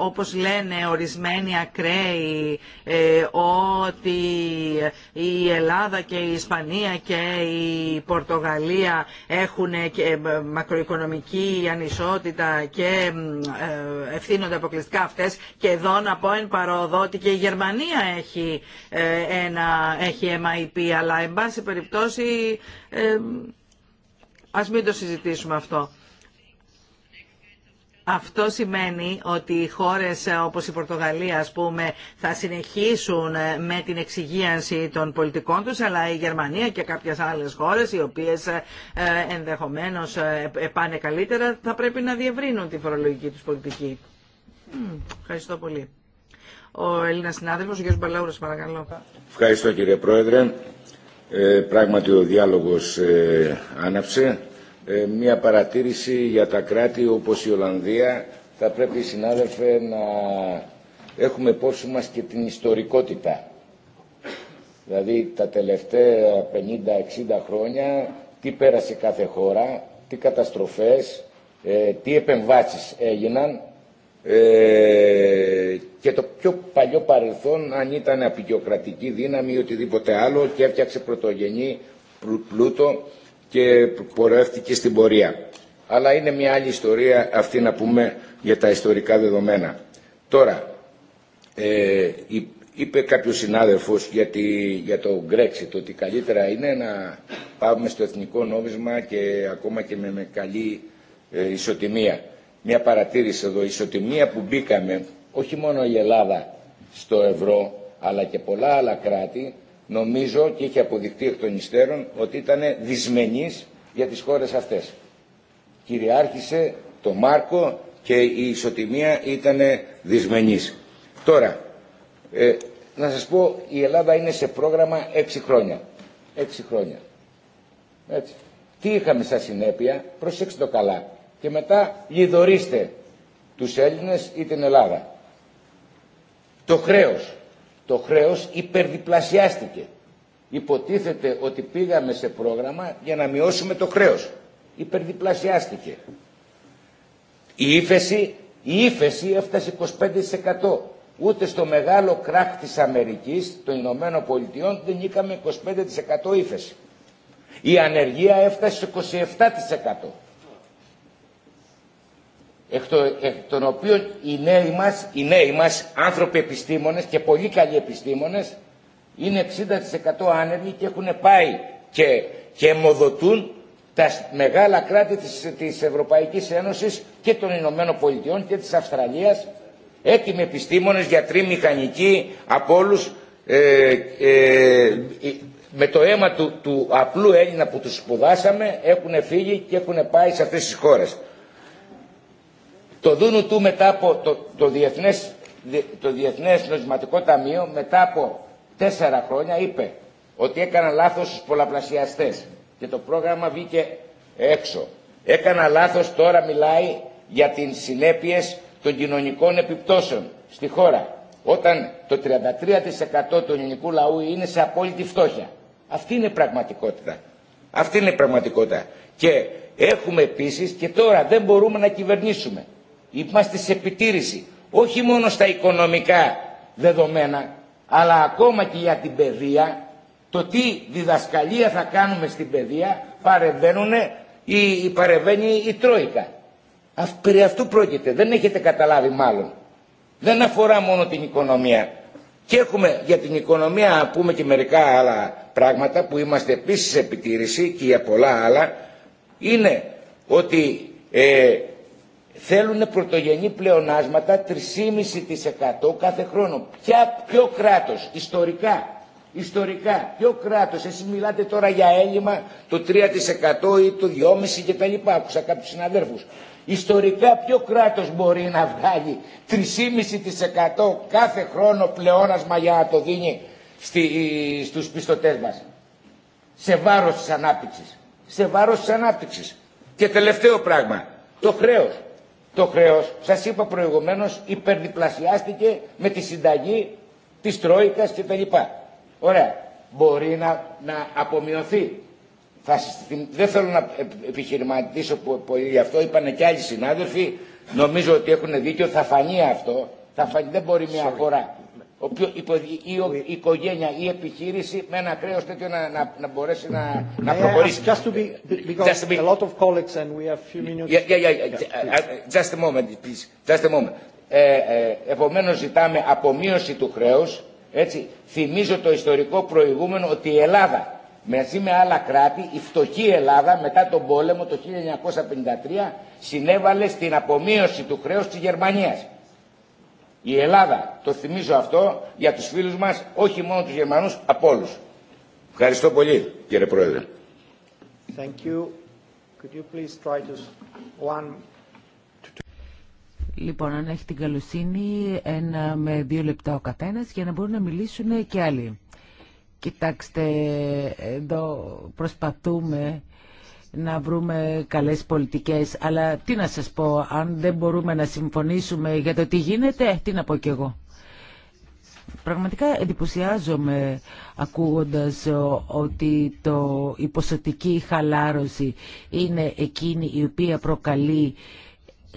όπως λένε ορισμένοι ακραίοι, ότι η Ελλάδα και η Ισπανία και η Πορτογαλία έχουν και μακροοικονομική ανισότητα και ευθύνονται αποκλειστικά αυτές και εδώ να πω εν παρόδο ότι και η Γερμανία έχει, ένα, έχει MIP αλλά εν πάση περιπτώσει ε, ας μην το συζητήσουμε αυτό. Αυτό σημαίνει ότι οι χώρες ε, όπως η Πορτογαλία ας πούμε θα συνεχίσουν ε, με την εξυγίανση των πολιτικών τους αλλά η Γερμανία και κάποιες άλλες χώρες οι οποίες ε, ενδεχομένως πάνε καλύτερα θα πρέπει να διευρύνουν τη φορολογική τους πολιτική. Ευχαριστώ πολύ. Ο Έλληνας συνάδελφος, ο κ. Μπαλάουρος, παρακαλώ. Ευχαριστώ κύριε Πρόεδρε. Ε, πράγματι ο διάλογος ε, άναψε. Ε, μία παρατήρηση για τα κράτη όπως η Ολλανδία. Θα πρέπει, συνάδελφε, να έχουμε υπόψη μας και την ιστορικότητα. Δηλαδή τα τελευταία 50-60 χρόνια τι πέρασε κάθε χώρα, τι καταστροφές, τι επεμβάσεις έγιναν ε, και το πιο παλιό παρελθόν αν ήταν απεικιοκρατική δύναμη ή οτιδήποτε άλλο και έφτιαξε πρωτογενή πλούτο και πορεύτηκε στην πορεία. Αλλά είναι μια άλλη ιστορία αυτή να πούμε για τα ιστορικά δεδομένα. Τώρα, ε, είπε κάποιος συνάδελφος για, για το Brexit ότι καλύτερα είναι να πάμε στο εθνικό νόμισμα και ακόμα και με, καλή ε, ισοτιμία μια παρατήρηση εδώ, η ισοτιμία που μπήκαμε, όχι μόνο η Ελλάδα στο ευρώ, αλλά και πολλά άλλα κράτη, νομίζω και είχε αποδειχτεί εκ των υστέρων ότι ήταν δυσμενής για τις χώρες αυτές. Κυριάρχησε το Μάρκο και η ισοτιμία ήταν δυσμενής. Τώρα, ε, να σας πω, η Ελλάδα είναι σε πρόγραμμα έξι χρόνια. 6 χρόνια. Έτσι. Τι είχαμε σαν συνέπεια, προσέξτε το καλά και μετά λιδωρίστε τους Έλληνες ή την Ελλάδα. Το χρέος. Το χρέος υπερδιπλασιάστηκε. Υποτίθεται ότι πήγαμε σε πρόγραμμα για να μειώσουμε το χρέος. Υπερδιπλασιάστηκε. Η ύφεση, η ύφεση έφτασε 25%. Ούτε στο μεγάλο κράκ της Αμερικής, των Ηνωμένων Πολιτειών, δεν είχαμε 25% ύφεση. Η ανεργία έφτασε 27% εκ των οποίων οι νέοι μας, μας άνθρωποι επιστήμονες και πολύ καλοί επιστήμονες είναι 60% άνεργοι και έχουν πάει και, και αιμοδοτούν τα μεγάλα κράτη της, της Ευρωπαϊκής Ένωσης και των Ηνωμένων Πολιτειών και της Αυστραλίας έτοιμοι επιστήμονες, γιατροί, μηχανικοί από ε, ε, ε, με το αίμα του, του απλού Έλληνα που τους σπουδάσαμε έχουν φύγει και έχουν πάει σε αυτές τις χώρες. Το δούνου του μετά από το, το, διεθνές, το Διεθνές Νοσηματικό Ταμείο μετά από τέσσερα χρόνια είπε ότι έκανα λάθος στους πολλαπλασιαστές και το πρόγραμμα βγήκε έξω. Έκανα λάθος τώρα μιλάει για τις συνέπειες των κοινωνικών επιπτώσεων στη χώρα όταν το 33% του ελληνικού λαού είναι σε απόλυτη φτώχεια. Αυτή είναι η πραγματικότητα. Αυτή είναι η πραγματικότητα. Και έχουμε επίσης και τώρα δεν μπορούμε να κυβερνήσουμε. Είμαστε σε επιτήρηση όχι μόνο στα οικονομικά δεδομένα αλλά ακόμα και για την παιδεία το τι διδασκαλία θα κάνουμε στην παιδεία παρεμβαίνουν ή παρεμβαίνει η Τρόικα. Α, περί αυτού πρόκειται. Δεν έχετε καταλάβει μάλλον. Δεν αφορά μόνο την οικονομία. Και έχουμε για την οικονομία να πούμε και μερικά άλλα πράγματα που είμαστε επίσης επιτήρηση και για πολλά άλλα. Είναι ότι ε, θέλουν πρωτογενή πλεονάσματα 3,5% κάθε χρόνο. Ποια, ποιο κράτος, ιστορικά, ιστορικά, ποιο κράτος, εσείς μιλάτε τώρα για έλλειμμα το 3% ή το 2,5% και κτλ. Άκουσα κάποιους συναδέρφους. Ιστορικά ποιο κράτος μπορεί να βγάλει 3,5% κάθε χρόνο πλεόνασμα για να το δίνει στη, στους πιστωτές μας. Σε βάρος της ανάπτυξης. Σε βάρος της ανάπτυξης. Και τελευταίο πράγμα, το χρέος το χρέος, σας είπα προηγουμένως, υπερδιπλασιάστηκε με τη συνταγή της Τρόικας κτλ. Ωραία. Μπορεί να, να απομειωθεί. δεν θέλω να επιχειρηματίσω πολύ γι' αυτό, είπαν και άλλοι συνάδελφοι, νομίζω ότι έχουν δίκιο, θα φανεί αυτό, θα φανεί, δεν μπορεί μια χώρα η οικογένεια ή η επιχείρηση με ένα κρέο τέτοιο να, μπορέσει να, να προχωρήσει. Just to be, because a lot of colleagues and we have few minutes. Yeah, yeah, uh, uh, Just a moment, please. Just a moment. Ε, ε, επομένως ζητάμε απομείωση του χρέους. Έτσι. Θυμίζω το ιστορικό προηγούμενο ότι η Ελλάδα μαζί με άλλα κράτη, η φτωχή Ελλάδα μετά τον πόλεμο το 1953 συνέβαλε στην απομείωση του χρέους της Γερμανίας. Η Ελλάδα, το θυμίζω αυτό για τους φίλους μας, όχι μόνο τους Γερμανούς, από όλου. Ευχαριστώ πολύ, κύριε Πρόεδρε. Thank you. Could you please try to one... Λοιπόν, αν έχει την καλοσύνη, ένα με δύο λεπτά ο καθένας για να μπορούν να μιλήσουν και άλλοι. Κοιτάξτε, εδώ προσπαθούμε να βρούμε καλές πολιτικές. Αλλά τι να σας πω, αν δεν μπορούμε να συμφωνήσουμε για το τι γίνεται, τι να πω κι εγώ. Πραγματικά εντυπωσιάζομαι ακούγοντας ε, ότι το, η ποσοτική χαλάρωση είναι εκείνη η οποία προκαλεί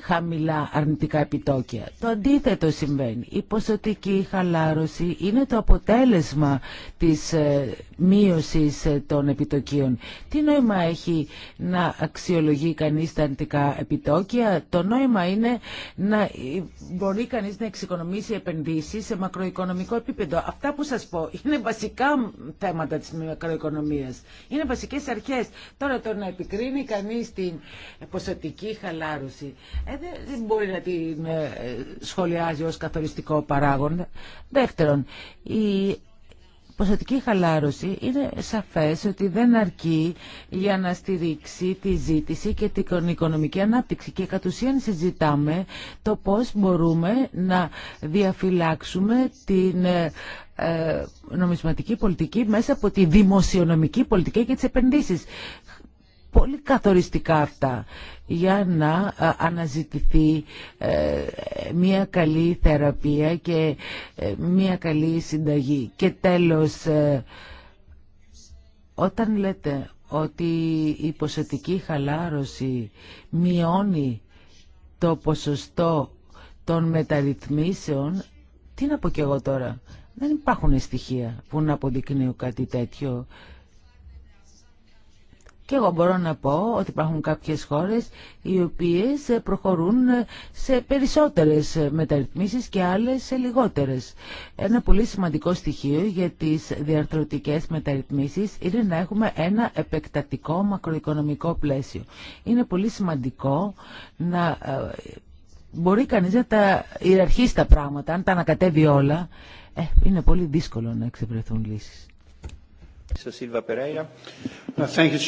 χαμηλά αρνητικά επιτόκια. Το αντίθετο συμβαίνει. Η ποσοτική χαλάρωση είναι το αποτέλεσμα της ε, μείωσης ε, των επιτοκίων. Τι νόημα έχει να αξιολογεί κανείς τα αρνητικά επιτόκια. Το νόημα είναι να ε, μπορεί κανείς να εξοικονομήσει επενδύσεις σε μακροοικονομικό επίπεδο. Αυτά που σας πω είναι βασικά θέματα της μακροοικονομίας. Είναι βασικές αρχές. Τώρα το να επικρίνει κανείς την ποσοτική χαλάρωση ε, δεν μπορεί να την ε, σχολιάζει ως καθοριστικό παράγοντα. Δεύτερον, η ποσοτική χαλάρωση είναι σαφές ότι δεν αρκεί για να στηρίξει τη ζήτηση και την οικονομική ανάπτυξη και κατ' ουσίαν συζητάμε το πώς μπορούμε να διαφυλάξουμε την ε, ε, νομισματική πολιτική μέσα από τη δημοσιονομική πολιτική και τις επενδύσεις πολύ καθοριστικά αυτά για να ε, αναζητηθεί ε, μια καλή θεραπεία και ε, μια καλή συνταγή. Και τέλος, όταν λέτε ότι η ποσοτική χαλάρωση μειώνει το ποσοστό των μεταρρυθμίσεων, τι να πω κι εγώ τώρα. Δεν υπάρχουν στοιχεία που να αποδεικνύουν κάτι τέτοιο. Και εγώ μπορώ να πω ότι υπάρχουν κάποιες χώρες οι οποίες προχωρούν σε περισσότερες μεταρρυθμίσεις και άλλες σε λιγότερες. Ένα πολύ σημαντικό στοιχείο για τις διαρθρωτικές μεταρρυθμίσεις είναι να έχουμε ένα επεκτατικό μακροοικονομικό πλαίσιο. Είναι πολύ σημαντικό να ε, μπορεί κανείς να τα ιεραρχεί τα πράγματα, αν τα ανακατεύει όλα. Ε, είναι πολύ δύσκολο να εξευρεθούν λύσεις. Silva Pereira. Uh, thank you,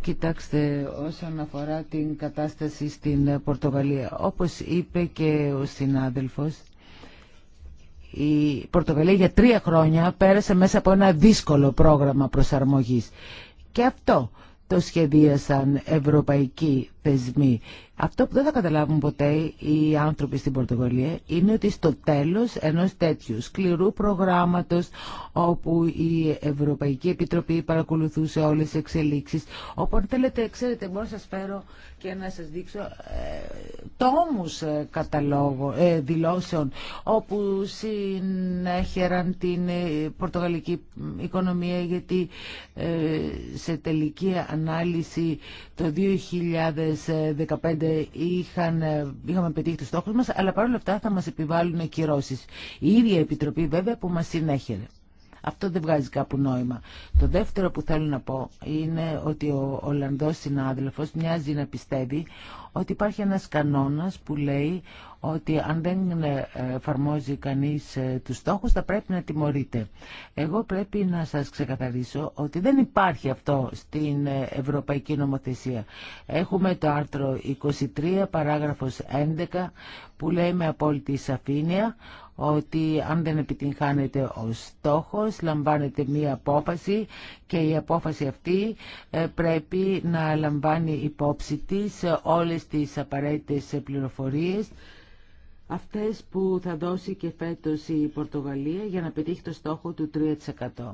Κοιτάξτε, όσον αφορά την κατάσταση στην ε, Πορτογαλία, όπως είπε και ο συνάδελφος, η Πορτογαλία για τρία χρόνια πέρασε μέσα από ένα δύσκολο πρόγραμμα προσαρμογής. Και αυτό το σχεδίασαν ευρωπαϊκοί θεσμοί αυτό που δεν θα καταλάβουν ποτέ οι άνθρωποι στην Πορτογαλία είναι ότι στο τέλος ενός τέτοιου σκληρού προγράμματος όπου η Ευρωπαϊκή Επιτροπή παρακολουθούσε όλες τις εξελίξεις αν θέλετε, ξέρετε, μπορώ να σας φέρω και να σας δείξω ε, τόμους ε, ε δηλώσεων όπου συνέχεραν την ε, πορτογαλική οικονομία γιατί ε, σε τελική ανάλυση το 2015 είχαν, ε, είχαμε πετύχει τους στόχους μας, αλλά παρόλα αυτά θα μας επιβάλλουν κυρώσεις. Η ίδια Επιτροπή βέβαια που μας συνέχερε. Αυτό δεν βγάζει κάπου νόημα. Το δεύτερο που θέλω να πω είναι ότι ο Ολλανδός συνάδελφος μοιάζει να πιστεύει ότι υπάρχει ένας κανόνας που λέει ότι αν δεν ε, εφαρμόζει κανείς ε, τους στόχους θα πρέπει να τιμωρείται. Εγώ πρέπει να σας ξεκαθαρίσω ότι δεν υπάρχει αυτό στην ε, Ευρωπαϊκή Νομοθεσία. Έχουμε το άρθρο 23 παράγραφος 11 που λέει με απόλυτη σαφήνεια ότι αν δεν επιτυγχάνεται ο στόχος λαμβάνεται μία απόφαση και η απόφαση αυτή πρέπει να λαμβάνει υπόψη της όλες τις απαραίτητες πληροφορίες αυτές που θα δώσει και φέτος η Πορτογαλία για να πετύχει το στόχο του 3%.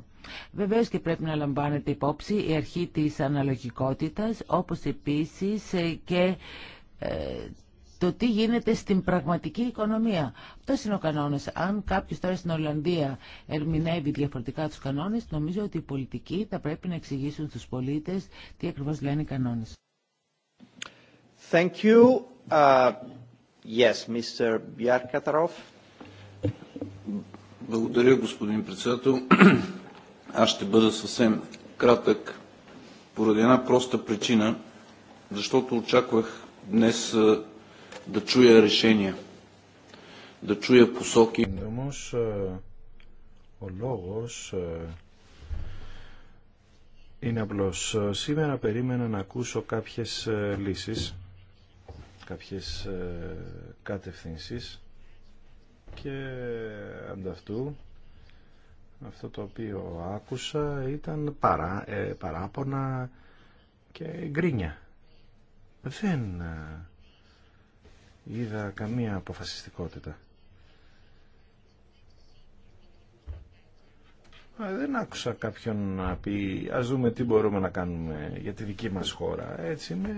Βεβαίως και πρέπει να λαμβάνεται υπόψη η αρχή της αναλογικότητας, όπως επίσης ε, και ε, το τι γίνεται στην πραγματική οικονομία. Αυτό είναι ο κανόνα. Αν κάποιο τώρα στην Ολλανδία ερμηνεύει διαφορετικά τους κανόνες, νομίζω ότι οι πολιτικοί θα πρέπει να εξηγήσουν στου πολίτες τι ακριβώς λένε οι κανόνε. Thank you. Uh, Yes, Mr. Yarkatarov. Благодаря, господин председател. Аз ще бъда съвсем кратък поради една проста причина, защото очаквах днес да чуя решения, да чуя посоки. Думаш, ο λόγος είναι απλός. Σήμερα περίμενα να ακούσω κάποιες λύσεις κάποιες ε, κατευθύνσεις και ανταυτού αυτό το οποίο άκουσα ήταν παρά, ε, παράπονα και γκρίνια. Δεν ε, είδα καμία αποφασιστικότητα. Δεν άκουσα κάποιον να πει ας δούμε τι μπορούμε να κάνουμε για τη δική μας χώρα. Έτσι με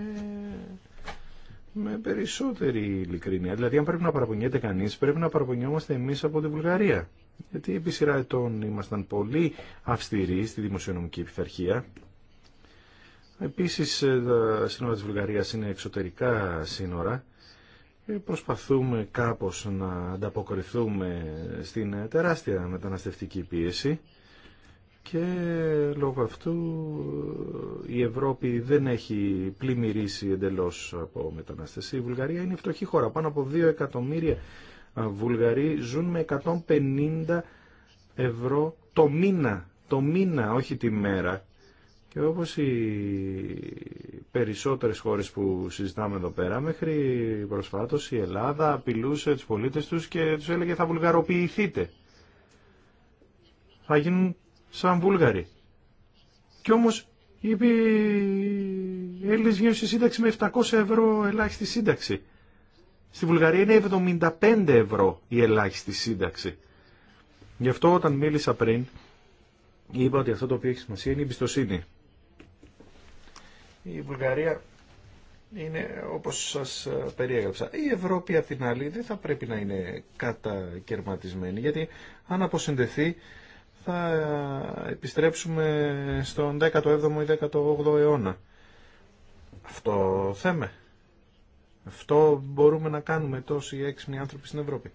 με περισσότερη ειλικρίνεια. Δηλαδή, αν πρέπει να παραπονιέται κανεί, πρέπει να παραπονιόμαστε εμεί από τη Βουλγαρία. Γιατί επί σειρά ετών ήμασταν πολύ αυστηροί στη δημοσιονομική πειθαρχία. Επίση, τα σύνορα τη Βουλγαρία είναι εξωτερικά σύνορα. Ε, προσπαθούμε κάπως να ανταποκριθούμε στην τεράστια μεταναστευτική πίεση και λόγω αυτού η Ευρώπη δεν έχει πλημμυρίσει εντελώς από μετανάστες. Η Βουλγαρία είναι φτωχή χώρα. Πάνω από 2 εκατομμύρια Βουλγαροί ζουν με 150 ευρώ το μήνα. Το μήνα, όχι τη μέρα. Και όπως οι περισσότερες χώρες που συζητάμε εδώ πέρα, μέχρι προσφάτως η Ελλάδα απειλούσε τους πολίτες τους και τους έλεγε θα βουλγαροποιηθείτε. Θα γίνουν σαν Βούλγαρη. Κι όμως είπε οι Έλληνες βγαίνουν στη σύνταξη με 700 ευρώ ελάχιστη σύνταξη. Στη Βουλγαρία είναι 75 ευρώ η ελάχιστη σύνταξη. Γι' αυτό όταν μίλησα πριν είπα ότι αυτό το οποίο έχει σημασία είναι η εμπιστοσύνη. Η Βουλγαρία είναι όπως σας ε, περιέγραψα. Η Ευρώπη απ' την άλλη δεν θα πρέπει να είναι κατακαιρματισμένη γιατί αν αποσυνδεθεί θα επιστρέψουμε στον 17ο ή 18ο αιώνα. Αυτό θέμε. Αυτό μπορούμε να κάνουμε τόσοι έξυπνοι άνθρωποι στην Ευρώπη.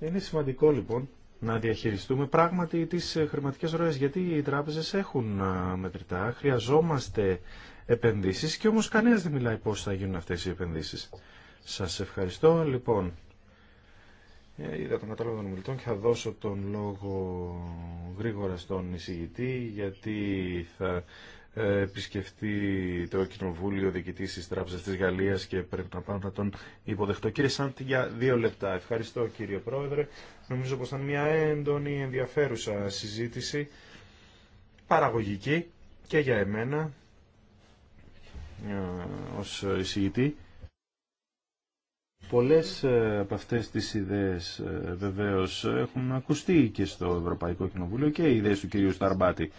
Είναι σημαντικό λοιπόν να διαχειριστούμε πράγματι τις ε, χρηματικές ροές γιατί οι τράπεζες έχουν μετρητά, χρειαζόμαστε επενδύσεις και όμως κανένας δεν μιλάει πώς θα γίνουν αυτές οι επενδύσεις. Σας ευχαριστώ. Λοιπόν, ε, είδα τον κατάλογο των μιλητών και θα δώσω τον λόγο γρήγορα στον εισηγητή γιατί θα ε, επισκεφτεί το Κοινοβούλιο Διοικητή τη Τράπεζα τη Γαλλία και πρέπει να πάω να τον υποδεχτώ. Κύριε Σάντι, για δύο λεπτά. Ευχαριστώ, κύριε Πρόεδρε. Νομίζω πω ήταν μια έντονη, ενδιαφέρουσα συζήτηση. Παραγωγική και για εμένα ε, ως εισηγητή Πολλές ε, από αυτές τις ιδέες ε, βεβαίως έχουν ακουστεί και στο Ευρωπαϊκό Κοινοβούλιο και οι ιδέες του κυρίου Σταρμπάτη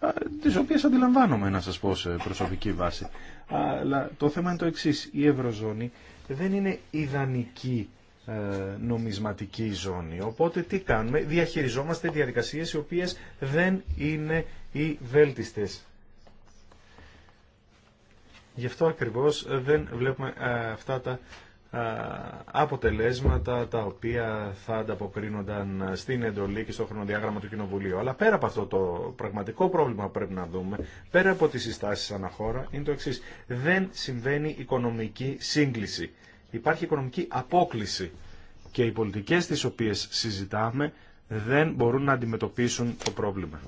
ε, τις οποίες αντιλαμβάνομαι να σας πω σε προσωπική βάση. Αλλά το θέμα είναι το εξής. Η Ευρωζώνη δεν είναι ιδανική νομισματική ζώνη. Οπότε τι κάνουμε. Διαχειριζόμαστε διαδικασίες οι οποίες δεν είναι οι βέλτιστες. Γι' αυτό ακριβώς δεν βλέπουμε αυτά τα αποτελέσματα τα οποία θα ανταποκρίνονταν στην εντολή και στο χρονοδιάγραμμα του Κοινοβουλίου. Αλλά πέρα από αυτό το πραγματικό πρόβλημα που πρέπει να δούμε, πέρα από τις συστάσεις αναχώρα, είναι το εξή. Δεν συμβαίνει οικονομική σύγκληση. Υπάρχει οικονομική απόκληση και οι πολιτικές τις οποίες συζητάμε δεν μπορούν να αντιμετωπίσουν το πρόβλημα.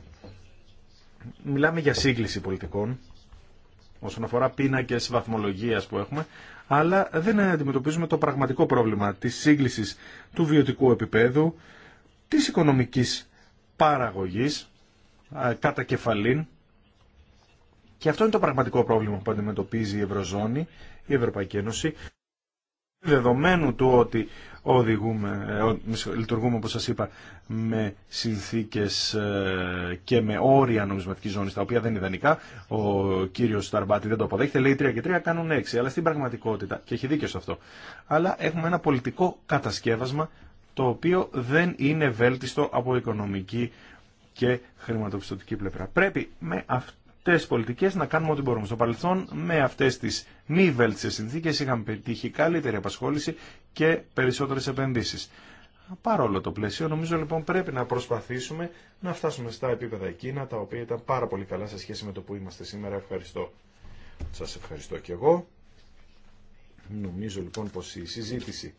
Μιλάμε για σύγκληση πολιτικών όσον αφορά πίνακες βαθμολογίας που έχουμε, αλλά δεν αντιμετωπίζουμε το πραγματικό πρόβλημα της σύγκλησης του βιωτικού επίπεδου, της οικονομικής παραγωγής, κατά κεφαλήν. Και αυτό είναι το πραγματικό πρόβλημα που αντιμετωπίζει η Ευρωζώνη, η Ευρωπαϊκή Ένωση, δεδομένου του ότι οδηγούμε, λειτουργούμε όπως σας είπα με συνθήκες ε, και με όρια νομισματικής ζώνης τα οποία δεν είναι ιδανικά ο κύριος Σταρμπάτη δεν το αποδέχεται λέει 3 και 3 κάνουν 6 αλλά στην πραγματικότητα και έχει δίκιο σε αυτό αλλά έχουμε ένα πολιτικό κατασκεύασμα το οποίο δεν είναι βέλτιστο από οικονομική και χρηματοπιστωτική πλευρά πρέπει με αυτό τι πολιτικές να κάνουμε ό,τι μπορούμε. Στο παρελθόν με αυτές τις μη βέλτιστε συνθήκε είχαμε πετύχει καλύτερη απασχόληση και περισσότερες επενδύσεις. Παρόλο το πλαίσιο, νομίζω λοιπόν πρέπει να προσπαθήσουμε να φτάσουμε στα επίπεδα εκείνα τα οποία ήταν πάρα πολύ καλά σε σχέση με το που είμαστε σήμερα. Ευχαριστώ. Σα ευχαριστώ και εγώ. Νομίζω λοιπόν πως η συζήτηση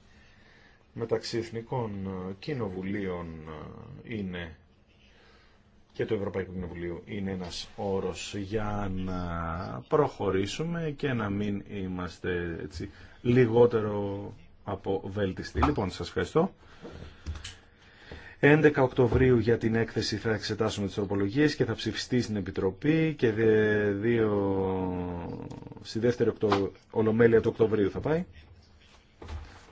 μεταξύ εθνικών κοινοβουλίων ε, είναι και το Ευρωπαϊκό Κοινοβουλίο είναι ένας όρος για να προχωρήσουμε και να μην είμαστε έτσι, λιγότερο από βέλτιστοι. Λοιπόν, σας ευχαριστώ. 11 Οκτωβρίου για την έκθεση θα εξετάσουμε τις τροπολογίες και θα ψηφιστεί στην Επιτροπή και δύο... στη δεύτερη οκτω... Ολομέλεια του Οκτωβρίου θα πάει.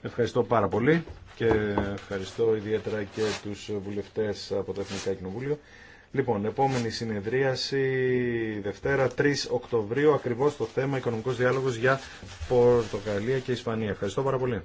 Ευχαριστώ πάρα πολύ και ευχαριστώ ιδιαίτερα και τους βουλευτές από το Εθνικό Κοινοβούλιο. Λοιπόν, επόμενη συνεδρίαση Δευτέρα 3 Οκτωβρίου, ακριβώς το θέμα οικονομικός διάλογος για Πορτοκαλία και Ισπανία. Ευχαριστώ πάρα πολύ.